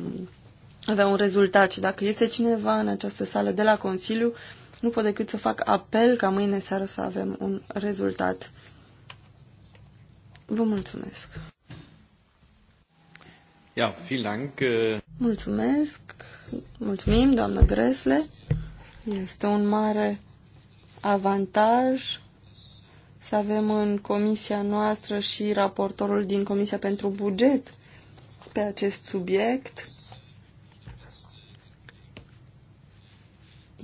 [SPEAKER 2] avea un rezultat și dacă este cineva în această sală de la Consiliu, nu pot decât să fac apel ca mâine seară să avem un rezultat. Vă mulțumesc.
[SPEAKER 1] Ja, vielen Dank. Äh,
[SPEAKER 2] mulțumesc. Mulțumim, doamnă Gresle. Este un mare avantaj să avem în comisia noastră și raportorul din Comisia pentru Buget pe acest subiect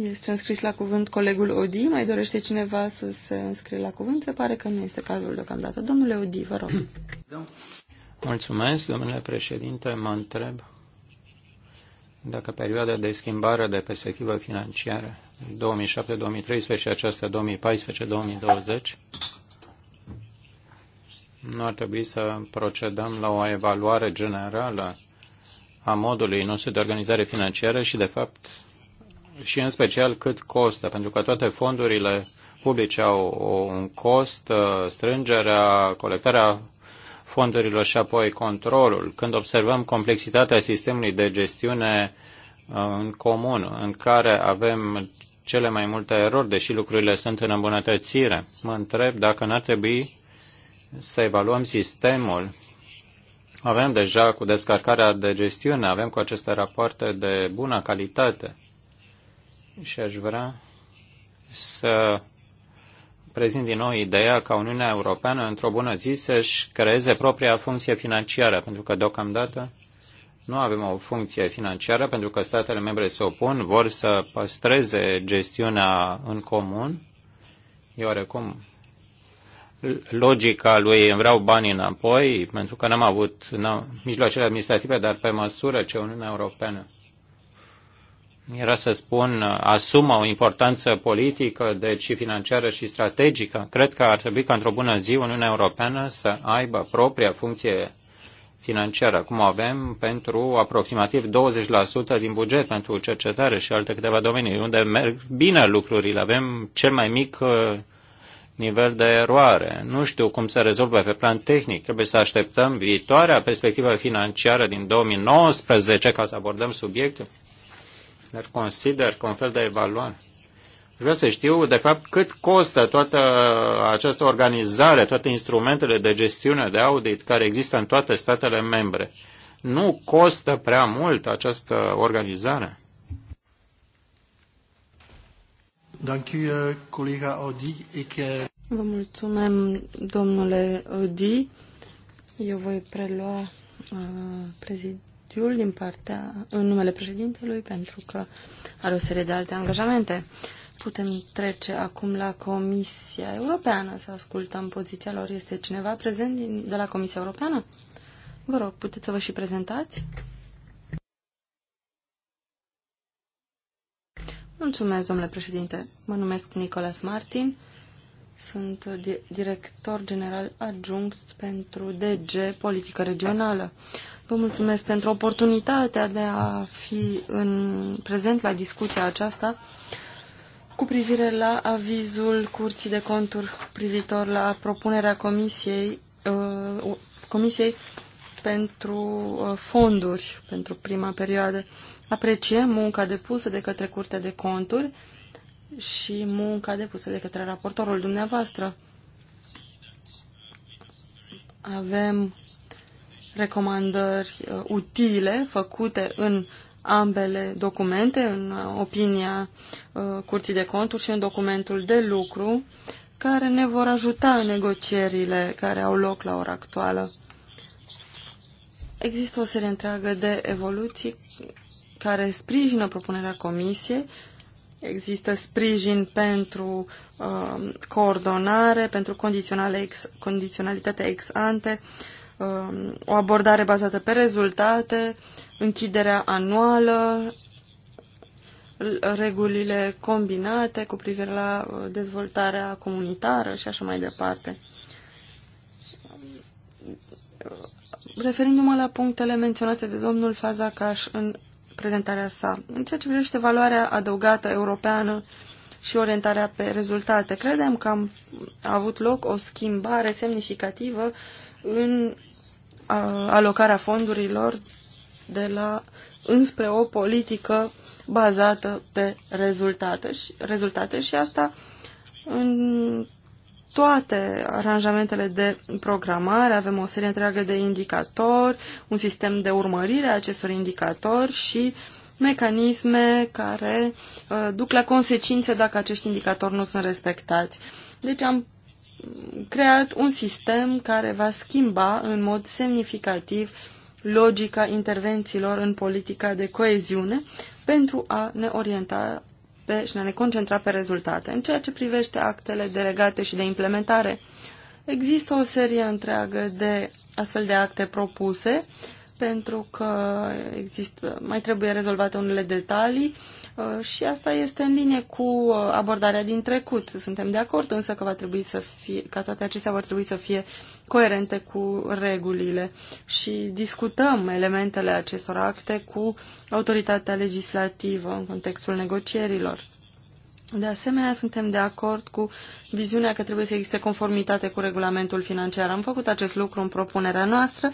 [SPEAKER 2] Este înscris la cuvânt colegul Odi. Mai dorește cineva să se înscrie la cuvânt? Se pare că nu este cazul deocamdată. Domnule Odi, vă rog.
[SPEAKER 1] Mulțumesc, domnule președinte. Mă întreb dacă perioada de schimbare de perspectivă financiară 2007-2013 și aceasta 2014-2020 nu ar trebui să procedăm la o evaluare generală a modului nostru de organizare financiară și, de fapt, și în special cât costă, pentru că toate fondurile publice au un cost, uh, strângerea, colectarea fondurilor și apoi controlul. Când observăm complexitatea sistemului de gestiune uh, în comun, în care avem cele mai multe erori, deși lucrurile sunt în îmbunătățire, mă întreb dacă n-ar trebui să evaluăm sistemul. Avem deja cu descărcarea de gestiune, avem cu aceste rapoarte de bună calitate și aș vrea să prezint din nou ideea ca Uniunea Europeană într-o bună zi să-și creeze propria funcție financiară, pentru că deocamdată nu avem o funcție financiară, pentru că statele membre se opun, vor să păstreze gestiunea în comun. E oarecum logica lui îmi vreau banii înapoi, pentru că n-am avut n-am, mijloacele administrative, dar pe măsură ce Uniunea Europeană era să spun, asumă o importanță politică, deci financiară și strategică. Cred că ar trebui ca într-o bună zi Uniunea Europeană să aibă propria funcție financiară, cum avem pentru aproximativ 20% din buget pentru cercetare și alte câteva domenii, unde merg bine lucrurile. Avem cel mai mic uh, nivel de eroare. Nu știu cum să rezolvă pe plan tehnic. Trebuie să așteptăm viitoarea perspectivă financiară din 2019 ca să abordăm subiectul. Dar consider că un fel de evaluare. Vreau să știu, de fapt, cât costă toată această organizare, toate instrumentele de gestiune de audit care există în toate statele membre. Nu costă prea mult această organizare? Eh, eh,
[SPEAKER 2] Vă mulțumim, domnule Odi. Eu voi prelua uh, prezid, Tiul din partea, în numele președintelui pentru că are o serie de alte angajamente. Putem trece acum la Comisia Europeană să ascultăm poziția lor. Este cineva prezent din, de la Comisia Europeană? Vă rog, puteți să vă și prezentați? Mulțumesc, domnule președinte. Mă numesc Nicolas Martin sunt director general adjunct pentru DG Politică Regională. Vă mulțumesc pentru oportunitatea de a fi în prezent la discuția aceasta cu privire la avizul Curții de Conturi privitor la propunerea Comisiei, uh, comisiei pentru uh, fonduri pentru prima perioadă. Apreciem munca depusă de către Curtea de Conturi și munca depusă de către raportorul dumneavoastră. Avem recomandări uh, utile făcute în ambele documente, în opinia uh, Curții de Conturi și în documentul de lucru, care ne vor ajuta în negocierile care au loc la ora actuală. Există o serie întreagă de evoluții care sprijină propunerea Comisiei Există sprijin pentru uh, coordonare, pentru ex, condiționalitate ex ante, uh, o abordare bazată pe rezultate, închiderea anuală, regulile combinate cu privire la uh, dezvoltarea comunitară și așa mai departe. Referindu-mă la punctele menționate de domnul Fazakaș în prezentarea sa. În ceea ce privește valoarea adăugată europeană și orientarea pe rezultate, credem că am a avut loc o schimbare semnificativă în alocarea fondurilor de la înspre o politică bazată pe rezultate și, rezultate și asta în toate aranjamentele de programare, avem o serie întreagă de indicatori, un sistem de urmărire a acestor indicatori și mecanisme care uh, duc la consecințe dacă acești indicatori nu sunt respectați. Deci am creat un sistem care va schimba în mod semnificativ logica intervențiilor în politica de coeziune pentru a ne orienta pe, și ne concentra pe rezultate. În ceea ce privește actele delegate și de implementare, există o serie întreagă de astfel de acte propuse, pentru că există, mai trebuie rezolvate unele detalii uh, și asta este în linie cu uh, abordarea din trecut. Suntem de acord însă că, va trebui să fie, că toate acestea vor trebui să fie coerente cu regulile și discutăm elementele acestor acte cu autoritatea legislativă în contextul negocierilor. De asemenea, suntem de acord cu viziunea că trebuie să existe conformitate cu regulamentul financiar. Am făcut acest lucru în propunerea noastră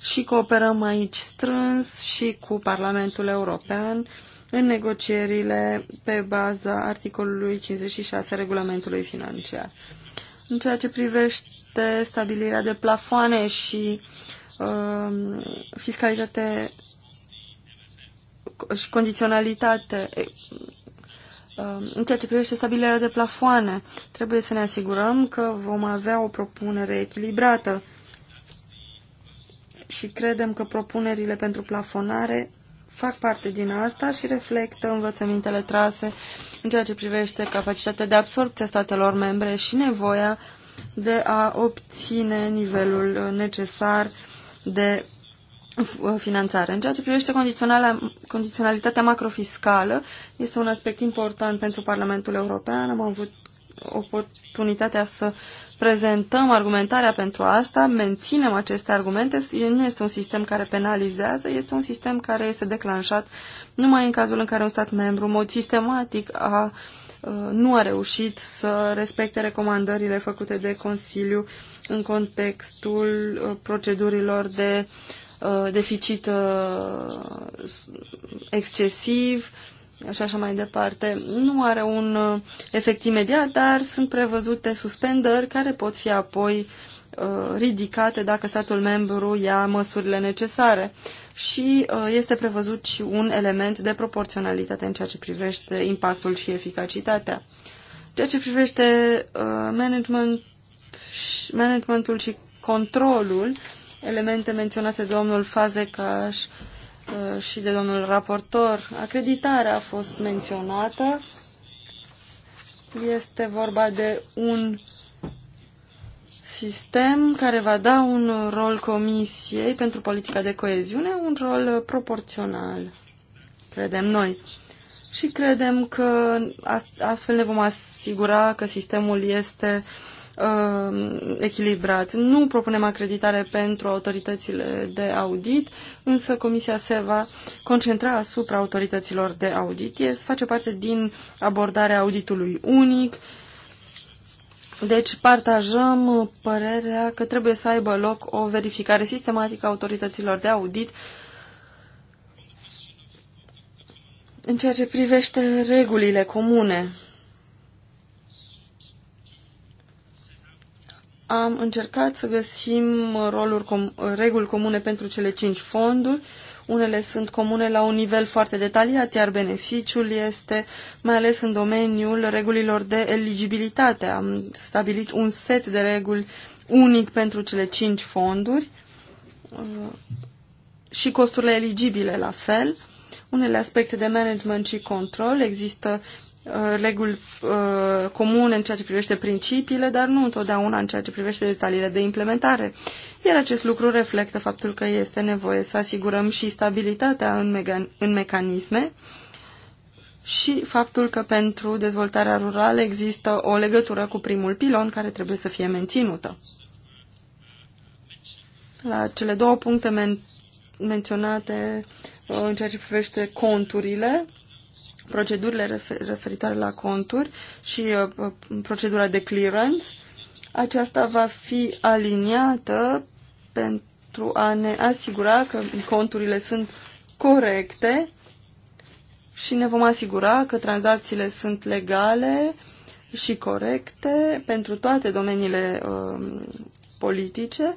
[SPEAKER 2] și cooperăm aici strâns și cu Parlamentul European în negocierile pe baza articolului 56 regulamentului financiar. În ceea ce privește stabilirea de plafoane și uh, fiscalitate și condiționalitate, uh, în ceea ce privește stabilirea de plafoane, trebuie să ne asigurăm că vom avea o propunere echilibrată și credem că propunerile pentru plafonare fac parte din asta și reflectă învățămintele trase uh, în ceea ce privește capacitatea de absorbție a statelor membre și nevoia de a obține nivelul necesar de finanțare. În ceea ce privește condiționalitatea macrofiscală, este un aspect important pentru Parlamentul European. Am avut oportunitatea să prezentăm argumentarea pentru asta, menținem aceste argumente. Nu este un sistem care penalizează, este un sistem care este declanșat numai în cazul în care un stat membru, în mod sistematic, a, nu a reușit să respecte recomandările făcute de Consiliu în contextul procedurilor de deficit excesiv, și așa mai departe. Nu are un uh, efect imediat, dar sunt prevăzute suspendări care pot fi apoi uh, ridicate dacă statul membru ia măsurile necesare. Și uh, este prevăzut și un element de proporționalitate în ceea ce privește impactul și eficacitatea. Ceea ce privește management, managementul și controlul, elemente menționate de domnul Fazekas Uh, și de domnul raportor. Acreditarea a fost menționată. Este vorba de un sistem care va da un rol comisiei pentru politica de coeziune, un rol proporțional, credem noi. Și credem că astfel ne vom asigura că sistemul este uh, Um, echilibrat. Nu propunem acreditare pentru autoritățile de audit, însă Comisia se va concentra asupra autorităților de audit. Este, face parte din abordarea auditului unic, deci partajăm părerea că trebuie să aibă loc o verificare sistematică a autorităților de audit în ceea ce privește regulile comune. Am încercat să găsim roluri com- reguli comune pentru cele cinci fonduri. Unele sunt comune la un nivel foarte detaliat, iar beneficiul este mai ales în domeniul regulilor de eligibilitate. Am stabilit un set de reguli unic pentru cele cinci fonduri uh, și costurile eligibile la fel. Unele aspecte de management și control există Uh, reguli uh, comune în ceea ce privește principiile, dar nu întotdeauna în ceea ce privește detaliile de implementare. Iar acest lucru reflectă faptul că este nevoie să asigurăm și stabilitatea în, megan- în mecanisme și faptul că pentru dezvoltarea rurală există o legătură cu primul pilon care trebuie să fie menținută. La cele două puncte men- menționate uh, în ceea ce privește conturile, procedurile referitoare la conturi și uh, uh, procedura de clearance. Aceasta va fi aliniată pentru a ne asigura că conturile sunt corecte și ne vom asigura că tranzacțiile sunt legale și corecte pentru toate domeniile uh, politice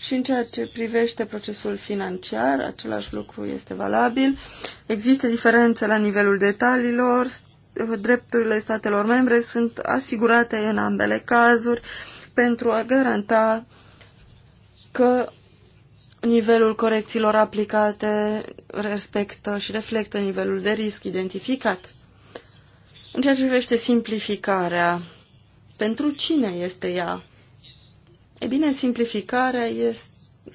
[SPEAKER 2] și în ceea ce privește procesul financiar, același lucru este valabil. Există diferențe la nivelul detaliilor, drepturile statelor membre sunt asigurate în ambele cazuri pentru a garanta că nivelul corecțiilor aplicate respectă și reflectă nivelul de risc identificat. În ceea ce privește simplificarea, pentru cine este ea? E bine, simplificarea este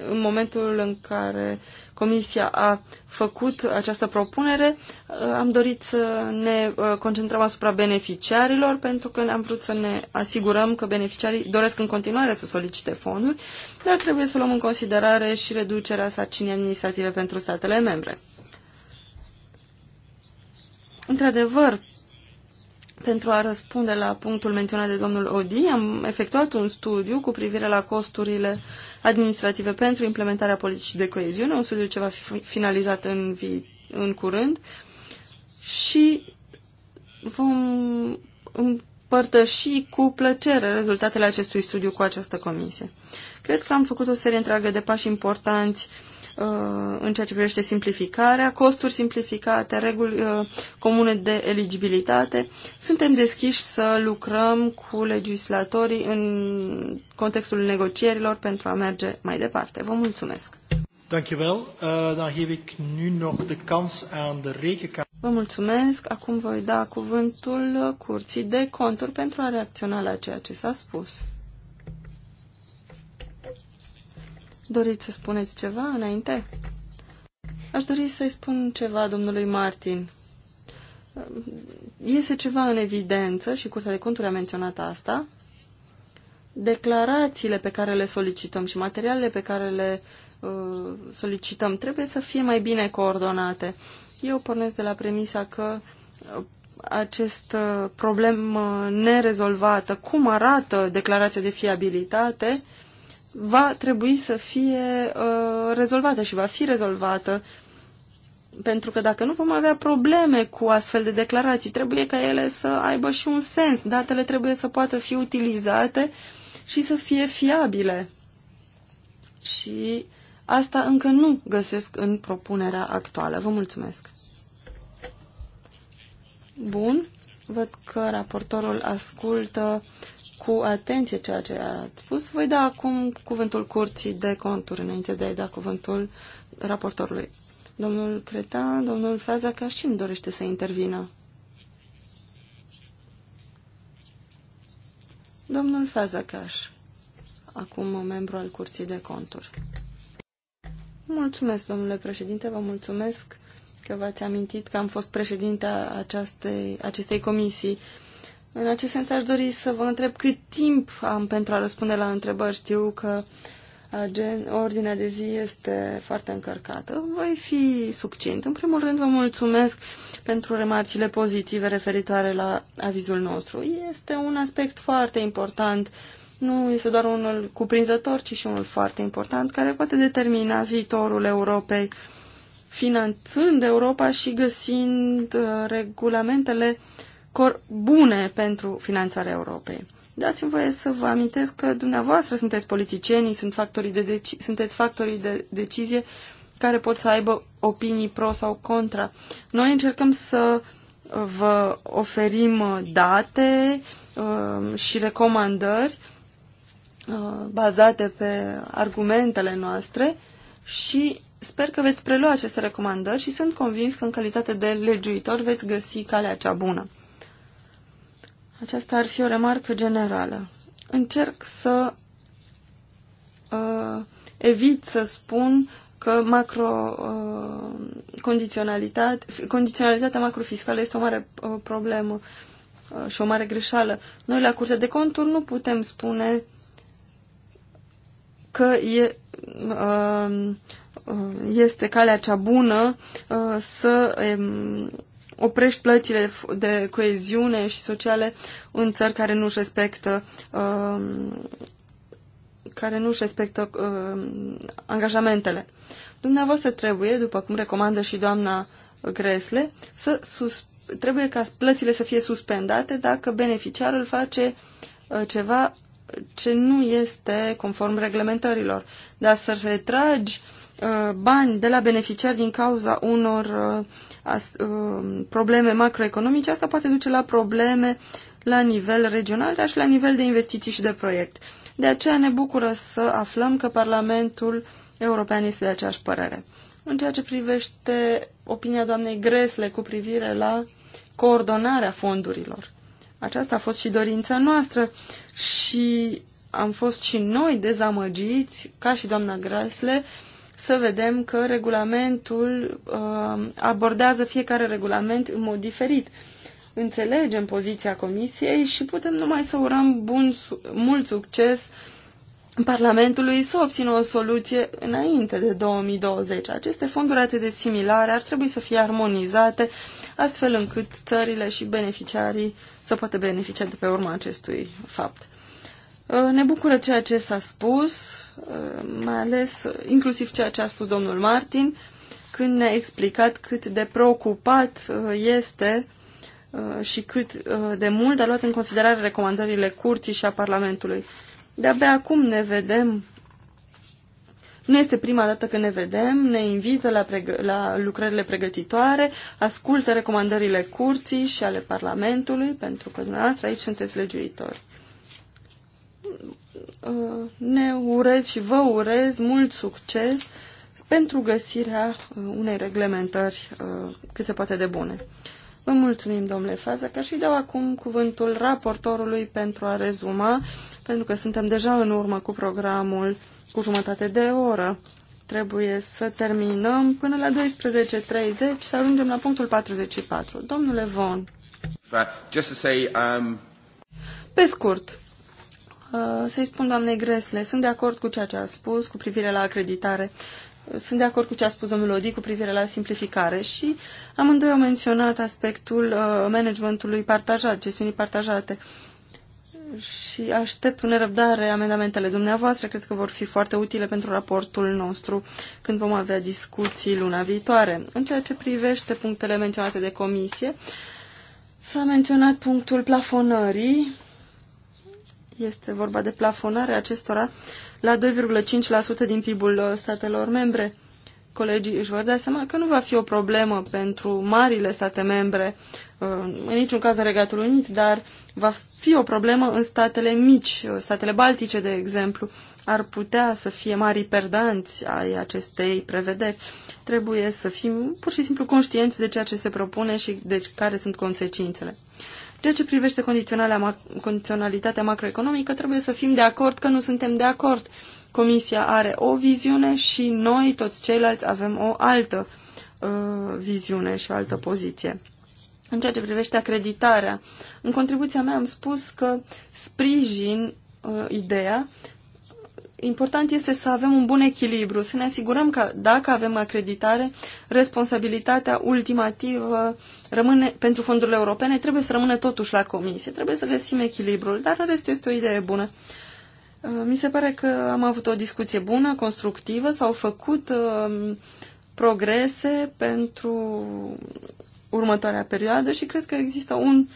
[SPEAKER 2] în momentul în care Comisia a făcut această propunere, uh, am dorit să ne uh, concentrăm asupra beneficiarilor, pentru că am vrut să ne asigurăm că beneficiarii doresc în continuare să solicite fonduri, dar trebuie să luăm în considerare și reducerea sarcinii administrative pentru statele membre. Într-adevăr, pentru a răspunde la punctul menționat de domnul Odi, am efectuat un studiu cu privire la costurile administrative pentru implementarea politicii de coeziune, un studiu ce va fi finalizat în, vi- în curând și vom împărtăși cu plăcere rezultatele acestui studiu cu această comisie. Cred că am făcut o serie întreagă de pași importanți uh, Uh, în ceea ce privește simplificarea, costuri simplificate, reguli uh, comune de eligibilitate. Suntem deschiși să lucrăm cu legislatorii în contextul negocierilor pentru a merge mai departe. Vă mulțumesc! Dankjewel. Uh, eh, dan geef ik nu nog de kans aan de rekenkamer. Vă mulțumesc. Acum voi da cuvântul curții de conturi pentru a reacționa la ceea ce s-a spus. Doriți să spuneți ceva înainte? Aș dori să-i spun ceva domnului Martin. Iese ceva în evidență și Curtea de Conturi a menționat asta. Declarațiile pe care le solicităm și materialele pe care le uh, solicităm trebuie să fie mai bine coordonate. Eu pornesc de la premisa că uh, acest uh, problem uh, nerezolvată, cum arată declarația de fiabilitate, uh, va trebui să fie uh, rezolvată și va fi rezolvată. Pentru că dacă nu vom avea probleme cu astfel de declarații, trebuie ca ele să aibă și un sens. Datele trebuie să poată fi utilizate și să fie fiabile. Și asta încă nu găsesc în propunerea actuală. Vă mulțumesc! Bun, văd că raportorul ascultă cu atenție ceea ce ați spus. Voi da acum cuvântul curții de conturi înainte de a da cuvântul raportorului. Domnul Creta, domnul ca și îmi dorește să intervină. Domnul Fazacaș, acum membru al Curții de Conturi. Mulțumesc, domnule președinte, vă mulțumesc că v-ați amintit că am fost președinte acestei, acestei comisii. În acest sens aș dori să vă întreb cât timp am pentru a răspunde la întrebări. Știu că uh, gen, ordinea de zi este foarte încărcată. Voi fi succint. În primul rând vă mulțumesc pentru remarcile pozitive referitoare la avizul nostru. Este un aspect foarte important. Nu este doar unul cuprinzător, ci și unul foarte important care poate determina viitorul Europei finanțând Europa și găsind uh, regulamentele uh, bune pentru finanțarea Europei. Dați-mi voie să vă amintesc că dumneavoastră sunteți politicienii, sunt factorii de deci- sunteți factorii de decizie care pot să aibă opinii pro sau contra. Noi încercăm să uh, vă oferim uh, date uh, și recomandări bazate pe argumentele noastre și sper că veți prelua aceste recomandări și sunt convins că în calitate de legiuitor veți găsi calea cea bună. Aceasta ar fi o remarcă generală. Încerc să uh, evit să spun că macro, uh, condiționalitate, condiționalitatea macrofiscală este o mare uh, problemă uh, și o mare greșeală. Noi la Curtea de Conturi nu putem spune că e, uh, uh este calea cea bună uh, să um, oprești plățile de coeziune și sociale în țări care nu și respectă um, care nu și respectă uh, angajamentele. Dumneavoastră trebuie, după cum recomandă și doamna Gresle, să sus- trebuie ca plățile să fie suspendate dacă beneficiarul face uh, ceva ce nu este conform reglementărilor. Dar să retragi uh, bani de la beneficiar din cauza unor uh, Um, probleme macroeconomice, asta poate duce la probleme la nivel regional, dar și la nivel de investiții și de proiect. De aceea ne bucură să aflăm că Parlamentul European este de aceeași părere. În ceea ce privește opinia doamnei Gresle cu privire la coordonarea fondurilor. Aceasta a fost și dorința noastră și am fost și noi dezamăgiți, ca și doamna Grasle, să vedem că regulamentul uh, abordează fiecare regulament în mod diferit. Înțelegem poziția Comisiei și putem numai să urăm bun, mult succes Parlamentului să obțină o soluție înainte de 2020. Aceste fonduri atât de similare ar trebui să fie armonizate astfel încât țările și beneficiarii să poată beneficia de pe urma acestui fapt. Uh, ne bucură ceea ce s-a spus, uh, mai ales uh, inclusiv ceea ce a spus domnul Martin, când ne-a explicat cât de preocupat este și cât de mult a luat în considerare recomandările curții și a Parlamentului. De-abia acum ne vedem. Nu este prima dată când ne vedem, ne invită la, la lucrările pregătitoare, ascultă recomandările curții și ale Parlamentului, pentru că dumneavoastră aici sunteți legiuitori. Uh, ne urez și vă urez mult succes pentru găsirea uh, unei reglementări uh, cât se poate de bune. Vă mulțumim, domnule că și dau acum cuvântul raportorului pentru a rezuma, pentru că suntem deja în urmă cu programul cu jumătate de oră. Trebuie să terminăm până la 12.30 să ajungem la punctul 44. Domnule Von.
[SPEAKER 1] Um,
[SPEAKER 2] Pe scurt, Uh, să-i spun doamnei Gresle, sunt de acord cu ceea ce a spus cu privire la acreditare. Uh, sunt de acord cu ce a spus domnul Odi cu privire la simplificare și amândoi au menționat aspectul uh, managementului partajat, gestiunii partajate. Și aștept cu nerăbdare amendamentele dumneavoastră, cred că vor fi foarte utile pentru raportul nostru când vom avea discuții luna viitoare. În ceea ce privește punctele menționate de comisie, s-a menționat punctul plafonării este vorba de plafonarea acestora la 2,5% din PIB-ul uh, statelor membre. Colegii își vor da seama că nu va fi o problemă pentru marile state membre, uh, în niciun caz în Regatul Unit, dar va fi o problemă în statele mici, uh, statele baltice, de exemplu, ar putea să fie mari perdanți ai acestei prevederi. Trebuie să fim pur și simplu conștienți de ceea ce se propune și de care sunt consecințele. Ceea ce privește condiționalitatea macroeconomică, trebuie să fim de acord că nu suntem de acord. Comisia are o viziune și noi, toți ceilalți, avem o altă uh, viziune și o altă poziție. În ceea ce privește acreditarea, în contribuția mea am spus că sprijin uh, ideea important este să avem un bun echilibru, să ne asigurăm că dacă avem acreditare, responsabilitatea ultimativă rămâne, pentru fondurile europene trebuie să rămână totuși la comisie. Trebuie să găsim echilibrul, dar în rest este o idee bună. Uh, mi se pare că am avut o discuție bună, constructivă, s-au făcut uh, progrese pentru următoarea perioadă și cred că există un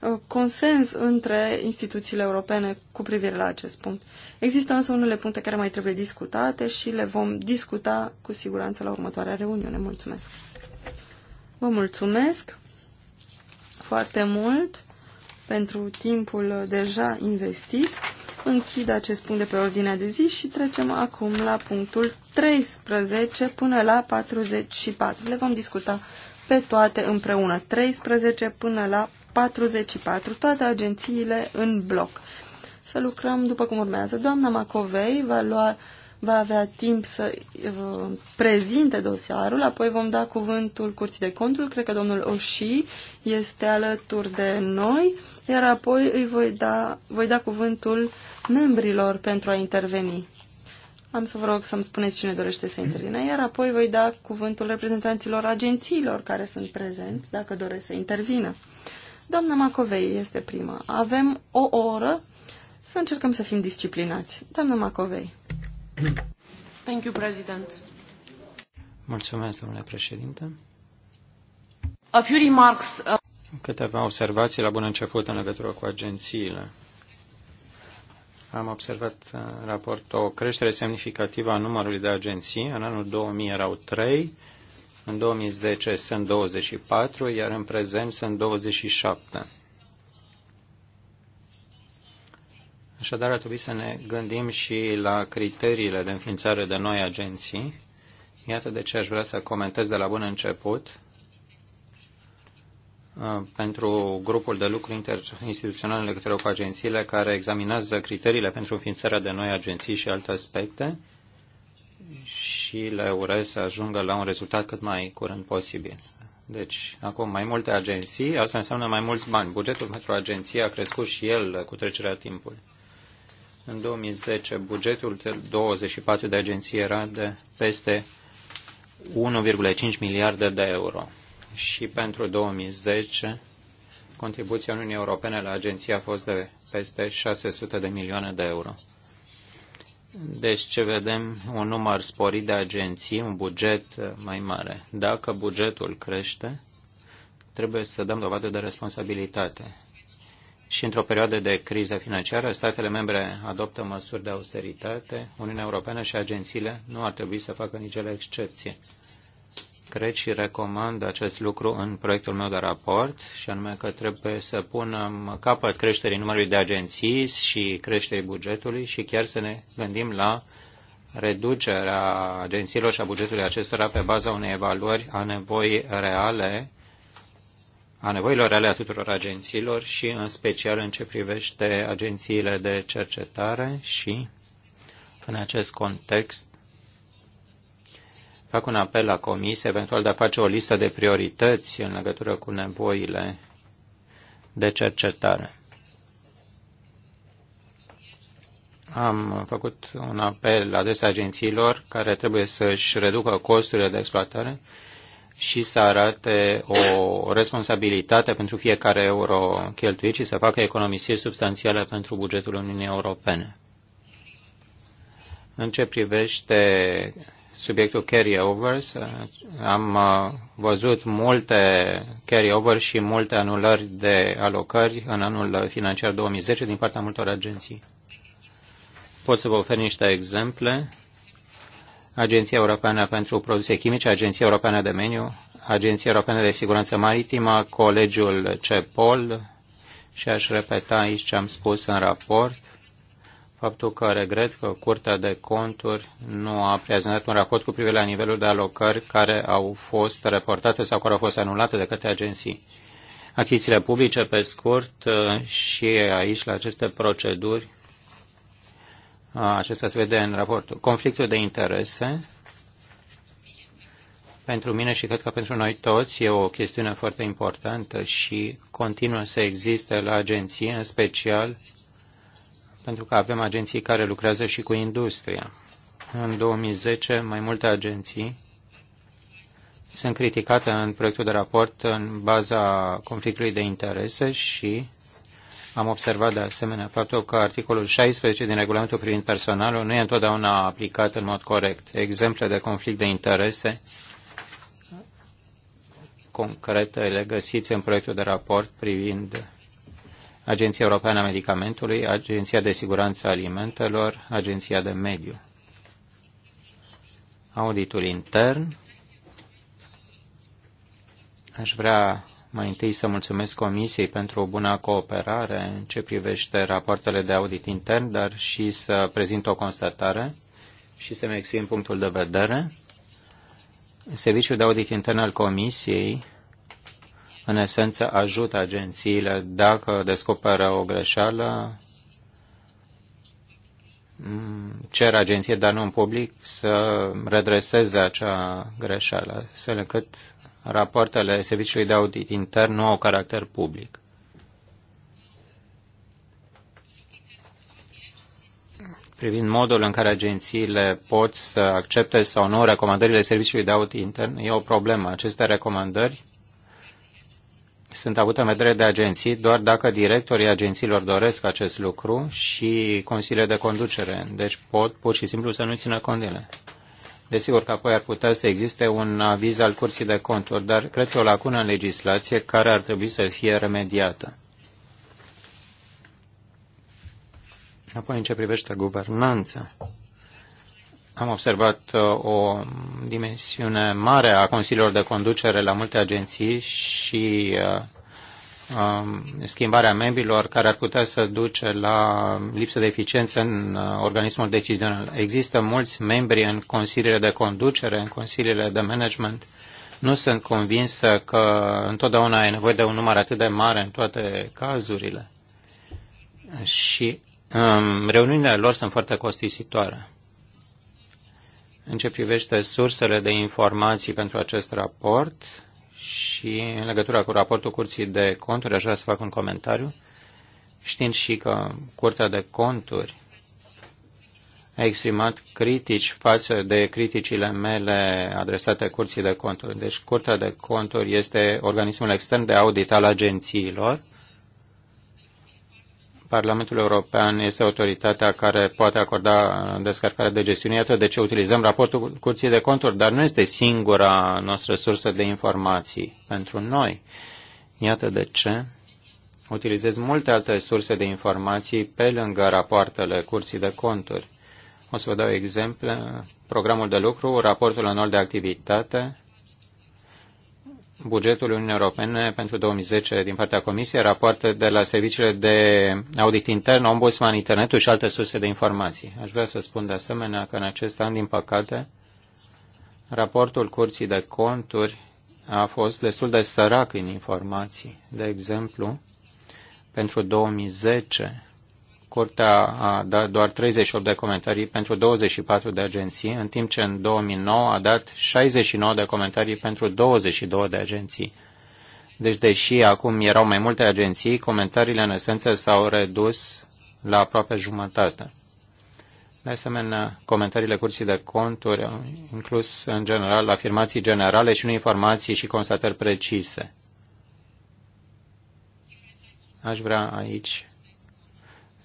[SPEAKER 2] uh, consens între instituțiile europene cu privire la acest punct. Există însă unele puncte care mai trebuie discutate și le vom discuta cu siguranță la următoarea reuniune. Mulțumesc! Vă mulțumesc foarte mult pentru timpul deja investit. Închid acest punct de pe ordinea de zi și trecem acum la punctul 13 până la 44. Le vom discuta pe toate împreună, 13 până la 44, toate agențiile în bloc. Să lucrăm după cum urmează. Doamna Macovei va, lua, va avea timp să uh, prezinte dosarul, apoi vom da cuvântul Curții de Contul, cred că domnul Oși este alături de noi, iar apoi îi voi da, voi da cuvântul membrilor pentru a interveni. Am să vă rog să-mi spuneți cine dorește să intervină, iar apoi voi da cuvântul reprezentanților agențiilor care sunt prezenți, dacă doresc să intervină. Doamna Macovei este prima. Avem o oră să încercăm să fim disciplinați. Doamna Macovei.
[SPEAKER 3] Thank you, President.
[SPEAKER 1] Mulțumesc, domnule președinte.
[SPEAKER 3] A few remarks. Uh,
[SPEAKER 1] Câteva observații la bun început în legătură cu agențiile am observat în uh, raport o creștere semnificativă a numărului de agenții. În anul 2000 erau 3, în 2010 sunt 24, iar în prezent sunt 27. Așadar, ar trebui să ne gândim și la criteriile de înființare de noi agenții. Iată de ce aș vrea să comentez de la bun început Uh, pentru grupul de lucru interinstituțional în legătură cu agențiile care examinează criteriile pentru înființarea de noi agenții și alte aspecte și le urez să ajungă la un rezultat cât mai curând posibil. Deci, acum mai multe agenții, asta înseamnă mai mulți bani. Bugetul pentru agenții a crescut și el cu trecerea timpului. În 2010, bugetul de 24 de agenții era de peste 1,5 miliarde de euro și pentru 2010 contribuția Uniunii Europene la agenție a fost de peste 600 de milioane de euro. Deci ce vedem, un număr sporit de agenții, un buget mai mare. Dacă bugetul crește, trebuie să dăm dovadă de responsabilitate. Și într-o perioadă de criză financiară, statele membre adoptă măsuri de austeritate, Uniunea Europeană și agențiile nu ar trebui să facă nicio excepție. Cred și recomand acest lucru în proiectul meu de raport, și anume că trebuie să punem capăt creșterii numărului de agenții și creșterii bugetului și chiar să ne gândim la reducerea agențiilor și a bugetului acestora pe baza unei evaluări a nevoii reale, a nevoilor reale a tuturor agențiilor și în special în ce privește agențiile de cercetare și în acest context Fac un apel la comisie, eventual de a face o listă de priorități în legătură cu nevoile de cercetare. Am făcut un apel la adresa agențiilor care trebuie să-și reducă costurile de exploatare și să arate o responsabilitate pentru fiecare euro cheltuit și să facă economisiri substanțiale pentru bugetul Uniunii Europene. În ce privește subiectul carryovers. Am uh, văzut multe carryovers și multe anulări de alocări în anul financiar 2010 din partea multor agenții. Pot să vă ofer niște exemple. Agenția Europeană pentru Produse Chimice, Agenția Europeană de meniu, Agenția Europeană de Siguranță Maritimă, Colegiul CEPOL și aș repeta aici ce am spus în raport – faptul că regret că Curtea de Conturi nu a prezentat un raport cu privire la nivelul de alocări care au fost reportate sau care au fost anulate de către agenții. Achizițiile publice, pe scurt, și aici, la aceste proceduri, acesta se vede în raport. Conflictul de interese, pentru mine și cred că pentru noi toți, e o chestiune foarte importantă și continuă să existe la agenție, în special pentru că avem agenții care lucrează și cu industria. În 2010, mai multe agenții sunt criticate în proiectul de raport în baza conflictului de interese și am observat de asemenea faptul că articolul 16 din regulamentul privind personalul nu e întotdeauna aplicat în mod corect. Exemple de conflict de interese concrete le găsiți în proiectul de raport privind Agenția Europeană a Medicamentului, Agenția de Siguranță Alimentelor, Agenția de Mediu. Auditul intern. Aș vrea mai întâi să mulțumesc Comisiei pentru o bună cooperare în ce privește rapoartele de audit intern, dar și să prezint o constatare și să-mi exprim punctul de vedere. Serviciul de audit intern al Comisiei în esență ajută agențiile dacă descoperă o greșeală, mm, cer agenție, dar nu în public, să redreseze acea greșeală, astfel încât rapoartele Serviciului de Audit Intern nu au caracter public. privind modul în care agențiile pot să accepte sau nu recomandările Serviciului de Audit Intern, e o problemă. Aceste recomandări sunt avute în vedere de agenții doar dacă directorii agențiilor doresc acest lucru și consiliile de conducere. Deci pot pur și simplu să nu țină cont de ele. Desigur că apoi ar putea să existe un aviz al curții de conturi, dar cred că e o lacună în legislație care ar trebui să fie remediată. Apoi, în ce privește guvernanța, am observat uh, o dimensiune mare a consiliilor de conducere la multe agenții și uh, um, schimbarea membrilor care ar putea să duce la lipsă de eficiență în uh, organismul decizional. Există mulți membri în consiliile de conducere, în consiliile de management. Nu sunt convinsă că întotdeauna e nevoie de un număr atât de mare în toate cazurile. Și um, reuniunile lor sunt foarte costisitoare în ce privește sursele de informații pentru acest raport și în legătură cu raportul Curții de Conturi, aș vrea să fac un comentariu, știind și că Curtea de Conturi a exprimat critici față de criticile mele adresate Curții de Conturi. Deci Curtea de Conturi este organismul extern de audit al agențiilor Parlamentul European este autoritatea care poate acorda uh, descărcarea de gestiune. Iată de ce utilizăm raportul Curții de Conturi, dar nu este singura noastră sursă de informații pentru noi. Iată de ce utilizez multe alte surse de informații pe lângă rapoartele Curții de Conturi. O să vă dau exemple. Programul de lucru, raportul anual de activitate, bugetul Uniunii Europene pentru 2010 din partea Comisiei, rapoarte de la serviciile de audit intern, ombudsman, internetul și alte surse de informații. Aș vrea să spun de asemenea că în acest an, din păcate, raportul Curții de Conturi a fost destul de sărac în informații. De exemplu, pentru 2010, Curtea a dat doar 38 de comentarii pentru 24 de agenții, în timp ce în 2009 a dat 69 de comentarii pentru 22 de agenții. Deci, deși acum erau mai multe agenții, comentariile în esență s-au redus la aproape jumătate. De asemenea, comentariile curții de conturi au inclus, în general, afirmații generale și nu informații și constatări precise. Aș vrea aici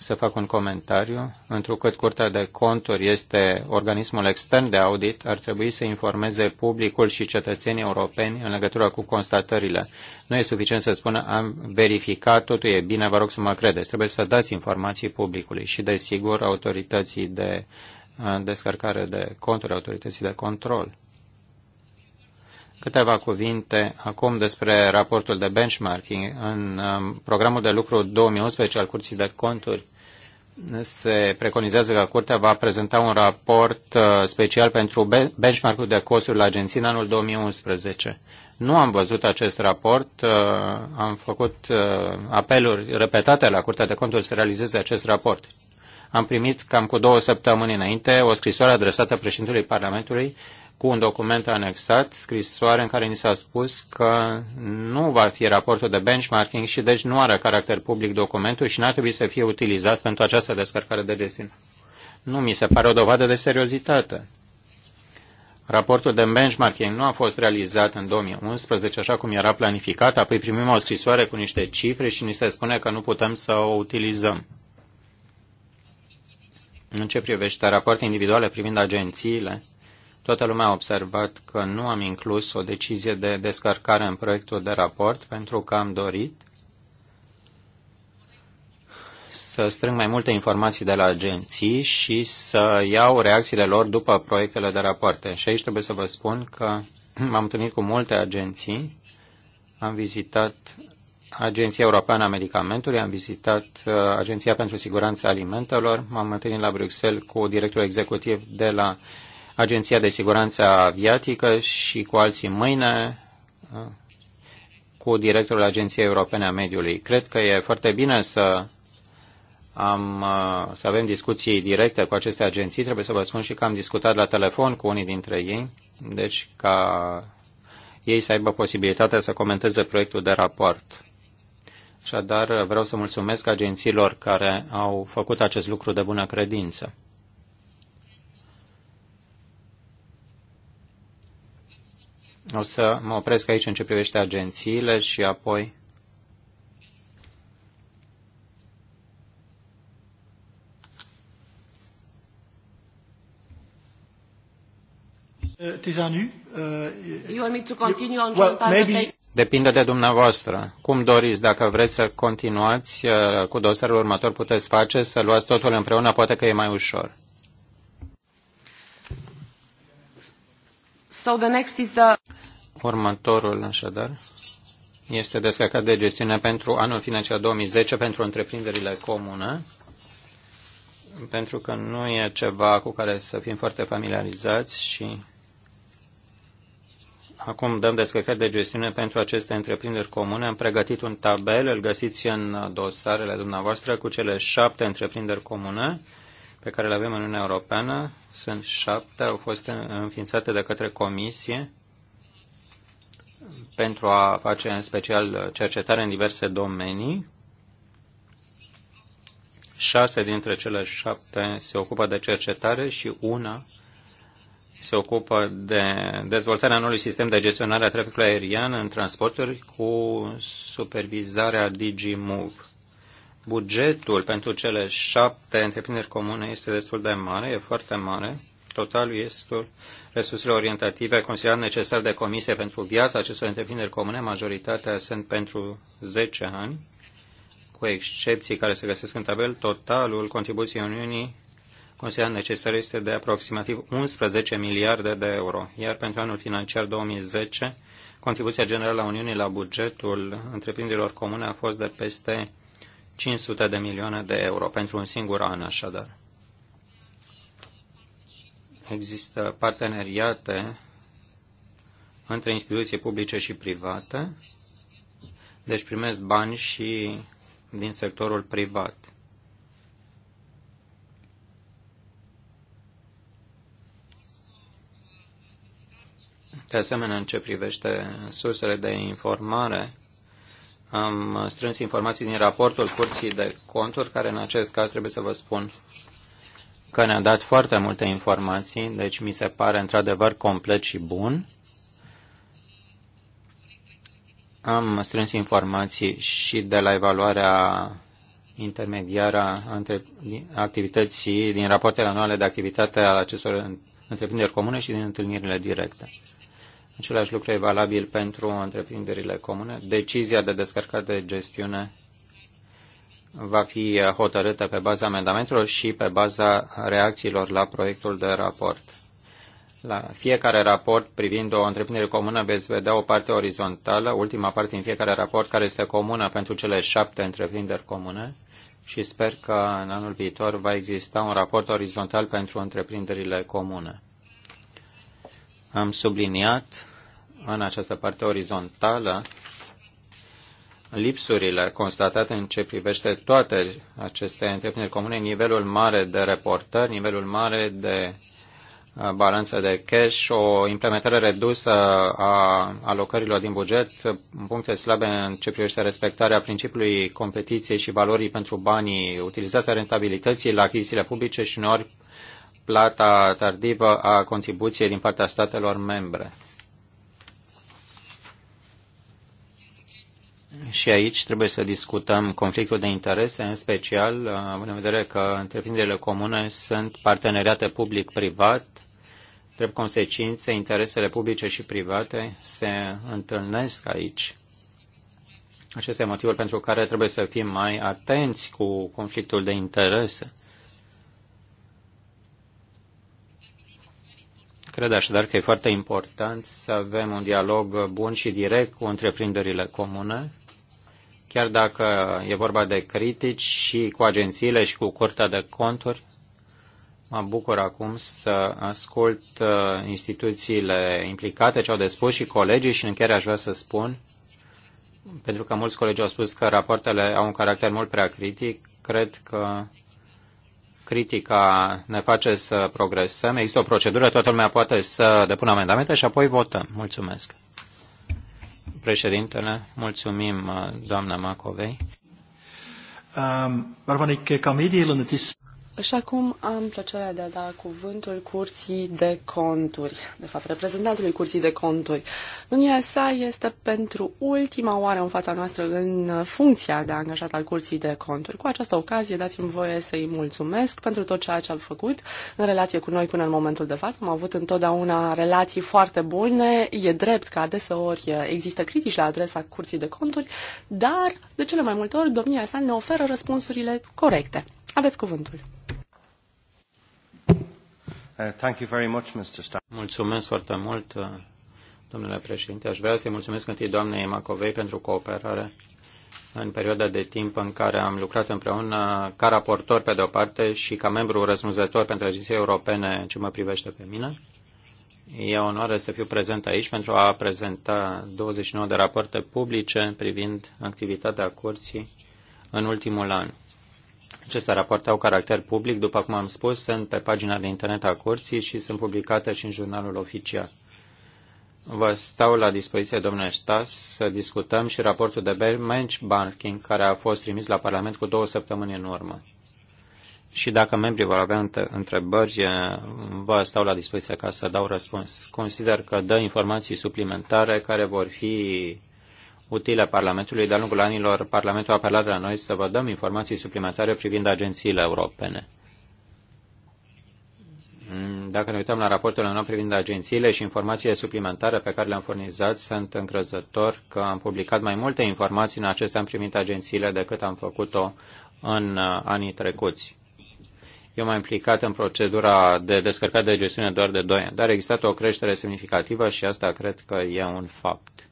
[SPEAKER 1] să fac un comentariu. Întrucât Curtea de Conturi este organismul extern de audit, ar trebui să informeze publicul și cetățenii europeni în legătură cu constatările. Nu e suficient să spună am verificat, totul e bine, vă rog să mă credeți. Trebuie să dați informații publicului și, desigur, autorității de uh, descărcare de conturi, autorității de control. Câteva cuvinte acum despre raportul de benchmarking. În um, programul de lucru 2011 al Curții de Conturi se preconizează că Curtea va prezenta un raport uh, special pentru benchmark-ul de costuri la agenții în anul 2011. Nu am văzut acest raport, uh, am făcut uh, apeluri repetate la Curtea de Conturi să realizeze acest raport. Am primit cam cu două săptămâni înainte o scrisoare adresată președintelui Parlamentului cu un document anexat, scrisoare în care ni s-a spus că nu va fi raportul de benchmarking și deci nu are caracter public documentul și n-ar trebui să fie utilizat pentru această descărcare de gestiune. Nu mi se pare o dovadă de seriozitate. Raportul de benchmarking nu a fost realizat în 2011 așa cum era planificat, apoi primim o scrisoare cu niște cifre și ni se spune că nu putem să o utilizăm. În ce privește rapoarte individuale privind agențiile, Toată lumea a observat că nu am inclus o decizie de descărcare în proiectul de raport pentru că am dorit să strâng mai multe informații de la agenții și să iau reacțiile lor după proiectele de rapoarte. Și aici trebuie să vă spun că m-am întâlnit cu multe agenții, am vizitat Agenția Europeană a Medicamentului, am vizitat uh, Agenția pentru Siguranța Alimentelor, m-am întâlnit la Bruxelles cu directorul executiv de la Agenția de Siguranță Aviatică și cu alții mâine cu directorul Agenției Europene a Mediului. Cred că e foarte bine să, am, să avem discuții directe cu aceste agenții. Trebuie să vă spun și că am discutat la telefon cu unii dintre ei, deci ca ei să aibă posibilitatea să comenteze proiectul de raport. Așadar, vreau să mulțumesc agențiilor care au făcut acest lucru de bună credință. O să mă opresc aici în ce privește agențiile și apoi euh, euh, You want me to continue on well, maybe... Depinde de dumneavoastră. Cum doriți, dacă vreți să continuați uh, cu dosarul următor, puteți face, să luați totul împreună, poate că e mai ușor.
[SPEAKER 3] So the next is the...
[SPEAKER 1] Următorul, așadar, este descăcat de gestiune pentru anul financiar 2010 pentru întreprinderile comune, pentru că nu e ceva cu care să fim foarte familiarizați și acum dăm descăcat de gestiune pentru aceste întreprinderi comune. Am pregătit un tabel, îl găsiți în dosarele dumneavoastră cu cele șapte întreprinderi comune pe care le avem în Uniunea Europeană. Sunt șapte, au fost înființate de către Comisie pentru a face în special cercetare în diverse domenii. Șase dintre cele șapte se ocupă de cercetare și una se ocupă de dezvoltarea noului sistem de gestionare a traficului aerian în transporturi cu supervizarea DigiMove. Bugetul pentru cele șapte întreprinderi comune este destul de mare, e foarte mare. Totalul este resursele orientative considerat necesar de comisie pentru viața acestor întreprinderi comune. Majoritatea sunt pentru 10 ani, cu excepții care se găsesc în tabel. Totalul contribuției Uniunii considerat necesar este de aproximativ 11 miliarde de euro, iar pentru anul financiar 2010, contribuția generală a Uniunii la bugetul întreprinderilor comune a fost de peste 500 de milioane de euro pentru un singur an, așadar. Există parteneriate între instituții publice și private, deci primesc bani și din sectorul privat. De asemenea, în ce privește sursele de informare, am strâns informații din raportul Curții de Conturi, care în acest caz trebuie să vă spun că ne-a dat foarte multe informații, deci mi se pare într-adevăr complet și bun. Am strâns informații și de la evaluarea intermediară între activității din rapoartele anuale de activitate al acestor întreprinderi comune și din întâlnirile directe. Același lucru e valabil pentru întreprinderile comune. Decizia de descărcare de gestiune va fi hotărâtă pe baza amendamentelor și pe baza reacțiilor la proiectul de raport. La fiecare raport privind o întreprindere comună veți vedea o parte orizontală, ultima parte în fiecare raport care este comună pentru cele șapte întreprinderi comune și sper că în anul viitor va exista un raport orizontal pentru întreprinderile comune. Am subliniat în această parte orizontală lipsurile constatate în ce privește toate aceste întreprinderi comune, nivelul mare de reportări, nivelul mare de uh, balanță de cash, o implementare redusă a alocărilor din buget, puncte slabe în ce privește respectarea principiului competiției și valorii pentru banii, utilizarea rentabilității la achizițiile publice și uneori plata tardivă a contribuției din partea statelor membre. Și aici trebuie să discutăm conflictul de interese, în special uh, având în vedere că întreprinderile comune sunt parteneriate public-privat, Trebuie consecințe interesele publice și private se întâlnesc aici. Acesta e motivul pentru care trebuie să fim mai atenți cu conflictul de interese Cred așadar că e foarte important să avem un dialog bun și direct cu întreprinderile comune, chiar dacă e vorba de critici și cu agențiile și cu Curtea de Conturi. Mă bucur acum să ascult uh, instituțiile implicate, ce au de spus și colegii și în încheiere aș vrea să spun, pentru că mulți colegi au spus că rapoartele au un caracter mult prea critic, cred că critica ne face să progresăm. Există o procedură, toată lumea poate să depună amendamente și apoi votăm. Mulțumesc. Președintele, mulțumim uh, doamna Macovei. Um,
[SPEAKER 3] și acum am plăcerea de a da cuvântul Curții de Conturi, de fapt reprezentantului Curții de Conturi. Domnia sa este pentru ultima oară în fața noastră în funcția de angajat al Curții de Conturi. Cu această ocazie dați-mi voie să-i mulțumesc pentru tot ceea ce a făcut în relație cu noi până în momentul de față. Am avut întotdeauna relații foarte bune. E drept că adeseori există critici la adresa Curții de Conturi, dar de cele mai multe ori domnia sa ne oferă răspunsurile corecte. Aveți cuvântul.
[SPEAKER 1] Uh, thank you very much, Mr. Mulțumesc foarte mult, uh, domnule președinte. Aș vrea să-i mulțumesc întâi doamnei Macovei pentru cooperare în perioada de timp în care am lucrat împreună ca raportor pe de-o parte și ca membru răspunzător pentru agenții europene în ce mă privește pe mine. E onoare să fiu prezent aici pentru a prezenta 29 de rapoarte publice privind activitatea curții în ultimul an. Aceste rapoarte au caracter public, după cum am spus, sunt pe pagina de internet a curții și sunt publicate și în jurnalul oficial. Vă stau la dispoziție, domnule Stas, să discutăm și raportul de benchmarking care a fost trimis la Parlament cu două săptămâni în urmă. Și dacă membrii vor avea întrebări, vă stau la dispoziție ca să dau răspuns. Consider că dă informații suplimentare care vor fi utile Parlamentului. De-a lungul anilor, Parlamentul a apelat la noi să vă dăm informații suplimentare privind agențiile europene. Dacă ne uităm la raportul nostru privind agențiile și informațiile suplimentare pe care le-am furnizat, sunt încrezător că am publicat mai multe informații în acestea am primit agențiile decât am făcut-o în uh, anii trecuți. Eu m-am implicat în procedura de descărcare de gestiune doar de 2 ani, dar a existat o creștere semnificativă și asta cred că e un fapt.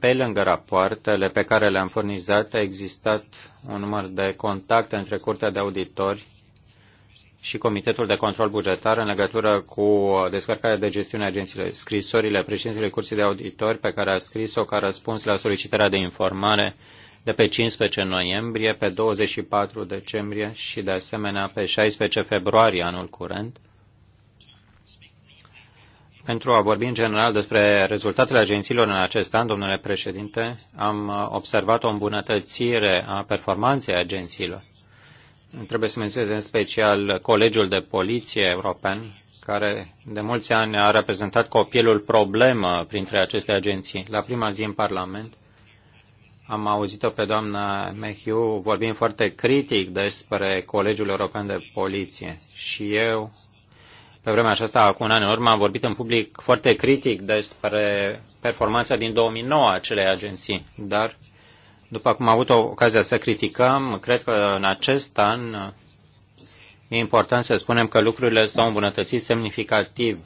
[SPEAKER 1] Pe lângă rapoartele pe care le-am furnizat, a existat un număr de contacte între Curtea de Auditori și Comitetul de Control Bugetar în legătură cu descărcarea de gestiune a agențiilor. Scrisorile președintelui Curții de Auditori pe care a scris-o ca răspuns la solicitarea de informare de pe 15 noiembrie, pe 24 decembrie și de asemenea pe 16 februarie anul curent – pentru a vorbi în general despre rezultatele agențiilor în acest an, domnule președinte, am observat o îmbunătățire a performanței agențiilor. Trebuie să menționez în special Colegiul de Poliție European, care de mulți ani a reprezentat copilul problemă printre aceste agenții. La prima zi în Parlament am auzit-o pe doamna Mehiu vorbind foarte critic despre Colegiul European de Poliție și eu pe vremea aceasta, cu un an în urmă, am vorbit în public foarte critic despre performanța din 2009 a acelei agenții, dar după cum am avut ocazia să criticăm, cred că în acest an e important să spunem că lucrurile s-au îmbunătățit semnificativ.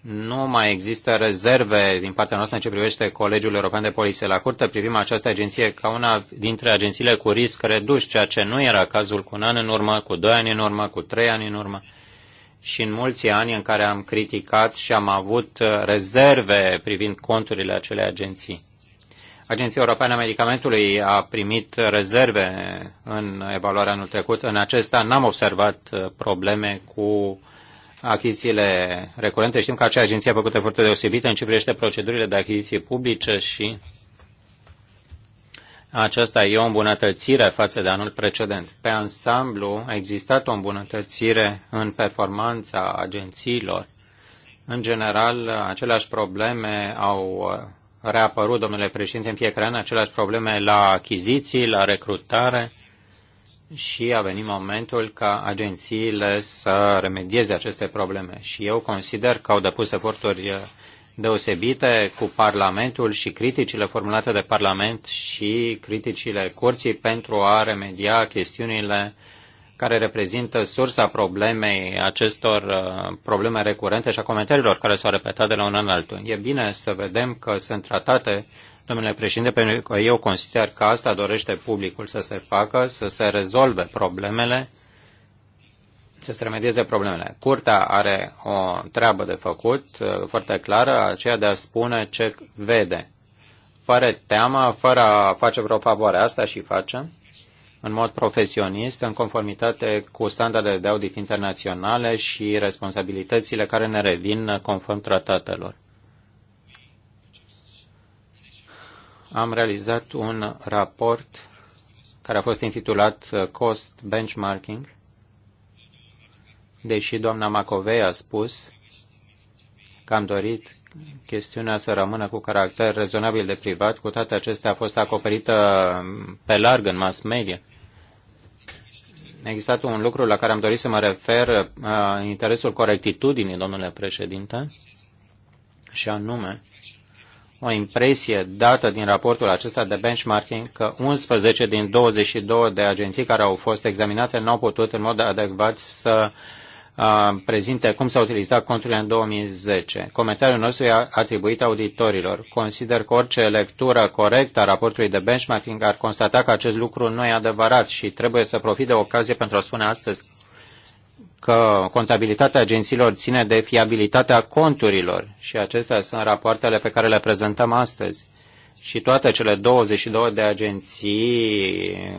[SPEAKER 1] Nu mai există rezerve din partea noastră în ce privește Colegiul European de Poliție la Curte. Privim această agenție ca una dintre agențiile cu risc redus, ceea ce nu era cazul cu un an în urmă, cu doi ani în urmă, cu trei ani în urmă și în mulți ani în care am criticat și am avut uh, rezerve privind conturile acelei agenții. Agenția Europeană a Medicamentului a primit rezerve în evaluarea anul trecut. În acesta n-am observat uh, probleme cu achizițiile recurente. Știm că acea agenție a făcut eforturi deosebite în ce privește procedurile de achiziții publice și aceasta e o îmbunătățire față de anul precedent. Pe ansamblu a existat o îmbunătățire în performanța agențiilor. În general, aceleași probleme au reapărut, domnule președinte, în fiecare an, aceleași probleme la achiziții, la recrutare și a venit momentul ca agențiile să remedieze aceste probleme. Și eu consider că au depus eforturi deosebite cu Parlamentul și criticile formulate de Parlament și criticile Curții pentru a remedia chestiunile care reprezintă sursa problemei acestor uh, probleme recurente și a comentariilor care s-au repetat de la un an altul. E bine să vedem că sunt tratate, domnule președinte, pentru că eu consider că asta dorește publicul să se facă, să se rezolve problemele să se remedieze problemele. Curtea are o treabă de făcut uh, foarte clară, aceea de a spune ce vede, fără teamă, fără a face vreo favoare. Asta și face în mod profesionist, în conformitate cu standardele de audit internaționale și responsabilitățile care ne revin conform tratatelor. Am realizat un raport care a fost intitulat uh, Cost Benchmarking deși doamna Macovei a spus că am dorit chestiunea să rămână cu caracter rezonabil de privat, cu toate acestea a fost acoperită pe larg în mass media. A existat un lucru la care am dorit să mă refer în uh, interesul corectitudinii, domnule președinte, și anume o impresie dată din raportul acesta de benchmarking că 11 din 22 de agenții care au fost examinate nu au putut în mod adecvat să uh, prezinte cum s-au utilizat conturile în 2010. Comentariul nostru e atribuit auditorilor. Consider că orice lectură corectă a raportului de benchmarking ar constata că acest lucru nu e adevărat și trebuie să profit de ocazie pentru a spune astăzi că contabilitatea agențiilor ține de fiabilitatea conturilor și acestea sunt rapoartele pe care le prezentăm astăzi și toate cele 22 de agenții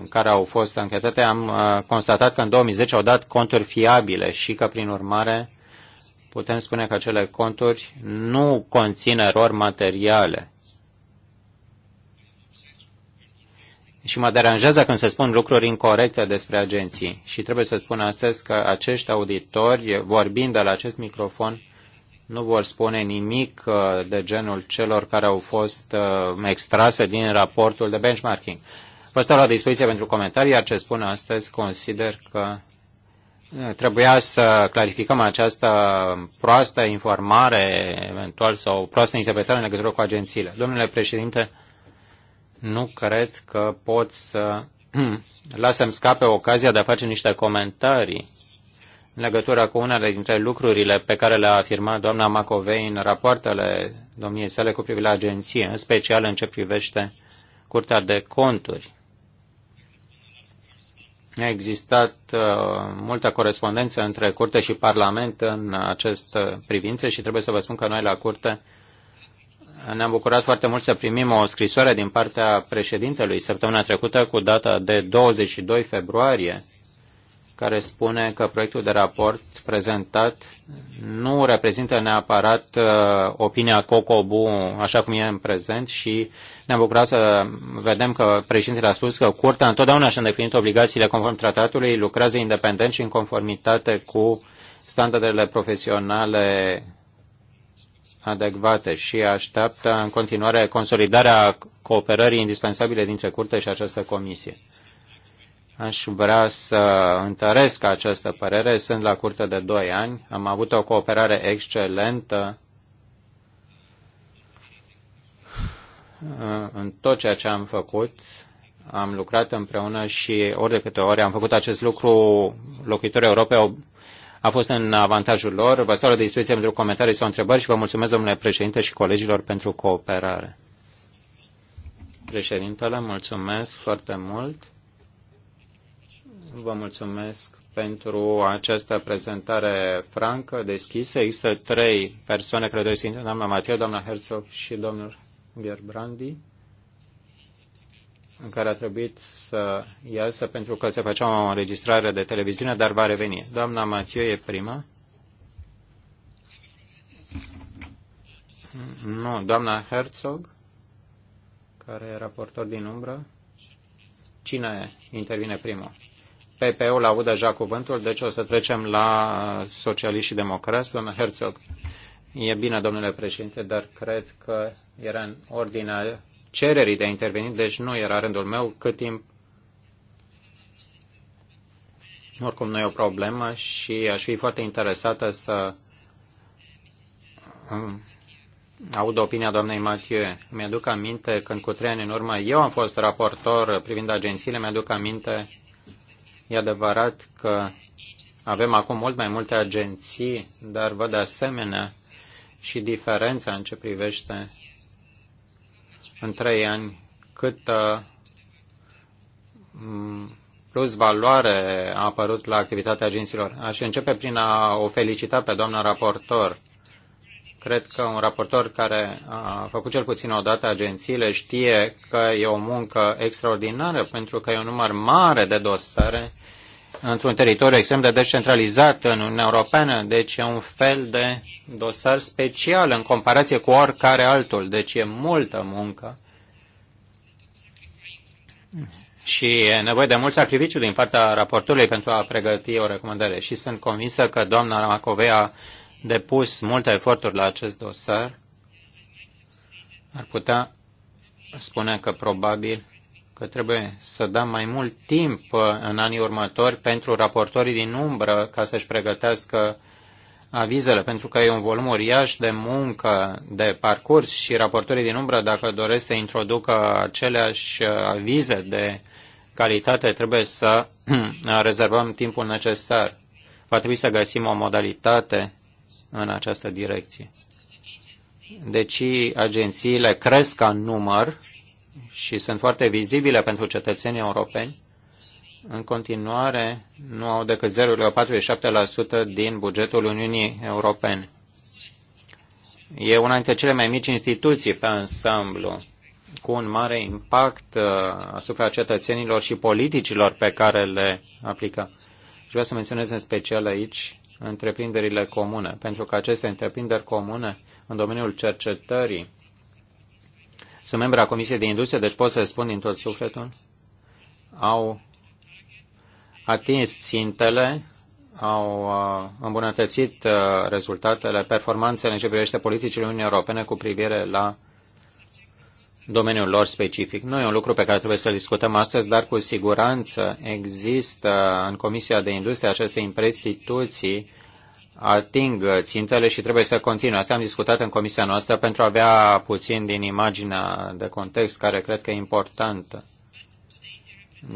[SPEAKER 1] care au fost anchetate, am uh, constatat că în 2010 au dat conturi fiabile și că, prin urmare, putem spune că acele conturi nu conțin erori materiale. Și mă deranjează când se spun lucruri incorrecte despre agenții. Și trebuie să spun astăzi că acești auditori, vorbind de la acest microfon, nu vor spune nimic uh, de genul celor care au fost uh, extrase din raportul de benchmarking. Vă stau la dispoziție pentru comentarii, iar ce spun astăzi consider că uh, trebuia să clarificăm această proastă informare eventual sau proastă interpretare în legătură cu agențiile. Domnule președinte, nu cred că pot să lasem mi scape ocazia de a face niște comentarii în legătură cu unele dintre lucrurile pe care le-a afirmat doamna Macovei în rapoartele domniei sale cu privire la agenție, în special în ce privește Curtea de Conturi. A existat uh, multă corespondență între Curte și Parlament în acest privință și trebuie să vă spun că noi la Curte ne-am bucurat foarte mult să primim o scrisoare din partea președintelui săptămâna trecută cu data de 22 februarie care spune că proiectul de raport prezentat nu reprezintă neapărat uh, opinia COCOBU așa cum e în prezent și ne-am bucurat să vedem că președintele a spus că Curtea întotdeauna și-a îndeplinit obligațiile conform tratatului, lucrează independent și în conformitate cu standardele profesionale adecvate și așteaptă în continuare consolidarea cooperării indispensabile dintre Curte și această comisie. Aș vrea să întăresc această părere. Sunt la curte de 2 ani. Am avut o cooperare excelentă uh, în tot ceea ce am făcut. Am lucrat împreună și ori de câte ori am făcut acest lucru, locuitorii Europei au a fost în avantajul lor. Vă stau la dispoziție pentru comentarii sau întrebări și vă mulțumesc, domnule președinte și colegilor, pentru cooperare. Președintele, mulțumesc foarte mult. Vă mulțumesc pentru această prezentare francă, deschisă. Există trei persoane cred că sunt doamna Mateo, doamna Herzog și domnul Gerbrandi, în care a trebuit să iasă pentru că se făcea o înregistrare de televiziune, dar va reveni. Doamna Mateo e prima. Nu, doamna Herzog, care e raportor din umbră. Cine intervine primul? ppo ul a avut deja cuvântul, deci o să trecem la uh, socialiști și democrați. Domnul Herzog, e bine, domnule președinte, dar cred că era în ordinea cererii de a interveni, deci nu era rândul meu cât timp oricum nu e o problemă și aș fi foarte interesată să um, aud opinia doamnei Mathieu. Mi-aduc aminte când cu trei ani în urmă eu am fost raportor privind agențiile, mi-aduc aminte E adevărat că avem acum mult mai multe agenții, dar văd de asemenea și diferența în ce privește în trei ani cât mm, plus valoare a apărut la activitatea agenților. Aș începe prin a o felicita pe doamna raportor Cred că un raportor care a făcut cel puțin o dată agențiile știe că e o muncă extraordinară pentru că e un număr mare de dosare într-un teritoriu extrem de descentralizat în Uniunea Europeană, deci e un fel de dosar special în comparație cu oricare altul, deci e multă muncă și e nevoie de mult sacrificiu din partea raportului pentru a pregăti o recomandare. Și sunt convinsă că doamna Macovea depus multe eforturi la acest dosar, ar putea spune că probabil că trebuie să dăm mai mult timp uh, în anii următori pentru raportorii din umbră ca să-și pregătească avizele, pentru că e un volum uriaș de muncă, de parcurs și raportorii din umbră, dacă doresc să introducă aceleași uh, avize de calitate, trebuie să rezervăm timpul necesar. Va trebui să găsim o modalitate în această direcție. Deci agențiile cresc ca număr și sunt foarte vizibile pentru cetățenii europeni, în continuare nu au decât 0,47% din bugetul Uniunii Europene. E una dintre cele mai mici instituții pe ansamblu, cu un mare impact uh, asupra cetățenilor și politicilor pe care le aplică. Și vreau să menționez în special aici întreprinderile comune, pentru că aceste întreprinderi comune în domeniul cercetării sunt membri a Comisiei de Industrie, deci pot să spun din tot sufletul, au atins țintele, au uh, îmbunătățit uh, rezultatele, performanțele în ce privește politicile Uniunii Europene cu privire la domeniul lor specific. Nu e un lucru pe care trebuie să-l discutăm astăzi, dar cu siguranță există în Comisia de Industrie aceste instituții ating țintele și trebuie să continue. Asta am discutat în comisia noastră pentru a avea puțin din imaginea de context care cred că e importantă.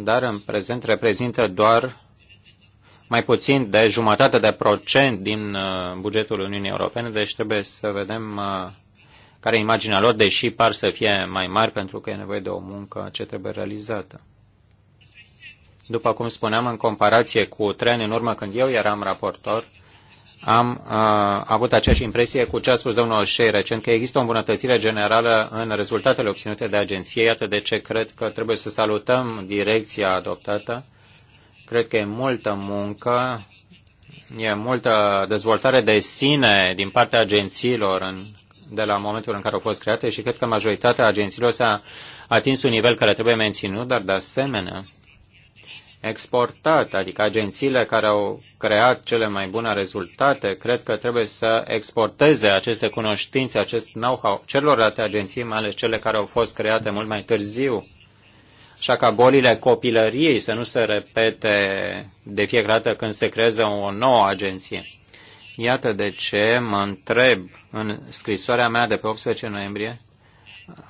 [SPEAKER 1] Dar în prezent reprezintă doar mai puțin de jumătate de procent din uh, bugetul Uniunii Europene, deci trebuie să vedem uh, care imaginea lor, deși par să fie mai mari pentru că e nevoie de o muncă ce trebuie realizată. După cum spuneam, în comparație cu trei ani în urmă când eu eram raportor, am uh, avut aceeași impresie cu ce a spus domnul Oșei recent, că există o îmbunătățire generală în rezultatele obținute de agenție. Iată de ce cred că trebuie să salutăm direcția adoptată. Cred că e multă muncă, e multă dezvoltare de sine din partea agențiilor în de la momentul în care au fost create și cred că majoritatea agențiilor s-a atins un nivel care trebuie menținut, dar de asemenea exportat, adică agențiile care au creat cele mai bune rezultate, cred că trebuie să exporteze aceste cunoștințe, acest know-how celorlalte agenții, mai ales cele care au fost create mult mai târziu. Așa ca bolile copilăriei să nu se repete de fiecare dată când se creează o nouă agenție. Iată de ce mă întreb în scrisoarea mea de pe 18 noiembrie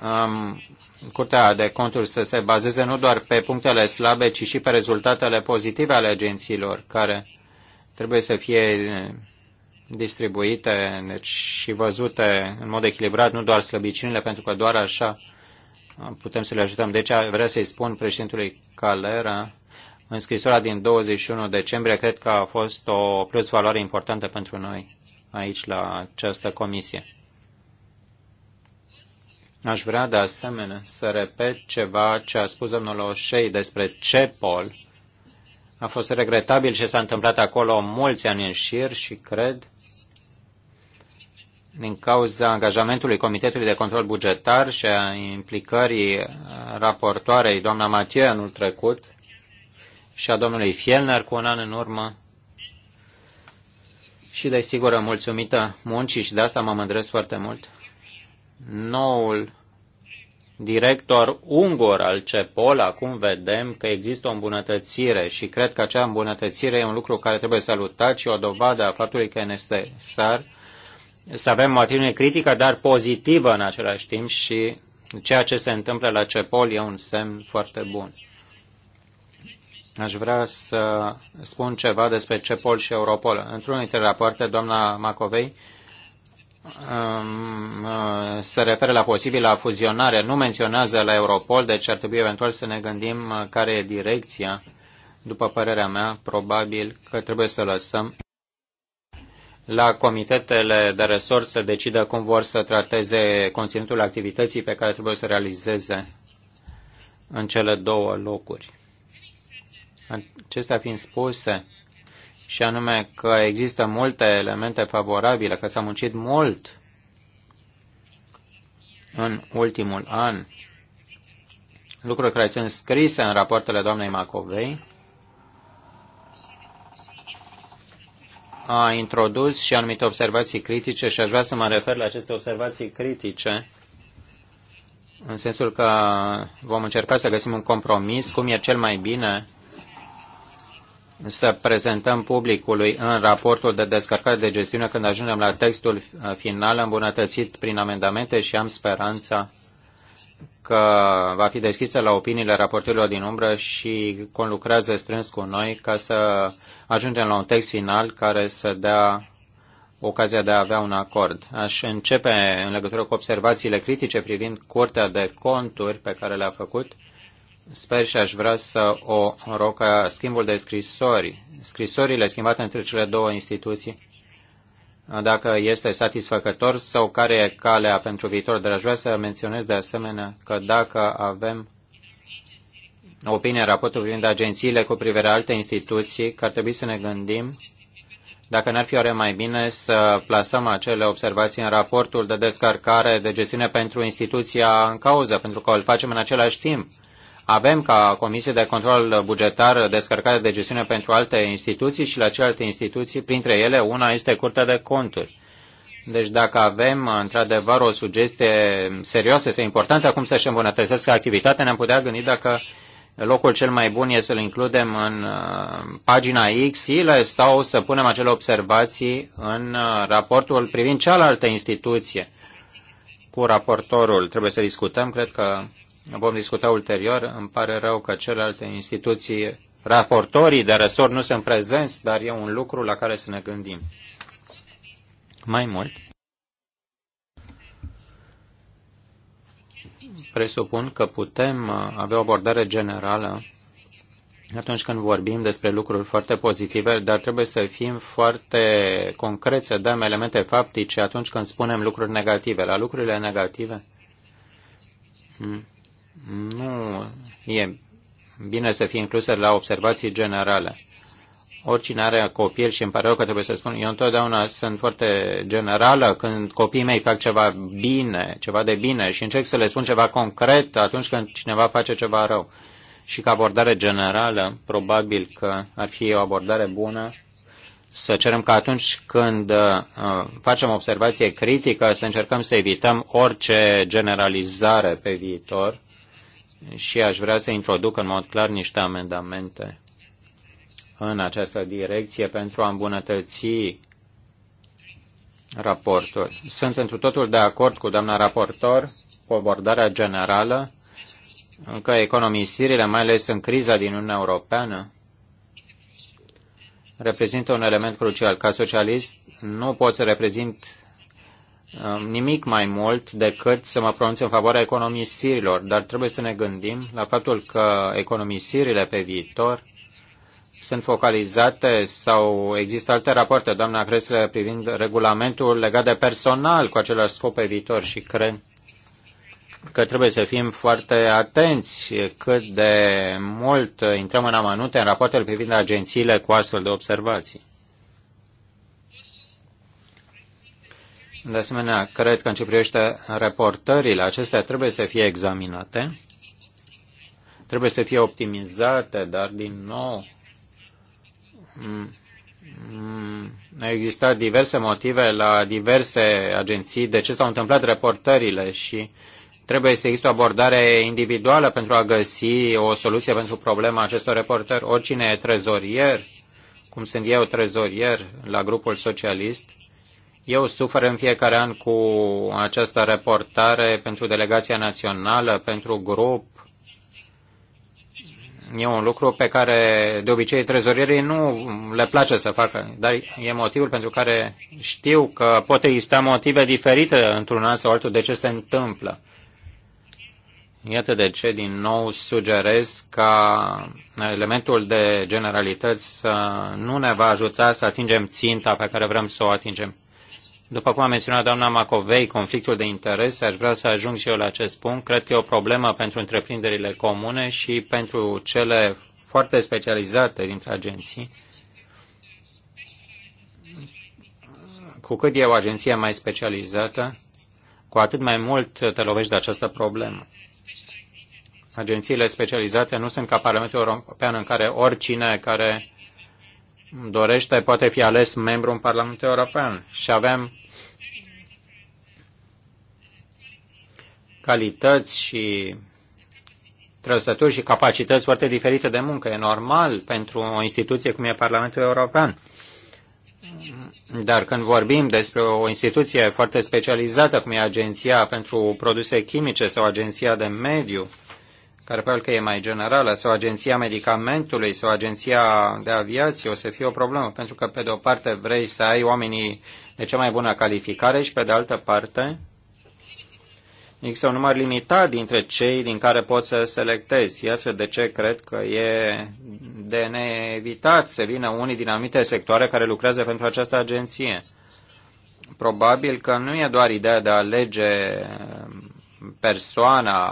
[SPEAKER 1] um, Curtea de Conturi să se bazeze nu doar pe punctele slabe, ci și pe rezultatele pozitive ale agențiilor, care trebuie să fie uh, distribuite deci, și văzute în mod echilibrat, nu doar slăbiciunile, pentru că doar așa putem să le ajutăm. Deci vreau să-i spun președintului Calera în scrisoarea din 21 decembrie, cred că a fost o plus valoare importantă pentru noi aici la această comisie. Aș vrea de asemenea să repet ceva ce a spus domnul Oșei despre CEPOL. A fost regretabil ce s-a întâmplat acolo mulți ani în șir și cred din cauza angajamentului Comitetului de Control Bugetar și a implicării raportoarei doamna Mathieu anul trecut, și a domnului Fielner cu un an în urmă și desigur mulțumită muncii și de asta mă mândresc foarte mult. Noul director ungor al CEPOL, acum vedem că există o îmbunătățire și cred că acea îmbunătățire e un lucru care trebuie salutat și o dovadă a faptului că este sar să avem o atitudine critică, dar pozitivă în același timp și ceea ce se întâmplă la CEPOL e un semn foarte bun aș vrea să spun ceva despre CEPOL și Europol. Într-unul dintre rapoarte, doamna Macovei um, uh, se referă la posibilă fuzionare, nu menționează la Europol, deci ar trebui eventual să ne gândim uh, care e direcția. După părerea mea, probabil că trebuie să lăsăm la comitetele de resort să decidă cum vor să trateze conținutul activității pe care trebuie să realizeze în cele două locuri. Acestea fiind spuse, și anume că există multe elemente favorabile, că s-a muncit mult în ultimul an, lucruri care sunt scrise în rapoartele doamnei Macovei, a introdus și anumite observații critice și aș vrea să mă refer la aceste observații critice în sensul că vom încerca să găsim un compromis, cum e cel mai bine să prezentăm publicului în raportul de descărcare de gestiune când ajungem la textul final îmbunătățit prin amendamente și am speranța că va fi deschisă la opiniile raportorilor din umbră și conlucrează strâns cu noi ca să ajungem la un text final care să dea ocazia de a avea un acord. Aș începe în legătură cu observațiile critice privind Curtea de Conturi pe care le-a făcut Sper și aș vrea să o rog ca schimbul de scrisori, scrisorile schimbate între cele două instituții, dacă este satisfăcător sau care e calea pentru viitor. Dar aș vrea să menționez de asemenea că dacă avem opinia în raportul privind agențiile cu privire alte instituții, că ar trebui să ne gândim dacă n-ar fi oare mai bine să plasăm acele observații în raportul de descărcare de gestiune pentru instituția în cauză, pentru că o facem în același timp avem ca Comisie de Control Bugetar descărcare de gestiune pentru alte instituții și la celelalte instituții, printre ele una este Curtea de Conturi. Deci dacă avem într-adevăr o sugestie serioasă este importantă acum să-și îmbunătățească activitatea, ne-am putea gândi dacă locul cel mai bun este să-l includem în uh, pagina X, sau să punem acele observații în uh, raportul privind cealaltă instituție cu raportorul. Trebuie să discutăm, cred că vom discuta ulterior. Îmi pare rău că celelalte instituții, raportorii de resort nu sunt prezenți, dar e un lucru la care să ne gândim. Mai mult, presupun că putem uh, avea o abordare generală atunci când vorbim despre lucruri foarte pozitive, dar trebuie să fim foarte concreți, să dăm elemente faptice atunci când spunem lucruri negative. La lucrurile negative nu e bine să fie inclusă la observații generale. Oricine are copil și îmi pare rău că trebuie să spun, eu întotdeauna sunt foarte generală când copiii mei fac ceva bine, ceva de bine și încerc să le spun ceva concret atunci când cineva face ceva rău. Și ca abordare generală, probabil că ar fi o abordare bună să cerem că atunci când uh, facem observație critică să încercăm să evităm orice generalizare pe viitor și aș vrea să introduc în mod clar niște amendamente în această direcție pentru a îmbunătăți raportul. Sunt întru totul de acord cu doamna raportor cu abordarea generală că economisirile, mai ales în criza din Uniunea Europeană, reprezintă un element crucial. Ca socialist nu pot să reprezint nimic mai mult decât să mă pronunț în favoarea economisirilor, dar trebuie să ne gândim la faptul că economisirile pe viitor sunt focalizate sau există alte rapoarte, doamna Cresle, privind regulamentul legat de personal cu același scop pe viitor și cred că trebuie să fim foarte atenți cât de mult intrăm în amănunte în rapoartele privind agențiile cu astfel de observații. De asemenea, cred că în ce privește reportările, acestea trebuie să fie examinate, trebuie să fie optimizate, dar din nou au existat diverse motive la diverse agenții de ce s-au întâmplat reportările și trebuie să existe o abordare individuală pentru a găsi o soluție pentru problema acestor reportări. Oricine e trezorier, cum sunt eu trezorier la grupul socialist, eu sufăr în fiecare an cu această reportare pentru delegația națională, pentru grup. E un lucru pe care de obicei trezorierii nu le place să facă, dar e motivul pentru care știu că pot exista motive diferite într-un an sau altul de ce se întâmplă. Iată de ce din nou sugerez ca elementul de generalități să nu ne va ajuta să atingem ținta pe care vrem să o atingem. După cum a menționat doamna Macovei, conflictul de interese, aș vrea să ajung și eu la acest punct. Cred că e o problemă pentru întreprinderile comune și pentru cele foarte specializate dintre agenții. Cu cât e o agenție mai specializată, cu atât mai mult te lovești de această problemă. Agențiile specializate nu sunt ca Parlamentul European în care oricine care dorește poate fi ales membru în Parlamentul European și avem calități și trăsături și capacități foarte diferite de muncă. E normal pentru o instituție cum e Parlamentul European. Dar când vorbim despre o instituție foarte specializată, cum e Agenția pentru Produse Chimice sau Agenția de Mediu, care probabil că e mai generală, sau agenția medicamentului, sau agenția de aviație, o să fie o problemă, pentru că pe de o parte vrei să ai oamenii de cea mai bună calificare și pe de altă parte există un număr limitat dintre cei din care poți să selectezi. Iată de ce cred că e de neevitat să vină unii din anumite sectoare care lucrează pentru această agenție. Probabil că nu e doar ideea de a alege persoana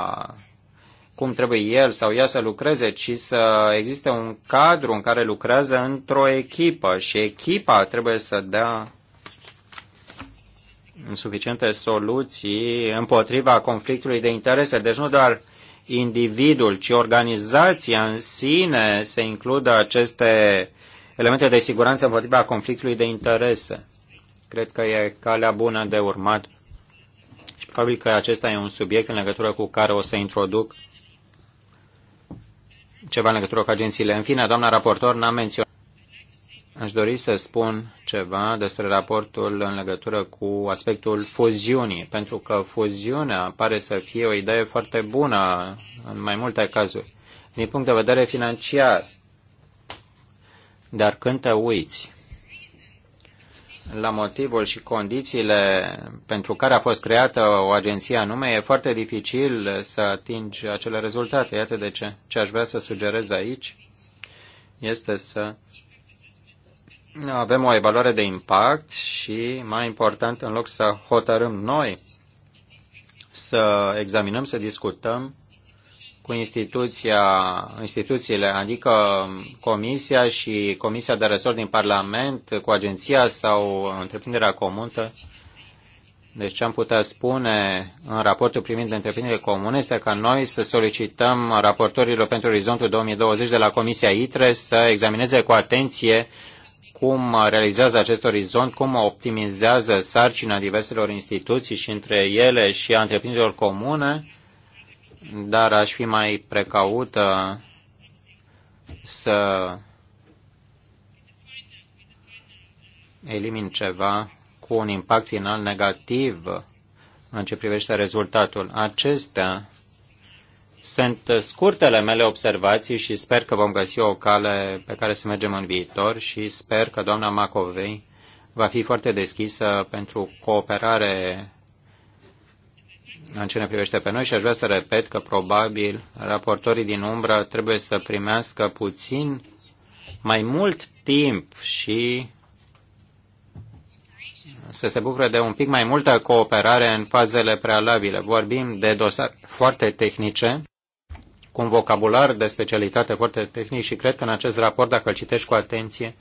[SPEAKER 1] cum trebuie el sau ea să lucreze, ci să existe un cadru în care lucrează într-o echipă și echipa trebuie să dea suficiente soluții împotriva conflictului de interese. Deci nu doar individul, ci organizația în sine se includă aceste elemente de siguranță împotriva conflictului de interese. Cred că e calea bună de urmat. Și probabil că acesta e un subiect în legătură cu care o să introduc ceva în legătură cu agențiile. În fine, doamna raportor n-a menționat. Aș dori să spun ceva despre raportul în legătură cu aspectul fuziunii, pentru că fuziunea pare să fie o idee foarte bună în mai multe cazuri, din punct de vedere financiar. Dar când te uiți la motivul și condițiile pentru care a fost creată o agenție anume, e foarte dificil să atingi acele rezultate. Iată de ce. Ce aș vrea să sugerez aici este să avem o evaluare de impact și, mai important, în loc să hotărâm noi, să examinăm, să discutăm cu instituția, instituțiile, adică Comisia și Comisia de Resort din Parlament, cu agenția sau întreprinderea comună. Deci ce am putea spune în raportul privind întreprinderile comune este ca noi să solicităm raportorilor pentru orizontul 2020 de la Comisia ITRE să examineze cu atenție cum realizează acest orizont, cum optimizează sarcina diverselor instituții și între ele și a întreprinderilor comune dar aș fi mai precaută să elimin ceva cu un impact final negativ în ce privește rezultatul. Acestea sunt scurtele mele observații și sper că vom găsi o cale pe care să mergem în viitor și sper că doamna Macovei va fi foarte deschisă pentru cooperare în ce ne privește pe noi și aș vrea să repet că probabil raportorii din umbră trebuie să primească puțin mai mult timp și să se bucure de un pic mai multă cooperare în fazele prealabile. Vorbim de dosare foarte tehnice, cu un vocabular de specialitate foarte tehnic și cred că în acest raport, dacă îl citești cu atenție,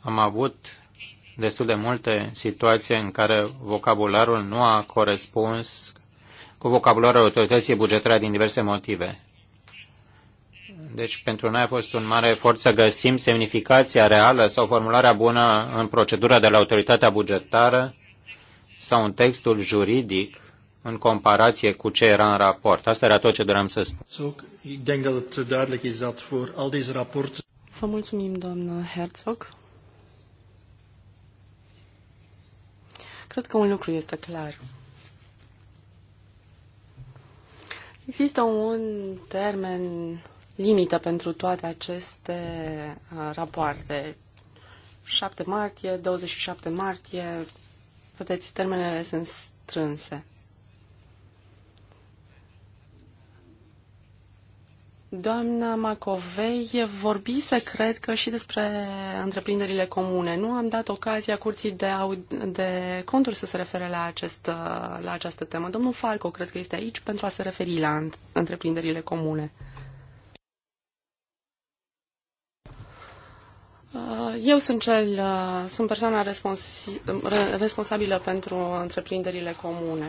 [SPEAKER 1] am avut destul de multe situații în care vocabularul nu a corespuns cu vocabularul autorității bugetare din diverse motive. Deci pentru noi a fost un mare efort să găsim semnificația reală sau formularea bună în procedura de la autoritatea bugetară sau în textul juridic în comparație cu ce era în raport. Asta era tot ce doream să spun.
[SPEAKER 3] Vă mulțumim, doamnă Herzog. Cred că un lucru este clar. Există un termen limită pentru toate aceste uh, rapoarte. 7 martie, 27 martie, vedeți, termenele sunt strânse. Doamna Macovei vorbise, cred că, și despre întreprinderile comune. Nu am dat ocazia curții de, de conturi să se refere la, acest, la această temă. Domnul Falco, cred că este aici pentru a se referi la întreprinderile comune. Uh, eu sunt cel, uh, sunt persoana responsi, responsabilă pentru întreprinderile comune.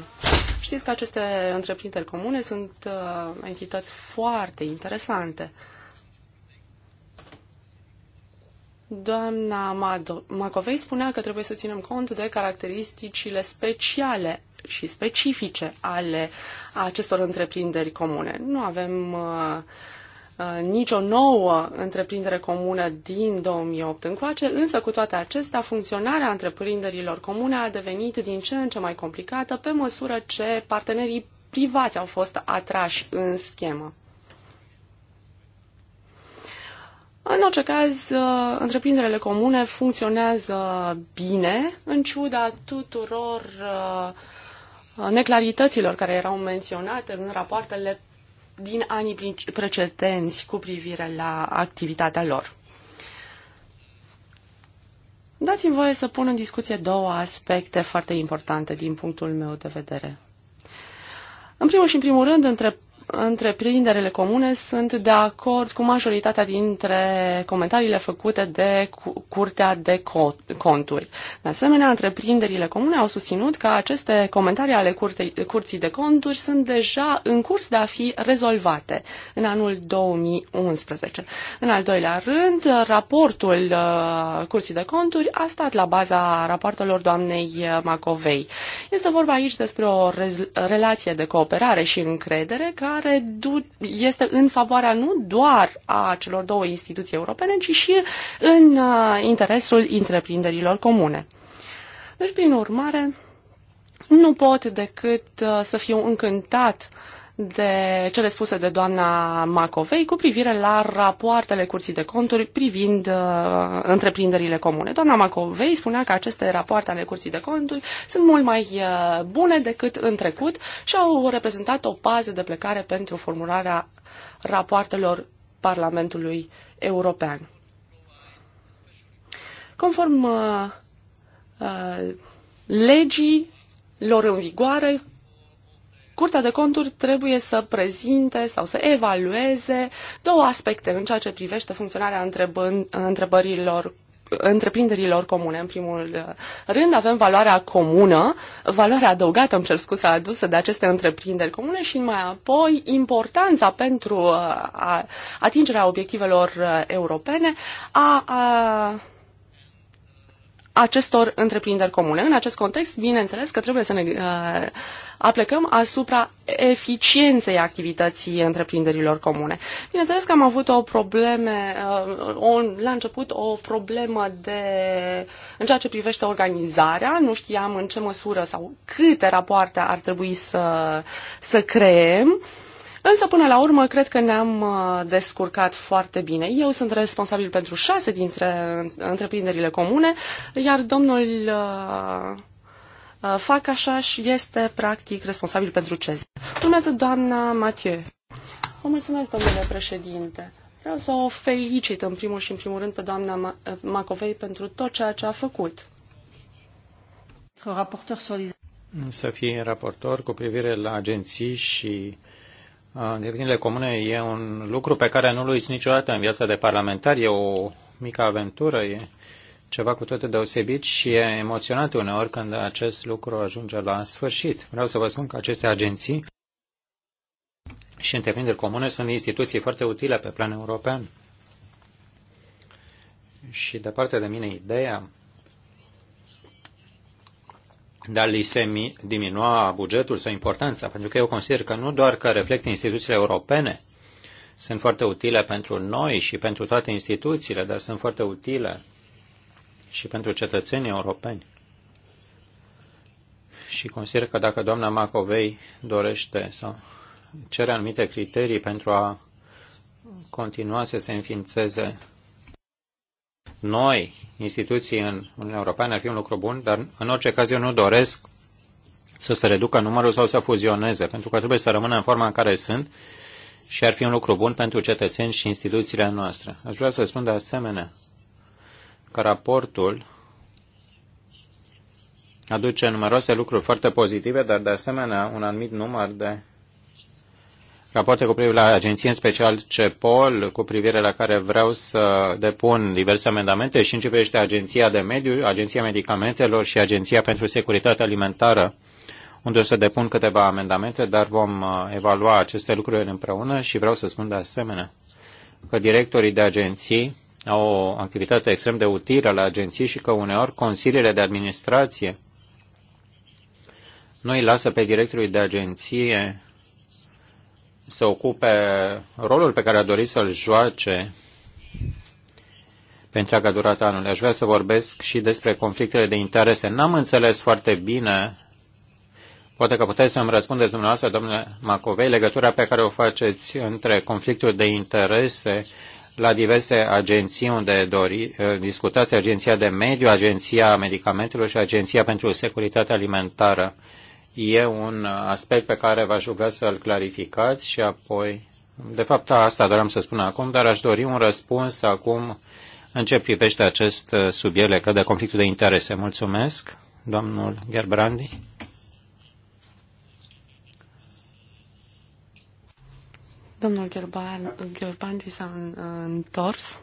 [SPEAKER 3] Știți că aceste întreprinderi comune sunt uh, entități foarte interesante. Doamna Macovei spunea că trebuie să ținem cont de caracteristicile speciale și specifice ale acestor întreprinderi comune. Nu avem uh, Uh, nicio nouă întreprindere comună din 2008 încoace, însă cu toate acestea, funcționarea întreprinderilor comune a devenit din ce în ce mai complicată pe măsură ce partenerii privați au fost atrași în schemă. În orice caz, uh, întreprinderile comune funcționează bine, în ciuda tuturor uh, neclarităților care erau menționate în rapoartele din anii precedenți cu privire la activitatea lor. Dați-mi voie să pun în discuție două aspecte foarte importante din punctul meu de vedere. În primul și în primul rând, între întreprinderile comune sunt de acord cu majoritatea dintre comentariile făcute de Curtea de Conturi. De asemenea, întreprinderile comune au susținut că aceste comentarii ale curte, Curții de Conturi sunt deja în curs de a fi rezolvate în anul 2011. În al doilea rând, raportul uh, Curții de Conturi a stat la baza rapoartelor doamnei Macovei. Este vorba aici despre o relație de cooperare și încredere ca care este în favoarea nu doar a celor două instituții europene, ci și în uh, interesul întreprinderilor comune. Deci, prin urmare, nu pot decât uh, să fiu încântat uh, de cele spuse de doamna Macovei cu privire la rapoartele Curții de Conturi privind uh, întreprinderile comune. Doamna Macovei spunea că aceste rapoarte ale Curții de Conturi sunt mult mai uh, bune decât în trecut și au reprezentat o bază de plecare pentru formularea rapoartelor Parlamentului European. Conform uh, uh, legii lor în vigoare, Curtea de conturi trebuie să prezinte sau să evalueze două aspecte în ceea ce privește funcționarea întrebărilor întreprinderilor comune. În primul rând avem valoarea comună, valoarea adăugată, îmi cer scuze, adusă de aceste întreprinderi comune și mai apoi importanța pentru uh, a, atingerea obiectivelor uh, europene a, a acestor întreprinderi comune. În acest context, bineînțeles că trebuie să ne uh, aplecăm asupra eficienței activității întreprinderilor comune. Bineînțeles că am avut o probleme, uh, o, la început o problemă de, în ceea ce privește organizarea, nu știam în ce măsură sau câte rapoarte ar trebui să, să creem. Uh, Însă, până la urmă, cred că ne-am uh, descurcat foarte bine. Eu sunt responsabil pentru șase dintre întreprinderile comune, iar domnul uh, uh, fac așa și este practic responsabil pentru CEZ. Urmează doamna Mathieu. Vă mulțumesc, domnule președinte. Vreau să o felicit în primul și în primul rând pe doamna Macovei pentru tot ceea ce a făcut.
[SPEAKER 1] Să fie raportor cu privire la agenții și Dividendele comune e un lucru pe care nu-l uiți niciodată în viața de parlamentar. E o mică aventură, e ceva cu totul deosebit și e emoționat uneori când acest lucru ajunge la sfârșit. Vreau să vă spun că aceste agenții și întreprinderi comune sunt instituții foarte utile pe plan european. Și de partea de mine ideea dar li se diminua bugetul sau importanța, pentru că eu consider că nu doar că reflectă instituțiile europene, sunt foarte utile pentru noi și pentru toate instituțiile, dar sunt foarte utile și pentru cetățenii europeni. Și consider că dacă doamna Macovei dorește să cere anumite criterii pentru a continua să se înființeze noi, instituții în Uniunea Europeană, ar fi un lucru bun, dar în orice caz eu nu doresc să se reducă numărul sau să fuzioneze, pentru că trebuie să rămână în forma în care sunt și ar fi un lucru bun pentru cetățeni și instituțiile noastre. Aș vrea să spun de asemenea că raportul aduce numeroase lucruri foarte pozitive, dar de asemenea un anumit număr de rapoarte cu privire la agenții, în special CEPOL, cu privire la care vreau să depun diverse amendamente și în ce privește Agenția de Mediu, Agenția Medicamentelor și Agenția pentru Securitate Alimentară, unde o să depun câteva amendamente, dar vom uh, evalua aceste lucruri împreună și vreau să spun de asemenea că directorii de agenții au o activitate extrem de utilă la agenții și că uneori consiliile de administrație nu îi lasă pe directorii de agenție se ocupe rolul pe care a dorit să-l joace pe întreaga durată anului. Aș vrea să vorbesc și despre conflictele de interese. N-am înțeles foarte bine, poate că puteți să-mi răspundeți dumneavoastră, domnule Macovei, legătura pe care o faceți între conflictul de interese la diverse agenții unde dori, eh, discutați, Agenția de Mediu, Agenția Medicamentelor și Agenția pentru Securitate Alimentară e un aspect pe care v-aș ruga să-l clarificați și apoi, de fapt asta doream să spun acum, dar aș dori un răspuns acum în ce privește acest subiect legat de conflictul de interese. Mulțumesc, domnul Gerbrandi.
[SPEAKER 3] Domnul Gerbrandi s-a întors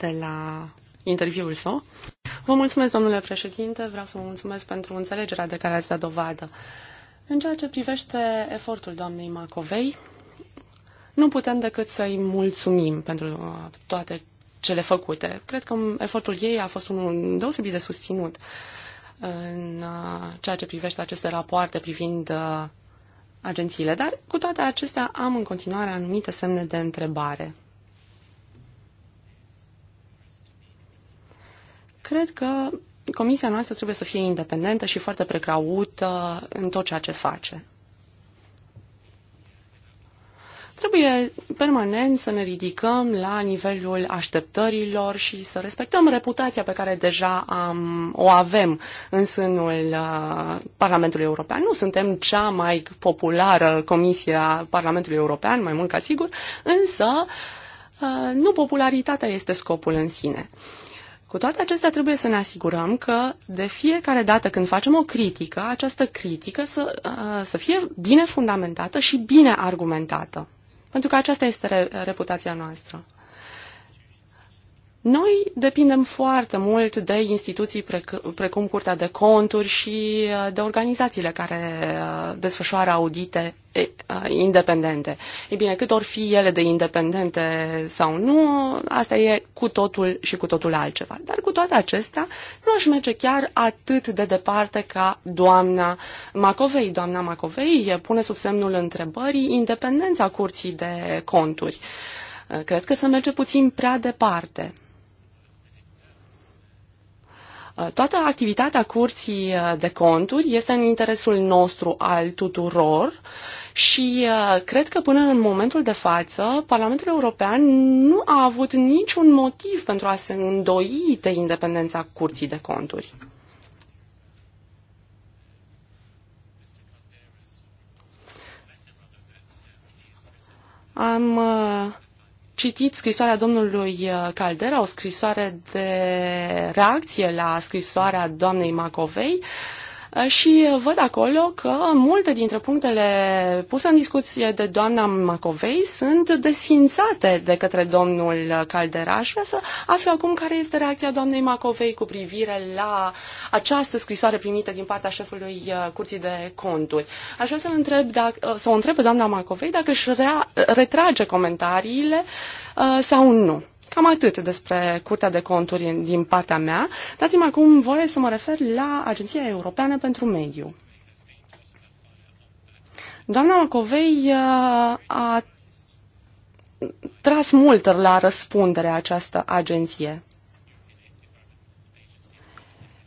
[SPEAKER 3] de la interviul său. Vă mulțumesc, domnule președinte, vreau să vă mulțumesc pentru înțelegerea de care ați dat dovadă. În ceea ce privește efortul doamnei Macovei, nu putem decât să-i mulțumim pentru uh, toate cele făcute. Cred că efortul ei a fost unul deosebit de susținut în uh, ceea ce privește aceste rapoarte privind uh, agențiile, dar cu toate acestea am în continuare anumite semne de întrebare. Cred că comisia noastră trebuie să fie independentă și foarte precaută în tot ceea ce face. Trebuie permanent să ne ridicăm la nivelul așteptărilor și să respectăm reputația pe care deja am, o avem în sânul uh, Parlamentului European. Nu suntem cea mai populară comisie a Parlamentului European, mai mult ca sigur, însă uh, nu popularitatea este scopul în sine. Uh, cu toate acestea trebuie să ne asigurăm că de fiecare dată când facem o critică, această critică să, uh, să fie bine fundamentată și bine argumentată. Pentru că aceasta este reputația noastră. Noi depindem foarte mult de instituții precum Curtea de Conturi și uh, de organizațiile care uh, desfășoară audite uh, independente. Ei bine, cât or fi ele de independente sau nu, asta e cu totul și cu totul altceva. Dar cu toate acestea, nu aș merge chiar atât de departe ca doamna Macovei. Doamna Macovei pune sub semnul întrebării independența Curții de Conturi. Cred că se merge puțin prea departe. Uh, toată activitatea curții uh, de conturi este în interesul nostru al tuturor și uh, cred că până în momentul de față Parlamentul European nu a avut niciun motiv pentru a se îndoi de independența curții de conturi. Am citit scrisoarea domnului uh, Caldera, o scrisoare de reacție la scrisoarea doamnei Macovei, uh, Uh, și uh, văd acolo că multe dintre punctele puse în discuție de doamna Macovei sunt desfințate de către domnul Caldera. Aș vrea să aflu acum care este reacția doamnei Macovei cu privire la această scrisoare primită din partea șefului uh, Curții de Conturi. Aș vrea să, întreb dacă, să o întreb pe doamna Macovei dacă își rea, retrage comentariile sau nu. Cam atât despre Curtea de Conturi din partea mea. Dați-mi acum voie să mă refer la Agenția Europeană pentru Mediu. Doamna Macovei uh, a tras mult la răspundere această agenție.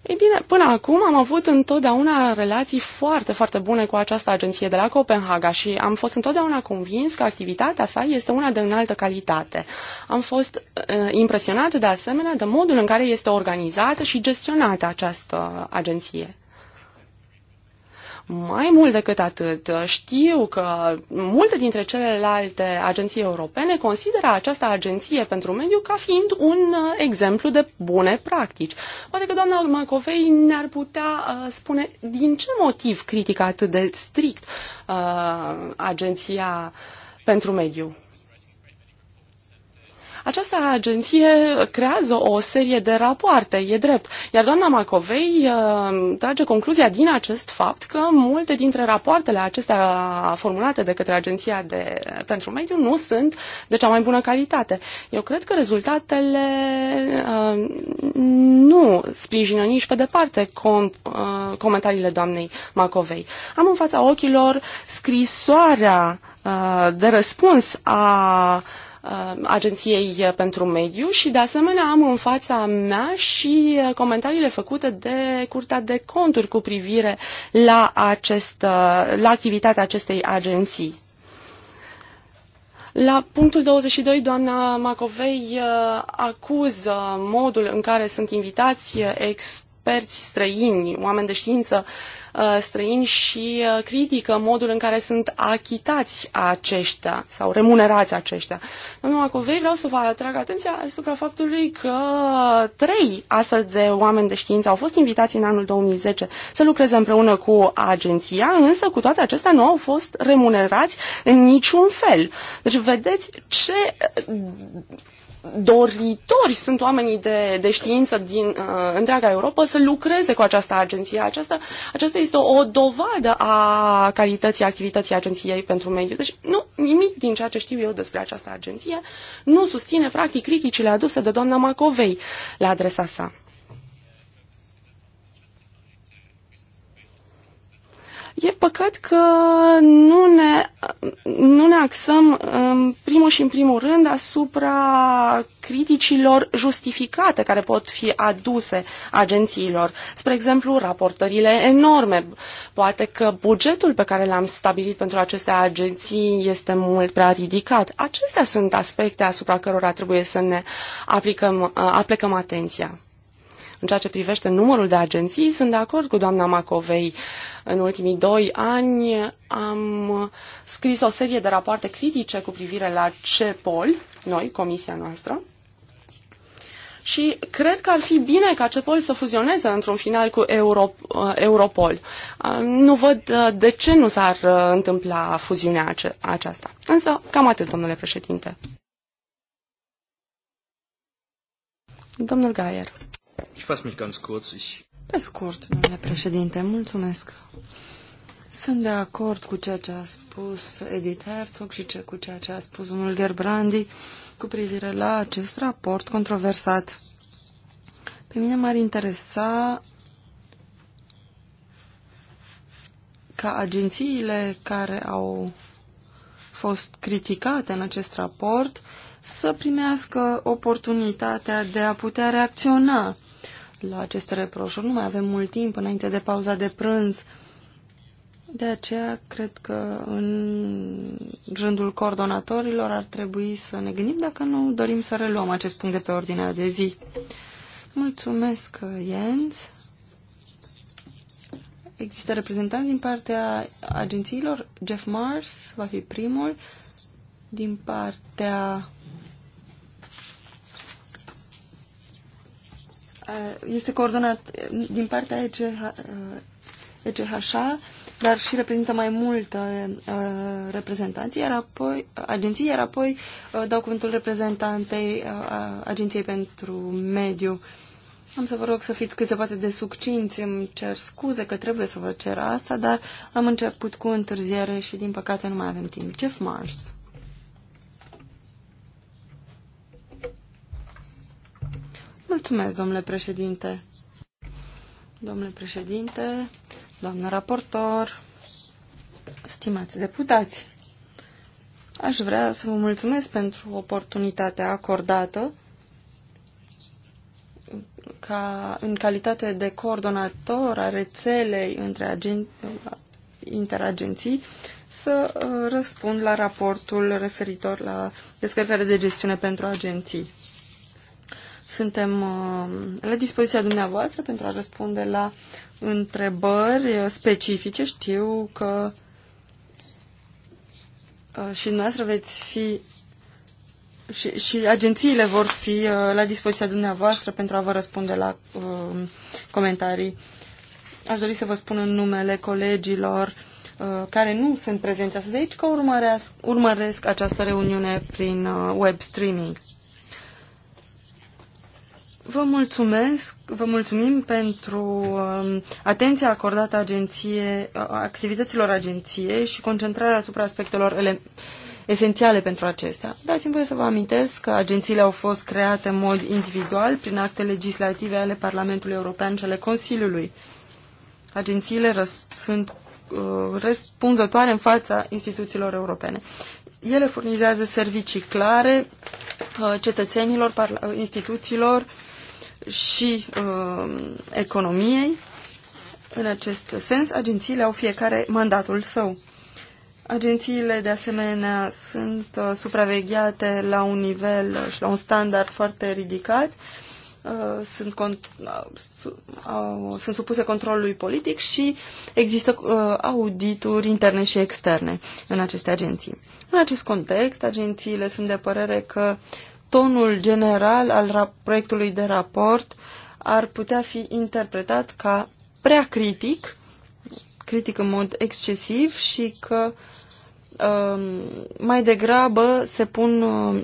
[SPEAKER 3] Ei bine, până acum am avut întotdeauna relații foarte, foarte bune cu această agenție de la Copenhaga și am fost întotdeauna convins că activitatea sa este una de înaltă calitate. Am fost uh, eh, impresionat de asemenea de modul în care este organizată și gestionată această agenție. Mai mult decât atât, știu că multe dintre celelalte agenții europene consideră această agenție pentru mediu ca fiind un uh, exemplu de bune practici. Poate că doamna Macovei ne-ar putea uh, spune din ce motiv critică atât de strict uh, agenția pentru mediu. Această agenție creează o serie de rapoarte, e drept. Iar doamna Macovei uh, trage concluzia din acest fapt că multe dintre rapoartele acestea formulate de către Agenția de, pentru Mediu nu sunt de cea mai bună calitate. Eu cred că rezultatele uh, nu sprijină nici pe departe com, uh, comentariile doamnei Macovei. Am în fața ochilor scrisoarea de răspuns a Uh, agenției pentru Mediu și de asemenea am în fața mea și uh, comentariile făcute de Curtea de Conturi cu privire la, acest, uh, la activitatea acestei agenții. La punctul 22, doamna Macovei acuză modul în care sunt invitați experți străini, oameni de știință uh, Uh, străini și uh, critică modul în care sunt achitați aceștia sau remunerați aceștia. Domnul Macovei, vreau să vă atrag atenția asupra faptului că trei astfel de oameni de știință au fost invitați în anul 2010 să lucreze împreună cu agenția, însă cu toate acestea nu au fost remunerați în niciun fel. Deci vedeți ce doritori sunt oamenii de, de știință din uh, întreaga Europa să lucreze cu această agenție. Aceasta, aceasta este o, dovadă a calității activității Agenției pentru Mediu. Deci nu, nimic din ceea ce știu eu despre această agenție nu susține practic criticile aduse de doamna Macovei la adresa sa. E păcat că nu ne, nu ne axăm în primul și în primul rând asupra criticilor justificate care pot fi aduse agențiilor. Spre exemplu, raportările enorme. Poate că bugetul pe care l-am stabilit pentru aceste agenții este mult prea ridicat. Acestea sunt aspecte asupra cărora trebuie să ne aplicăm, aplecăm atenția. În ceea ce privește numărul de agenții, sunt de acord cu doamna Macovei. În ultimii doi ani am scris o serie de rapoarte critice cu privire la CEPOL, noi, comisia noastră, și cred că ar fi bine ca CEPOL să fuzioneze într-un final cu Euro, uh, Europol. Uh, nu văd uh, de ce nu s-ar întâmpla fuziunea ace- aceasta. Însă, cam atât, domnule președinte.
[SPEAKER 2] Domnul Gaier. Ich fass mich ganz kurz. Ich... Pe scurt, domnule președinte, mulțumesc. Sunt de acord cu ceea ce a spus Edith Herzog și ce, cu ceea ce a spus domnul Gerbrandi cu privire la acest raport controversat. Pe mine m-ar interesa ca agențiile care au fost criticate în acest raport să primească oportunitatea de a putea reacționa la aceste reproșuri. Nu mai avem mult timp înainte de pauza de prânz. De aceea, cred că în rândul coordonatorilor ar trebui să ne gândim dacă nu dorim să reluăm acest punct de pe ordinea de zi. Mulțumesc, Jens. Există reprezentanți din partea agențiilor. Jeff Mars va fi primul. Din partea este coordonat din partea ECH, dar și reprezintă mai multă reprezentanții, iar apoi, agenții, iar apoi dau cuvântul reprezentantei Agenției pentru Mediu. Am să vă rog să fiți cât se poate de succinți, îmi cer scuze că trebuie să vă cer asta, dar am început cu întârziere și din păcate nu mai avem timp. Jeff Mars. Mulțumesc, domnule președinte. Domnule președinte, doamnă raportor, stimați deputați, aș vrea să vă mulțumesc pentru oportunitatea acordată ca în calitate de coordonator a rețelei între agen... interagenții să uh, răspund la raportul referitor la descărcare de gestiune pentru agenții. Suntem uh, la dispoziția dumneavoastră pentru a răspunde la întrebări specifice. Știu că uh, și dumneavoastră veți fi și, și agențiile vor fi uh, la dispoziția dumneavoastră pentru a vă răspunde la comentarii. Aș dori să vă spun în numele colegilor care nu sunt prezenți astăzi aici că urmăresc, urmăresc această reuniune prin web streaming. Vă mulțumesc, vă mulțumim pentru um, atenția acordată agenție, activităților agenției și concentrarea asupra aspectelor ele, esențiale pentru acestea. Dați-mi voie să vă amintesc că agențiile au fost create în mod individual prin acte legislative ale Parlamentului European și ale Consiliului. Agențiile răs, sunt uh, răspunzătoare în fața instituțiilor europene. Ele furnizează servicii clare uh, cetățenilor, uh, instituțiilor, și uh, economiei. În acest sens, agențiile au fiecare mandatul său. Agențiile, de asemenea, sunt uh, supravegheate la un nivel și la un standard foarte ridicat. Uh, sunt, con- uh, sunt supuse controlului politic și există uh, audituri interne și externe în aceste agenții. În acest context, agențiile sunt de părere că uh, tonul general al proiectului de raport ar putea fi interpretat ca prea critic, critic în mod excesiv și că um, mai degrabă se pun um,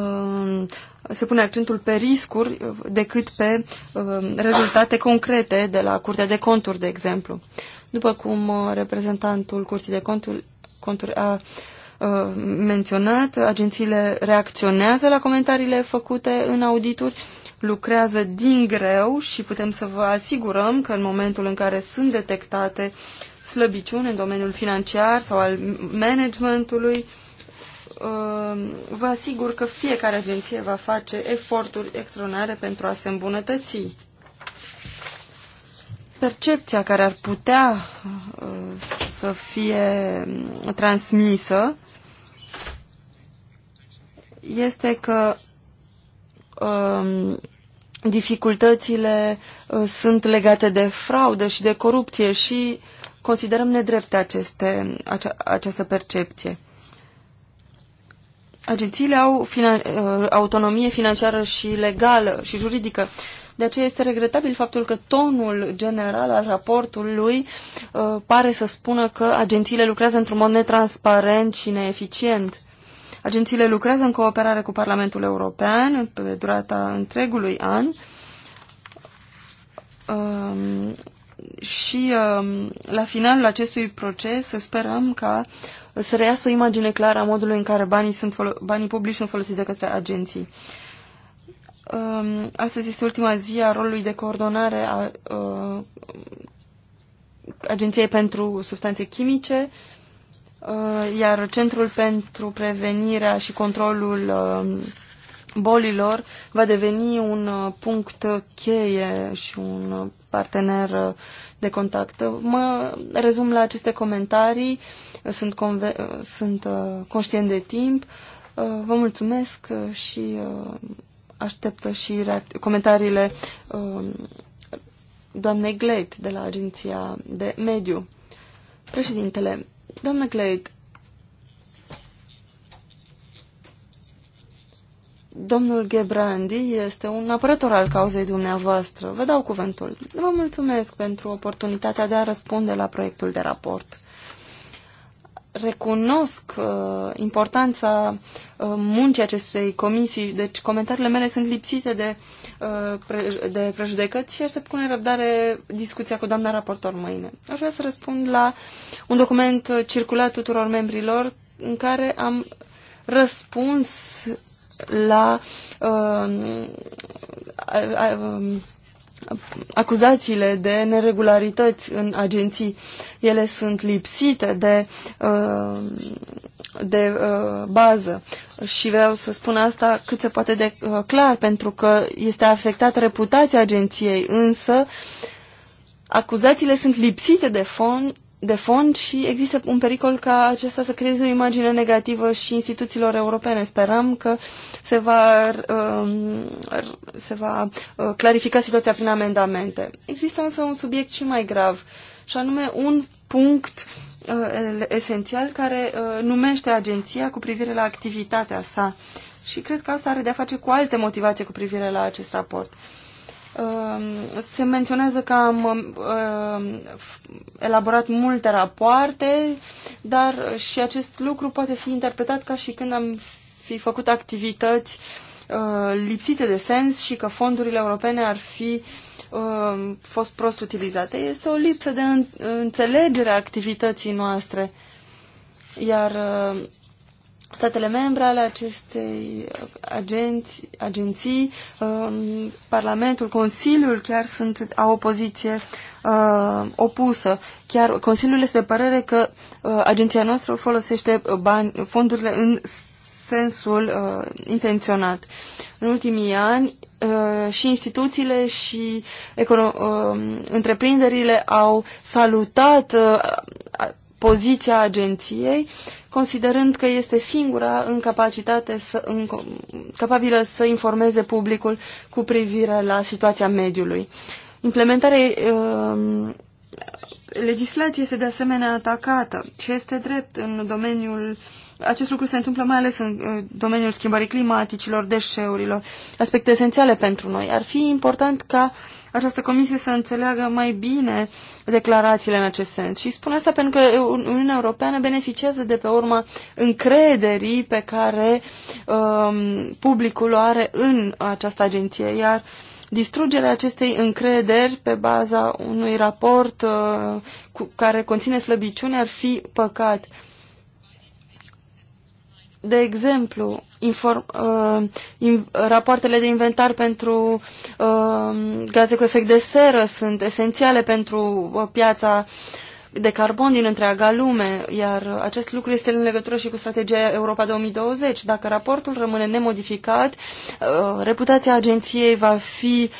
[SPEAKER 2] um, se pune accentul pe riscuri decât pe rezultate concrete de la Curtea de Conturi, de exemplu. După cum uh, reprezentantul Curții de Conturi, conturi a Uh, menționat, agențiile reacționează la comentariile făcute în audituri, lucrează din greu și putem să vă asigurăm că în momentul în care sunt detectate slăbiciuni în domeniul financiar sau al managementului, uh, vă asigur că fiecare agenție va face eforturi extraordinare pentru a se îmbunătăți. Percepția care ar putea uh, să fie transmisă este că um, dificultățile uh, sunt legate de fraudă și de corupție și considerăm nedrepte aceste, acea, această percepție. Agențiile au finan uh, autonomie financiară și legală și juridică. De aceea este regretabil faptul că tonul general al raportului uh, pare să spună că agențiile lucrează într-un mod netransparent și neeficient. Agențiile lucrează în cooperare cu Parlamentul European pe durata întregului an um, și um, la finalul acestui proces sperăm ca să reiasă o imagine clară a modului în care banii, sunt banii publici sunt folosiți de către agenții. Um, astăzi este ultima zi a rolului de coordonare a uh, Agenției pentru Substanțe Chimice Uh, iar Centrul pentru Prevenirea și Controlul uh, Bolilor va deveni un uh, punct cheie și un partener de contact. Mă rezum la aceste comentarii, sunt, conve- sunt conștient de timp, vă mulțumesc și așteptă și comentariile doamnei Gleit de la Agenția de Mediu. Președintele, Doamnă Cleit. domnul Gebrandi este un apărător al cauzei dumneavoastră. Vă dau cuvântul. Vă mulțumesc pentru oportunitatea de a răspunde la proiectul de raport. Recunosc uh, importanța uh, muncii acestei comisii, deci comentariile mele sunt lipsite de uh, Uh, de prejudecăți și aștept cu nerăbdare discuția cu doamna raportor mâine. Aș vrea să răspund la un document circulat tuturor membrilor în care am răspuns la uh, acuzațiile de neregularități în agenții. Ele sunt lipsite de, uh, de uh, bază și vreau să spun asta cât se poate de uh, clar, pentru că este afectată reputația agenției, însă acuzațiile sunt lipsite de fond de fond și există un pericol ca acesta să creeze o imagine negativă și instituțiilor europene. Sperăm că se va, um, se va uh, clarifica situația prin amendamente. Există însă un subiect și mai grav, și anume un punct uh, esențial care uh, numește agenția cu privire la activitatea sa. Și cred că asta are de-a face cu alte motivații cu privire la acest raport. Uh, Um, se menționează că am um, elaborat multe rapoarte, dar și acest lucru poate fi interpretat ca și când am fi făcut activități uh, lipsite de sens și că fondurile europene ar fi um, fost prost utilizate. Este o lipsă de înțelegere a activității noastre. Iar uh, statele membre ale acestei agenți, agenții, um, Parlamentul, Consiliul chiar sunt, au o poziție uh, opusă. Chiar Consiliul este de părere că uh, agenția noastră folosește bani, fondurile în sensul uh, intenționat. În ultimii ani uh, și instituțiile și uh, întreprinderile au salutat uh, poziția agenției considerând că este singura în capacitate să, în, capabilă să informeze publicul cu privire la situația mediului. Implementarea uh, legislației este de asemenea atacată și este drept în domeniul acest lucru se întâmplă mai ales în domeniul schimbării climaticilor, deșeurilor, aspecte esențiale pentru noi. Ar fi important ca uh, această comisie să înțeleagă mai bine declarațiile în acest sens. Și spun asta pentru că Uniunea Europeană beneficiază de pe urma încrederii pe care um, publicul o are în această agenție, iar distrugerea acestei încrederi pe baza unui raport uh, cu, care conține slăbiciune ar fi păcat. Uh, de exemplu, inform, uh, in, rapoartele de inventar pentru uh, gaze cu efect de seră sunt esențiale pentru uh, piața de carbon din întreaga lume, iar acest lucru este în legătură și cu strategia Europa 2020. Dacă raportul rămâne nemodificat, uh, reputația agenției va fi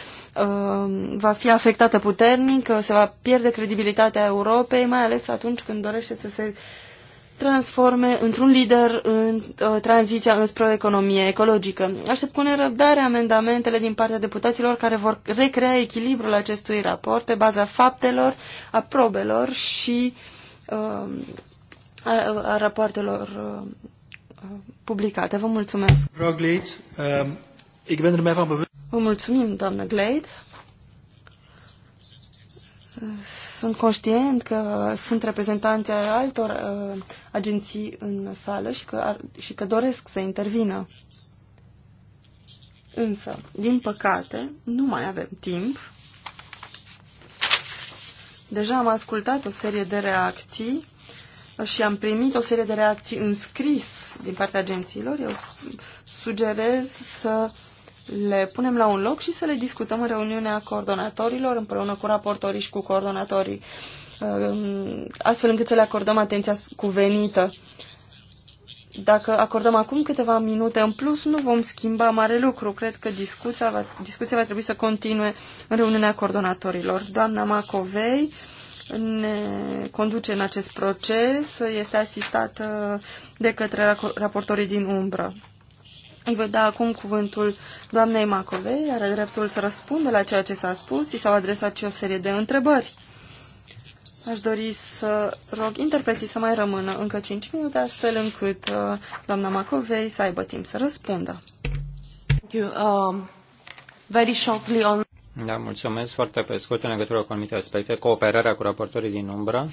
[SPEAKER 2] uh, va fi afectată puternic, se va pierde credibilitatea Europei, mai ales atunci când dorește să se uh, transforme într-un lider în uh, tranziția înspre o economie ecologică. Aștept cu nerăbdare amendamentele din partea deputaților care vor recrea echilibrul acestui raport pe baza faptelor, a probelor și uh, a, a rapoartelor uh, uh publicate. Vă mulțumesc!
[SPEAKER 1] Um, er
[SPEAKER 2] Vă mulțumim, doamnă Glade! Sunt conștient că sunt reprezentante ai altor uh, agenții în sală și că, ar, și că doresc să intervină. Însă, din păcate, nu mai avem timp. Deja am ascultat o serie de reacții și am primit o serie de reacții înscris din partea agențiilor. Eu sugerez să uh, le punem la un loc și să le discutăm în reuniunea coordonatorilor împreună cu raportorii și cu coordonatorii, uh, astfel încât să le acordăm atenția cuvenită. Dacă acordăm acum câteva minute în plus, nu vom schimba mare lucru. Cred că discuția va, discuția va trebui să continue în reuniunea coordonatorilor. Doamna Macovei, ne conduce în acest proces este asistată de către raportorii din umbră. Îi voi da acum cuvântul doamnei Macovei, are dreptul să răspundă la ceea ce s-a spus, i s-au adresat și o serie de întrebări. Aș dori să rog interpreții să mai rămână încă 5 minute, astfel încât uh, doamna Macovei să aibă timp să răspundă. Um,
[SPEAKER 1] da, mulțumesc foarte pe scurt în legătură cu anumite aspecte. Cooperarea cu raportorii din umbră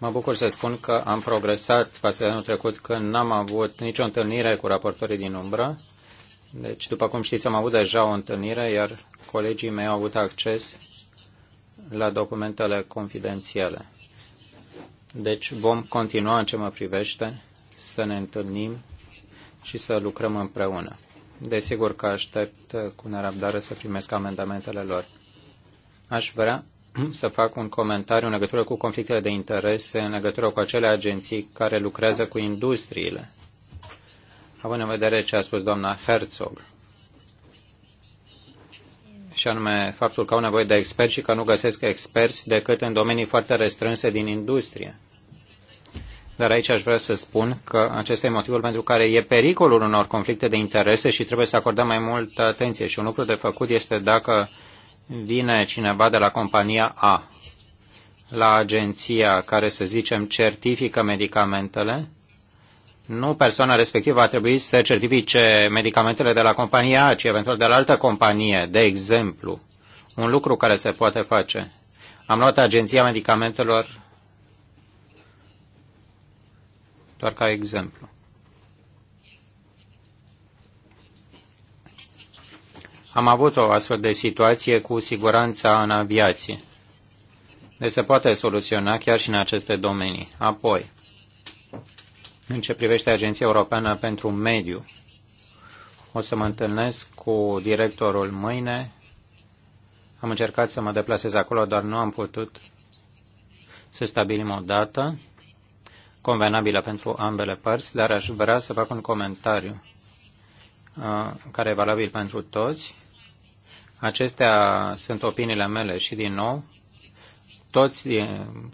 [SPEAKER 1] Mă bucur să spun că am progresat față de anul trecut când n-am avut nicio întâlnire cu raportorii din umbră. Deci, după cum știți, am avut deja o întâlnire, iar colegii mei au avut acces la documentele confidențiale. Deci vom continua în ce mă privește să ne întâlnim și să lucrăm împreună. Desigur că aștept cu nerăbdare să primesc amendamentele lor. Aș vrea să fac un comentariu în legătură cu conflictele de interese, în legătură cu acele agenții care lucrează cu industriile. Având în vedere ce a spus doamna Herzog, și anume faptul că au nevoie de experți și că nu găsesc experți decât în domenii foarte restrânse din industrie. Dar aici aș vrea să spun că acesta e motivul pentru care e pericolul unor conflicte de interese și trebuie să acordăm mai multă atenție. Și un lucru de făcut este dacă uh, vine cineva de la compania A la agenția care, să zicem, certifică medicamentele, nu persoana respectivă a trebui să certifice medicamentele de la compania A, ci eventual de la altă companie, de exemplu. Un lucru care se poate face. Am luat agenția medicamentelor doar ca exemplu. Am avut o astfel de situație cu siguranța în aviație. Deci se poate soluționa chiar și în aceste domenii. Apoi, în ce privește Agenția Europeană pentru Mediu, o să mă întâlnesc cu directorul mâine. Am încercat să mă deplasez acolo, dar nu am putut să stabilim o dată convenabilă pentru ambele părți, dar aș vrea să fac un comentariu uh, care e valabil pentru toți. Acestea sunt opiniile mele și, din nou, toți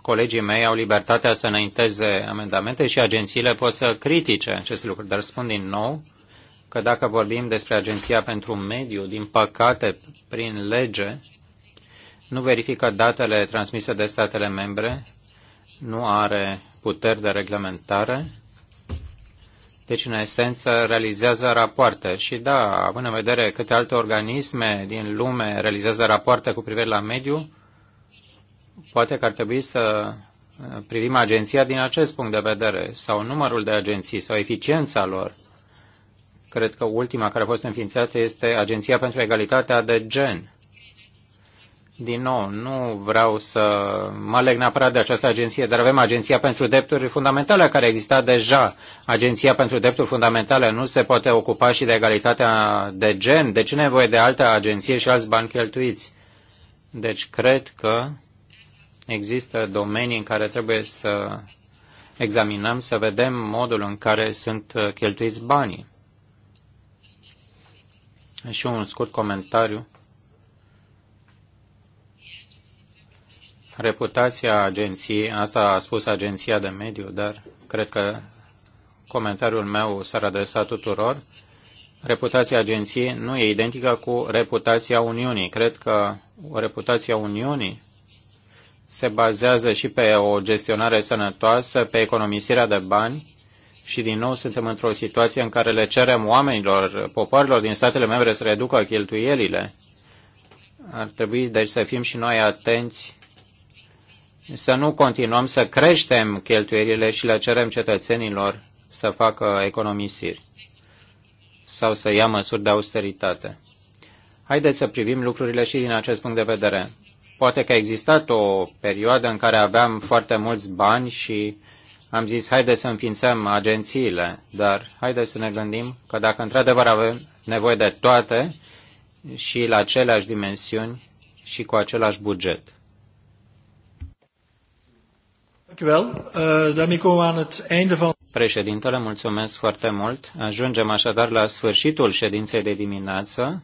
[SPEAKER 1] colegii mei au libertatea să înainteze amendamente și agențiile pot să critique acest lucru. Dar spun din nou că dacă vorbim despre Agenția pentru Mediu, din păcate, prin lege, nu verifică datele transmise de statele membre, nu are puteri de reglementare deci, în esență, realizează rapoarte. Și da, având în vedere câte alte organisme din lume realizează rapoarte cu privire la mediu, poate că ar trebui să uh, privim agenția din acest punct de vedere, sau numărul de agenții, sau eficiența lor. Cred că ultima care a fost înființată este Agenția pentru Egalitatea de Gen, din nou, nu vreau să mă leg neapărat de această agenție, dar avem Agenția pentru Drepturi Fundamentale, care exista deja. Agenția pentru Drepturi Fundamentale nu se poate ocupa și de egalitatea de gen. De ce nevoie de altă agenție și alți bani cheltuiți? Deci cred că există domenii în care trebuie să examinăm, să vedem modul în care sunt cheltuiți banii. Și un scurt comentariu reputația agenției, asta a spus agenția de mediu, dar cred că comentariul meu s-ar adresa tuturor, reputația agenției nu e identică cu reputația Uniunii. Cred că reputația Uniunii se bazează și pe o gestionare sănătoasă, pe economisirea de bani și din nou suntem într-o situație în care le cerem oamenilor, popoarelor din statele membre să reducă cheltuielile. Ar trebui deci să fim și noi atenți să nu continuăm să creștem cheltuierile și le cerem cetățenilor să facă economisiri sau să ia măsuri de austeritate. Haideți să privim lucrurile și din acest punct de vedere. Poate că a existat o perioadă în care aveam foarte mulți bani și am zis, haideți să înființăm agențiile, dar haideți să ne gândim că dacă într-adevăr avem nevoie de toate și la aceleași dimensiuni și cu același buget. Eh, Președintele, mulțumesc foarte mult. Ajungem așadar la sfârșitul ședinței de dimineață.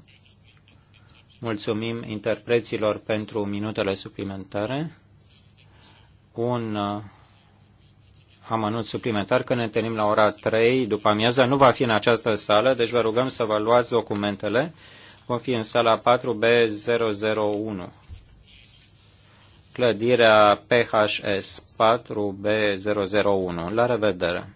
[SPEAKER 1] Mulțumim interpreților pentru minutele suplimentare. Un eh, amănunt suplimentar că ne întâlnim la ora 3 după amiază. Nu va fi în această sală, deci vă rugăm să vă luați documentele. Vom fi în sala 4B001 clădirea PHS 4B001. La revedere!